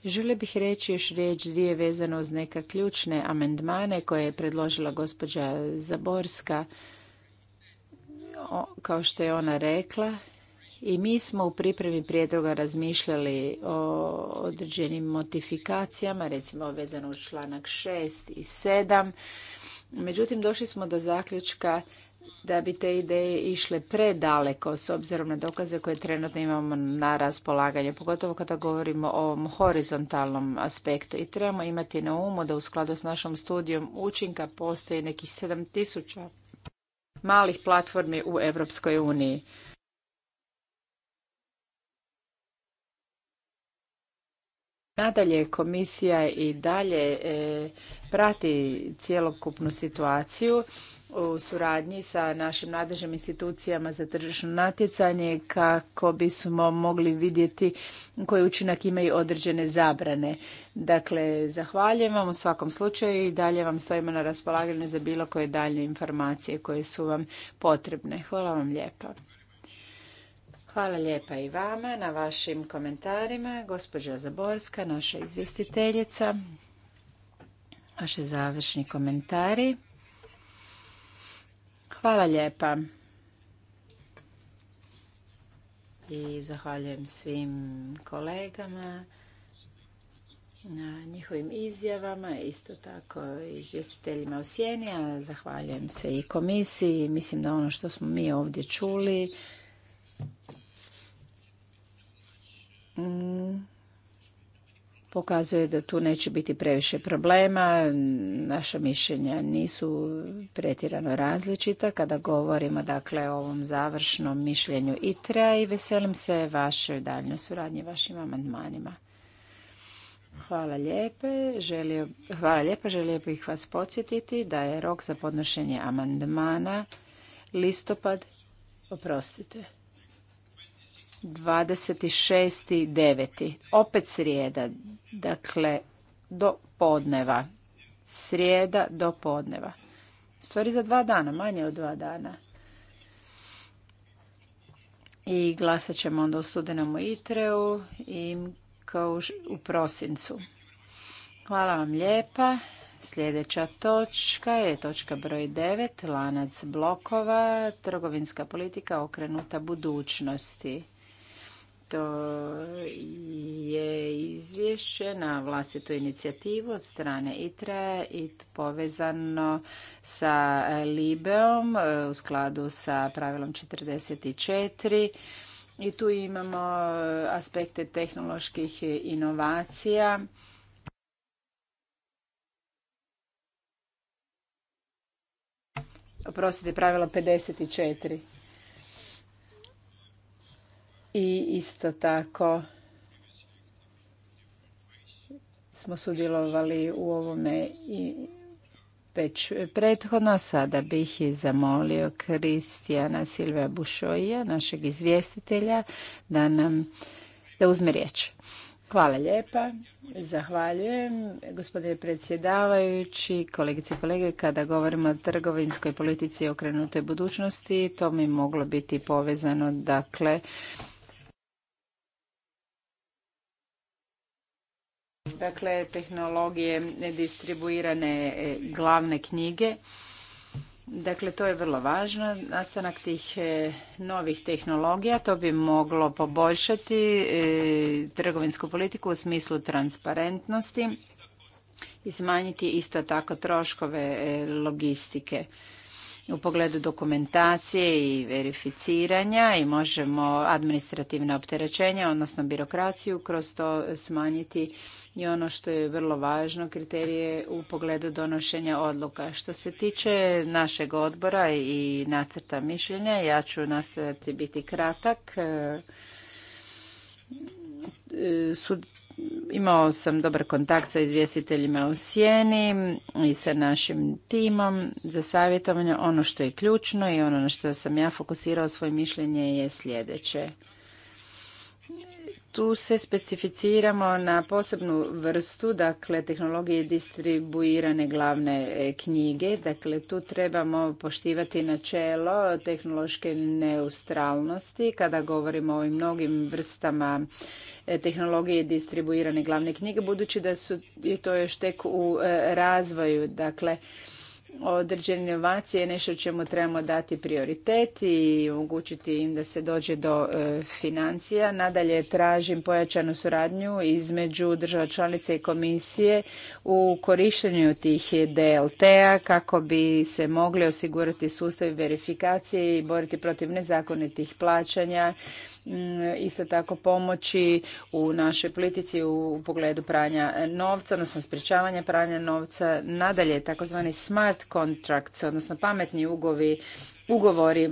Žele bih reći još riječ dvije vezano uz neka ključne amendmane koje je predložila gospođa Zaborska kao što je ona rekla, i mi smo u pripremi prijedloga razmišljali o određenim modifikacijama, recimo vezano u članak 6 i 7. Međutim, došli smo do zaključka da bi te ideje išle predaleko s obzirom na dokaze koje trenutno imamo na raspolaganju, pogotovo kada govorimo o ovom horizontalnom aspektu. I trebamo imati na umu da u skladu s našom studijom učinka postoji nekih 7000 malih platformi u Europskoj uniji. Nadalje, komisija i dalje e, prati cjelokupnu situaciju u suradnji sa našim nadležnim institucijama za tržišno natjecanje kako bismo mogli vidjeti koji učinak imaju određene zabrane. Dakle, zahvaljujem vam u svakom slučaju i dalje vam stojimo na raspolaganju za bilo koje dalje informacije koje su vam potrebne. Hvala vam lijepa. Hvala lijepa i vama na vašim komentarima. Gospođa Zaborska, naša izvjestiteljica, vaše završni komentari. Hvala lijepa. I zahvaljujem svim kolegama na njihovim izjavama, isto tako i izvjestiteljima u sjeni, a zahvaljujem se i komisiji. Mislim da ono što smo mi ovdje čuli mm, pokazuje da tu neće biti previše problema. Naša mišljenja nisu pretjerano različita kada govorimo dakle o ovom završnom mišljenju ITRA i veselim se vaše daljnjoj suradnje vašim amandmanima. Hvala lijepe. Želio, hvala lijepa. Želio bih vas podsjetiti da je rok za podnošenje amandmana listopad, oprostite, 26.9. Opet srijeda, dakle do podneva. Srijeda do podneva. stvari za dva dana, manje od dva dana. I glasat ćemo onda u studenom u Itreu i u prosincu. Hvala vam lijepa. Sljedeća točka je točka broj 9, lanac blokova, trgovinska politika okrenuta budućnosti to je izvješće na vlastitu inicijativu od strane ITRE i povezano sa Libeom e, u skladu sa pravilom 44 i tu imamo e, aspekte tehnoloških inovacija. Oprostite, pravilo 54 i isto tako smo sudjelovali u ovome i već prethodno. Sada bih i zamolio Kristijana Silvea Bušoija, našeg izvjestitelja, da nam da uzme riječ. Hvala lijepa. Zahvaljujem. Gospodine predsjedavajući, kolegice i kolege, kada govorimo o trgovinskoj politici okrenutoj budućnosti, to mi moglo biti povezano dakle dakle tehnologije distribuirane e, glavne knjige. Dakle, to je vrlo važno. Nastanak tih e, novih tehnologija, to bi moglo poboljšati e, trgovinsku politiku u smislu transparentnosti i smanjiti isto tako troškove logistike u pogledu dokumentacije i verificiranja i možemo administrativne opterećenja, odnosno birokraciju, kroz to smanjiti i ono što je vrlo važno kriterije u pogledu donošenja odluka. Što se tiče našeg odbora i nacrta mišljenja, ja ću nastojati biti kratak. E, imao sam dobar kontakt sa izvjestiteljima u Sjeni i sa našim timom za savjetovanje. Ono što je ključno i ono na što sam ja fokusirao svoje mišljenje je sljedeće tu se specificiramo na posebnu vrstu, dakle tehnologije distribuirane glavne e, knjige, dakle tu trebamo poštivati načelo tehnološke neustralnosti kada govorimo o ovim mnogim vrstama e, tehnologije distribuirane glavne knjige, budući da su to još tek u e, razvoju, dakle određene inovacije je nešto čemu trebamo dati prioritet i omogućiti im da se dođe do e, financija. Nadalje tražim pojačanu suradnju između država članica i komisije u korištenju tih DLT-a kako bi se mogli osigurati sustavi verifikacije i boriti protiv nezakonitih plaćanja Mm, isto tako pomoći u našoj politici u pogledu pranja novca, odnosno sprječavanja pranja novca. Nadalje, takozvani smart contracts, odnosno pametni ugovi, ugovori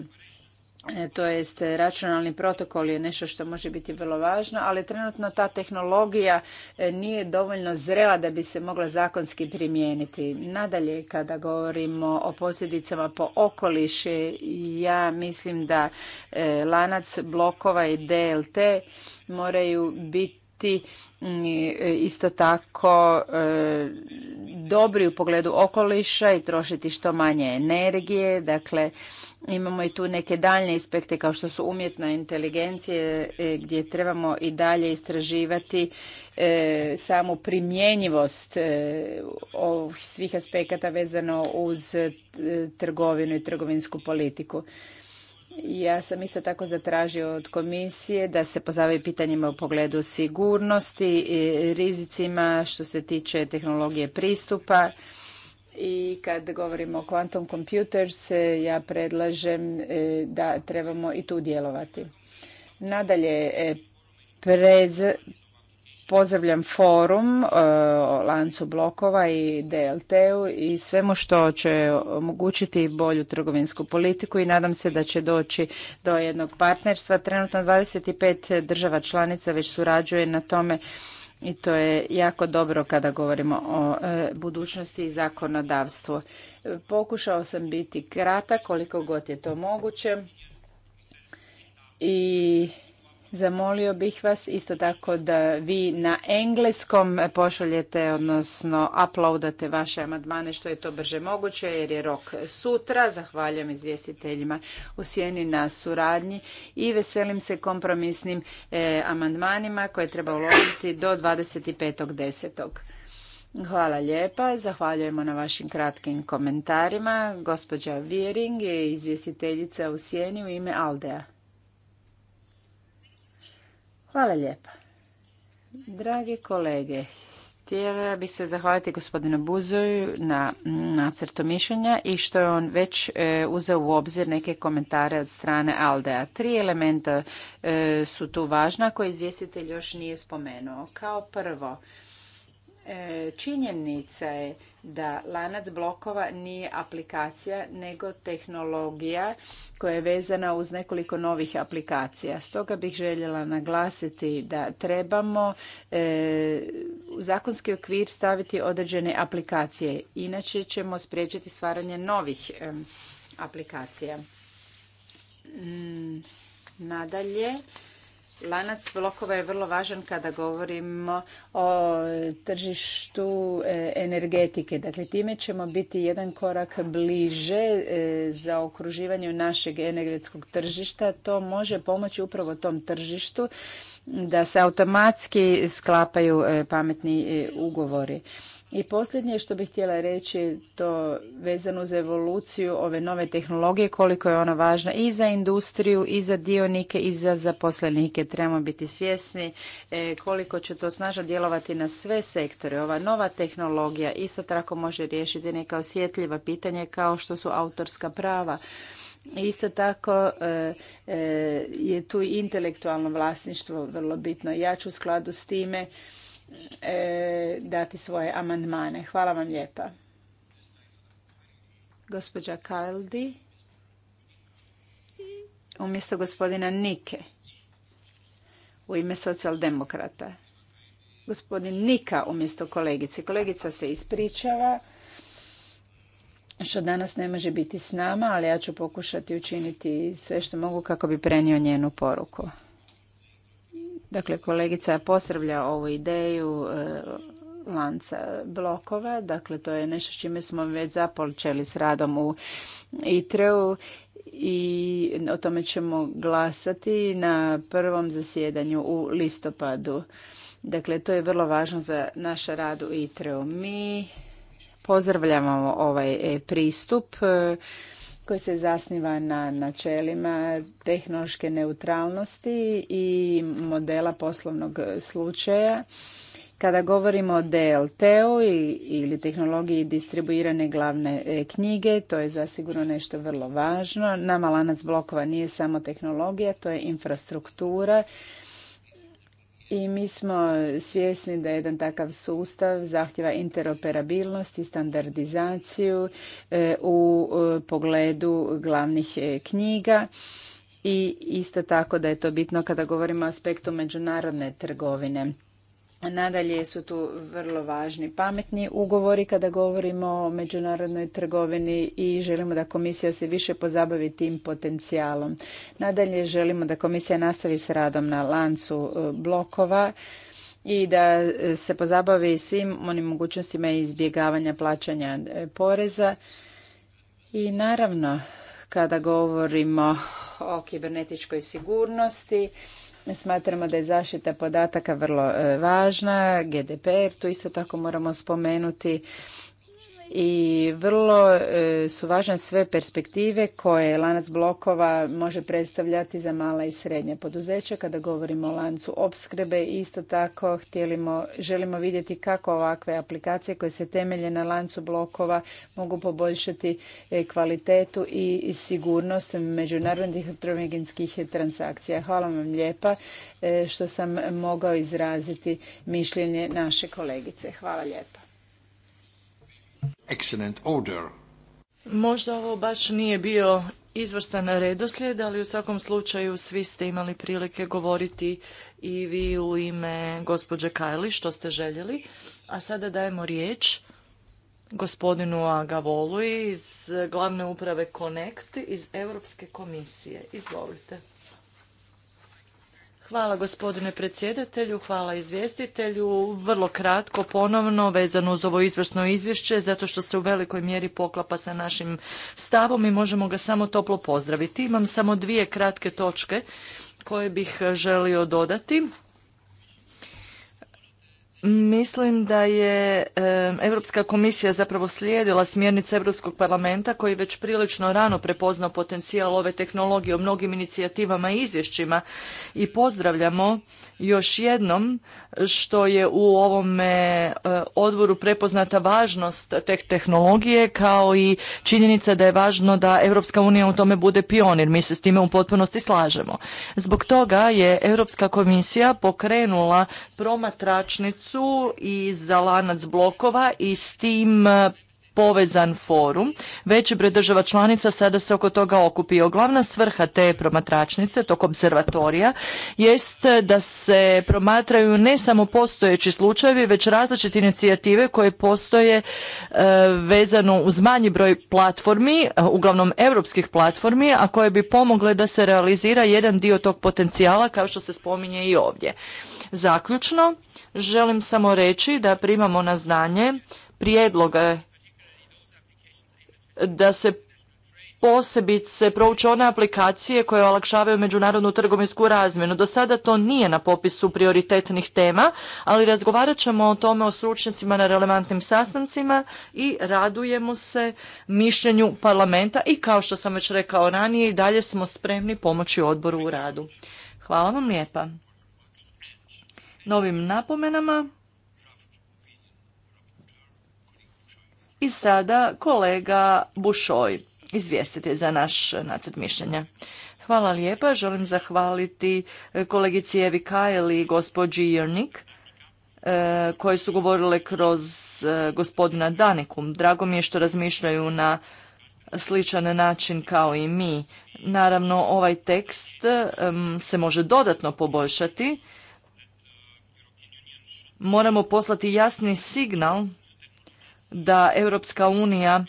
E, to jest e, računalni protokol je nešto što može biti vrlo važno, ali trenutno ta tehnologija e, nije dovoljno zrela da bi se mogla zakonski primijeniti. Nadalje, kada govorimo o posljedicama po okoliš, ja mislim da lanac blokova i DLT moraju biti Mm, isto tako e, dobri u pogledu okoliša i trošiti što manje energije. Dakle, imamo i tu neke daljne aspekte kao što su umjetna inteligencija e, gdje trebamo i dalje istraživati e, samu primjenjivost svih aspekata vezano uz trgovinu i trgovinsku politiku. Ja sam isto tako zatražio od komisije da se pozavaju pitanjima u pogledu sigurnosti, i rizicima što se tiče tehnologije pristupa. I kad govorimo o quantum computers, ja predlažem e, da trebamo i tu djelovati. Nadalje, e, Pozdravljam forum o e, lancu blokova i DLT-u i svemu što će omogućiti bolju trgovinsku politiku i nadam se da će doći do jednog partnerstva. Trenutno 25 država članica već surađuje na tome i to je jako dobro kada govorimo o e, budućnosti i zakonodavstvu. Pokušao sam biti kratak koliko god je to moguće i Zamolio bih vas isto tako da vi na engleskom pošaljete, odnosno uploadate vaše amandmane što je to brže moguće jer je rok sutra. Zahvaljujem izvjestiteljima u Sjeni na suradnji i veselim se kompromisnim e, amandmanima koje treba uložiti do 25.10. Hvala lijepa. Zahvaljujemo na vašim kratkim komentarima. Gospođa Viering je izvjestiteljica u Sjeni u ime Aldea. Hvala lijepa. Dragi kolege, htjela bi se zahvaliti gospodinu Buzoju na nacrtu mišljenja i što je on već e, uzeo u obzir neke komentare od strane Aldea. Tri elementa e, su tu važna koje izvjestitelj još nije spomenuo. Kao prvo, E, činjenica je da lanac blokova nije aplikacija nego tehnologija koja je vezana uz nekoliko novih aplikacija. Stoga bih željela naglasiti da trebamo e, u zakonski okvir staviti određene aplikacije. Inače ćemo spriječiti stvaranje novih e, aplikacija. Mm, nadalje, Lanac blokova je vrlo važan kada govorimo o tržištu e, energetike. Dakle, time ćemo biti jedan korak bliže e, za okruživanju našeg energetskog tržišta. To može pomoći upravo tom tržištu da se automatski sklapaju e, pametni ugovori. I posljednje što bih htjela reći to vezano za evoluciju ove nove tehnologije, koliko je ona važna i za industriju, i za dionike, i za zaposlenike. Trebamo biti svjesni e, koliko će to snažno djelovati na sve sektore. Ova nova tehnologija isto tako može riješiti neka osjetljiva pitanja kao što su autorska prava. Isto tako e, e, je tu intelektualno vlasništvo vrlo bitno. Ja ću u skladu s time E, dati svoje amandmane. Hvala vam lijepa. Gospođa Kaldi umjesto gospodina Nike u ime socijaldemokrata. Gospodin Nika umjesto kolegice. Kolegica se ispričava što danas ne može biti s nama, ali ja ću pokušati učiniti sve što mogu kako bi prenio njenu poruku. Dakle, kolegica pozdravlja ovu ideju e, lanca blokova. Dakle, to je nešto s čime smo već započeli s radom u ITRE-u i o tome ćemo glasati na prvom zasjedanju u listopadu. Dakle, to je vrlo važno za naš rad u ITRE-u. Mi pozdravljamo ovaj e, pristup koji se zasniva na načelima tehnološke neutralnosti i modela poslovnog slučaja. Kada govorimo o DLT-u ili tehnologiji distribuirane glavne e, knjige, to je zasigurno nešto vrlo važno. Nama lanac blokova nije samo tehnologija, to je infrastruktura i mi smo svjesni da jedan takav sustav zahtjeva interoperabilnost i standardizaciju e, u e, pogledu glavnih e, knjiga i isto tako da je to bitno kada govorimo o aspektu međunarodne trgovine. Nadalje su tu vrlo važni pametni ugovori kada govorimo o međunarodnoj trgovini i želimo da komisija se više pozabavi tim potencijalom. Nadalje želimo da komisija nastavi s radom na lancu e, blokova i da e, se pozabavi svim onim mogućnostima izbjegavanja plaćanja e, poreza. I naravno, kada govorimo o kibernetičkoj sigurnosti, Smatramo da je zaštita podataka vrlo e, važna, GDPR, tu isto tako moramo spomenuti i vrlo e, su važne sve perspektive koje lanac blokova može predstavljati za mala i srednja poduzeća. Kada govorimo o lancu opskrbe, isto tako htjelimo, želimo vidjeti kako ovakve aplikacije koje se temelje na lancu blokova mogu poboljšati e, kvalitetu i sigurnost međunarodnih trgovinskih transakcija. Hvala vam lijepa e, što sam mogao izraziti mišljenje naše kolegice. Hvala lijepa excellent order. Možda ovo baš nije bio izvrstan redoslijed, ali u svakom slučaju svi ste imali prilike govoriti i vi u ime gospođe Kajli što ste željeli. A sada dajemo riječ gospodinu Agavolu iz glavne uprave Connect iz Europske komisije. Izvolite. Hvala gospodine predsjedatelju, hvala izvjestitelju. Vrlo kratko ponovno vezano uz ovo izvrsno izvješće zato što se u velikoj mjeri poklapa sa našim stavom i možemo ga samo toplo pozdraviti. Imam samo dvije kratke točke koje bih želio dodati. Mislim da je Europska komisija zapravo slijedila smjernice Europskog parlamenta koji već prilično rano prepoznao potencijal ove tehnologije u mnogim inicijativama i izvješćima i pozdravljamo još jednom što je u ovome e, odboru prepoznata važnost teh tehnologije kao i činjenica da je važno da Europska unija u tome bude pionir. Mi se s time u potpunosti slažemo. Zbog toga je Europska komisija pokrenula promatračnicu i za lanac blokova i s tim e, povezan forum. Veći broj država članica sada se oko toga okupio. Glavna svrha te promatračnice, tog observatorija, jest da se promatraju ne samo postojeći slučajevi, već različite inicijative koje postoje e, vezano uz manji broj platformi, e, uglavnom europskih platformi, a koje bi pomogle da se realizira jedan dio tog potencijala kao što se spominje i ovdje. Zaključno, želim samo reći da primamo na znanje prijedloge da se posebice prouče one aplikacije koje olakšavaju međunarodnu trgovinsku razmjenu. Do sada to nije na popisu prioritetnih tema, ali razgovarat ćemo o tome o stručnjacima na relevantnim sastancima i radujemo se mišljenju parlamenta i kao što sam već rekao ranije i dalje smo spremni pomoći odboru u radu. Hvala vam lijepa novim napomenama. I sada kolega Bušoj, izvijestite za naš nacrt mišljenja. Hvala lijepa, želim zahvaliti e, kolegici Evi i gospođi Jernik e, koje su govorile kroz e, gospodina Danikum. Drago mi je što razmišljaju na sličan način kao i mi. Naravno, ovaj tekst se može dodatno poboljšati moramo poslati jasni signal da Europska unija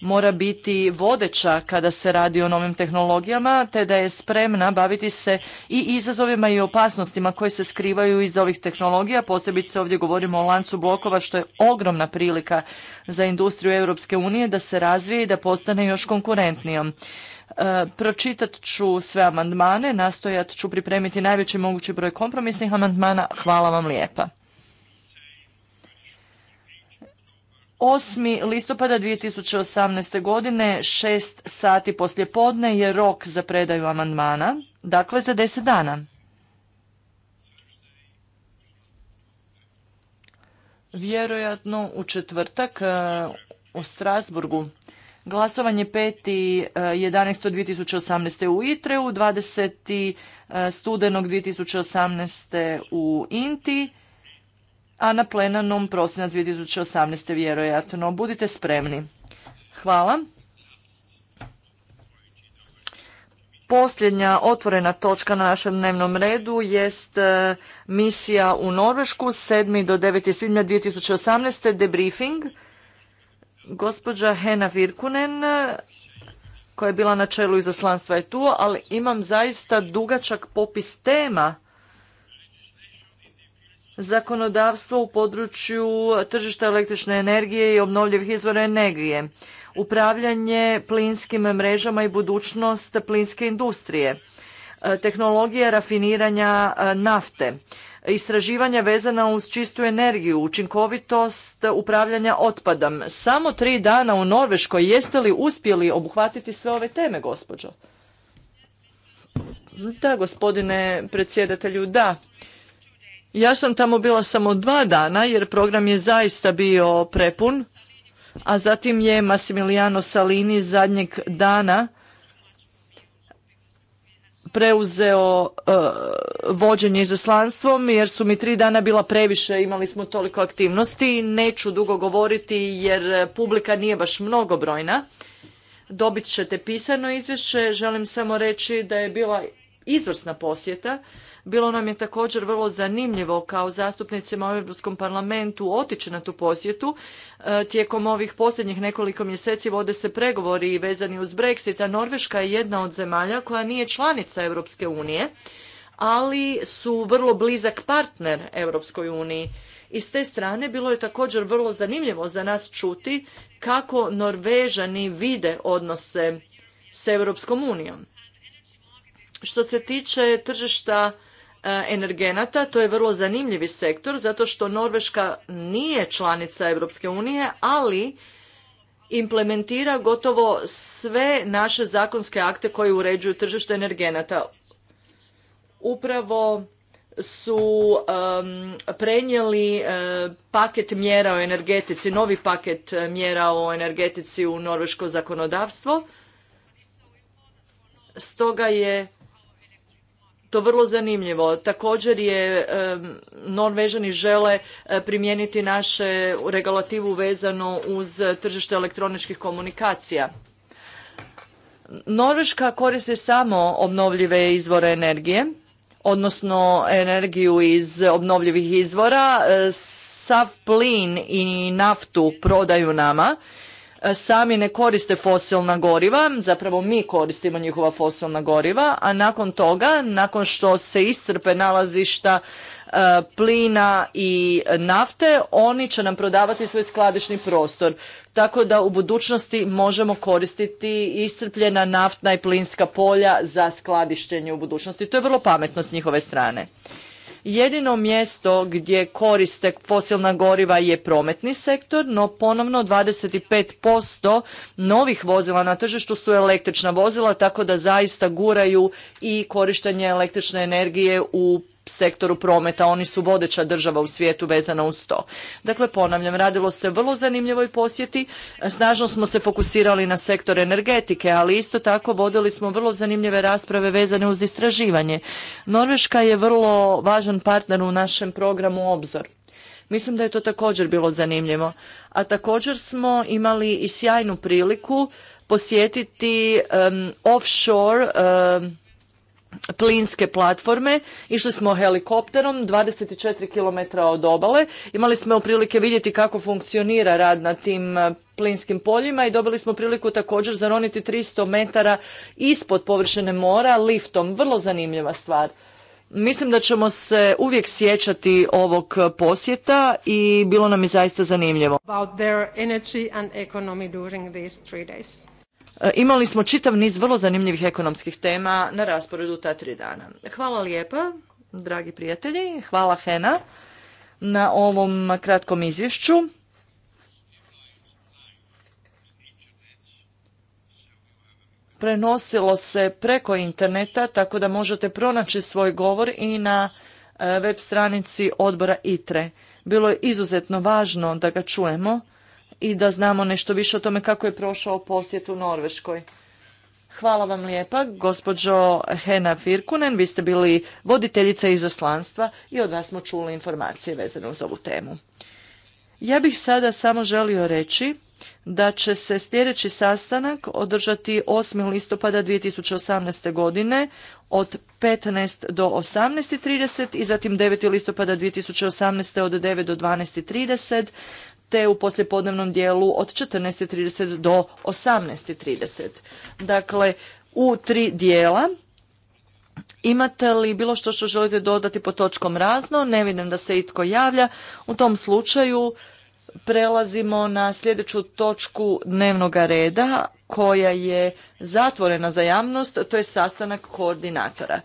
mora biti vodeća kada se radi o novim tehnologijama, te da je spremna baviti se i izazovima i opasnostima koje se skrivaju iz ovih tehnologija. Posebice ovdje govorimo o lancu blokova, što je ogromna prilika za industriju Europske unije da se razvije i da postane još konkurentnijom. E, pročitat ću sve amandmane, nastojat ću pripremiti najveći mogući broj kompromisnih amandmana. Hvala vam lijepa. 8. listopada 2018. godine, 6 sati poslje podne, je rok za predaju amandmana, dakle za 10 dana. Vjerojatno u četvrtak e, u Strasburgu. Glasovanje 5.11.2018. E, u Itreu, 20. E, studenog 2018. u Inti, a na plenarnom prosinac 2018. vjerojatno. Budite spremni. Hvala. Posljednja otvorena točka na našem dnevnom redu jest e, misija u Norvešku 7. do 9. svibnja 2018. debriefing. Gospođa Hena Virkunen koja je bila na čelu izaslanstva je tu, ali imam zaista dugačak popis tema zakonodavstvo u području tržišta električne energije i obnovljivih izvora energije, upravljanje plinskim mrežama i budućnost plinske industrije, e, tehnologija rafiniranja e, nafte, istraživanja vezana uz čistu energiju, učinkovitost upravljanja otpadom. Samo tri dana u Norveškoj. Jeste li uspjeli obuhvatiti sve ove teme, gospođo? Da, gospodine predsjedatelju, da. Ja sam tamo bila samo dva dana jer program je zaista bio prepun, a zatim je Massimiliano Salini zadnjeg dana preuzeo uh, vođenje izaslanstvom jer su mi tri dana bila previše, imali smo toliko aktivnosti. Neću dugo govoriti jer publika nije baš mnogobrojna. Dobit ćete pisano izvješće. Želim samo reći da je bila izvrsna posjeta. Bilo nam je također vrlo zanimljivo kao zastupnicima u Europskom parlamentu otići na tu posjetu. E, tijekom ovih posljednjih nekoliko mjeseci vode se pregovori vezani uz Brexit, a Norveška je jedna od zemalja koja nije članica Europske unije, ali su vrlo blizak partner Europskoj uniji. I s te strane bilo je također vrlo zanimljivo za nas čuti kako Norvežani vide odnose s Europskom unijom. Što se tiče tržišta e, energenata, to je vrlo zanimljivi sektor zato što Norveška nije članica Europske unije, ali implementira gotovo sve naše zakonske akte koji uređuju tržište energenata. Upravo su prenijeli e, paket mjera o energetici, novi paket mjera o energetici u norveško zakonodavstvo. Stoga je to vrlo zanimljivo. Također je Norvežani žele eh, primijeniti naše regulativu vezano uz tržište elektroničkih komunikacija. Norveška koriste samo obnovljive izvore energije, odnosno energiju iz obnovljivih izvora. Eh, sav plin i naftu prodaju nama E, sami ne koriste fosilna goriva, zapravo mi koristimo njihova fosilna goriva, a nakon toga, nakon što se iscrpe nalazišta e, plina i nafte, oni će nam prodavati svoj skladišni prostor. Tako da u budućnosti možemo koristiti iscrpljena naftna i plinska polja za skladištenje u budućnosti. To je vrlo pametno s njihove strane. Jedino mjesto gdje koriste fosilna goriva je prometni sektor, no ponovno 25% novih vozila na tržištu su električna vozila, tako da zaista guraju i korištenje električne energije u sektoru prometa. Oni su vodeća država u svijetu vezana uz to. Dakle, ponavljam, radilo se vrlo zanimljivoj posjeti. Snažno smo se fokusirali na sektor energetike, ali isto tako vodili smo vrlo zanimljive rasprave vezane uz istraživanje. Norveška je vrlo važan partner u našem programu Obzor. Mislim da je to također bilo zanimljivo. A također smo imali i sjajnu priliku posjetiti offshore plinske platforme, išli smo helikopterom 24 km od obale, imali smo prilike vidjeti kako funkcionira rad na tim e, plinskim poljima i dobili smo priliku također zaroniti 300 metara ispod površine mora liftom, vrlo zanimljiva stvar. Mislim da ćemo se uvijek sjećati ovog posjeta i bilo nam je zaista zanimljivo. About their energy and economy during these three days. E, imali smo čitav niz vrlo zanimljivih ekonomskih tema na rasporedu ta tri dana. Hvala lijepa, dragi prijatelji. Hvala Hena na ovom kratkom izvješću. Prenosilo se preko interneta, tako da možete pronaći svoj govor i na e, web stranici odbora ITRE. Bilo je izuzetno važno da ga čujemo i da znamo nešto više o tome kako je prošao posjet u Norveškoj. Hvala vam lijepa, gospođo Hena Firkunen, vi ste bili voditeljica izaslanstva i od vas smo čuli informacije vezane uz ovu temu. Ja bih sada samo želio reći da će se sljedeći sastanak održati 8. listopada 2018. godine od 15 do 18.30 i zatim 9. listopada 2018. od 9 do 12.30 te u poslijepodnevnom dijelu od 14.30 do 18.30. Dakle, u tri dijela. Imate li bilo što što želite dodati po točkom razno? Ne vidim da se itko javlja. U tom slučaju prelazimo na sljedeću točku dnevnog reda koja je zatvorena za javnost, to je sastanak koordinatora.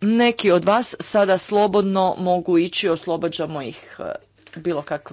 Neki od vas sada slobodno mogu ići, oslobađamo ih eh, bilo kakve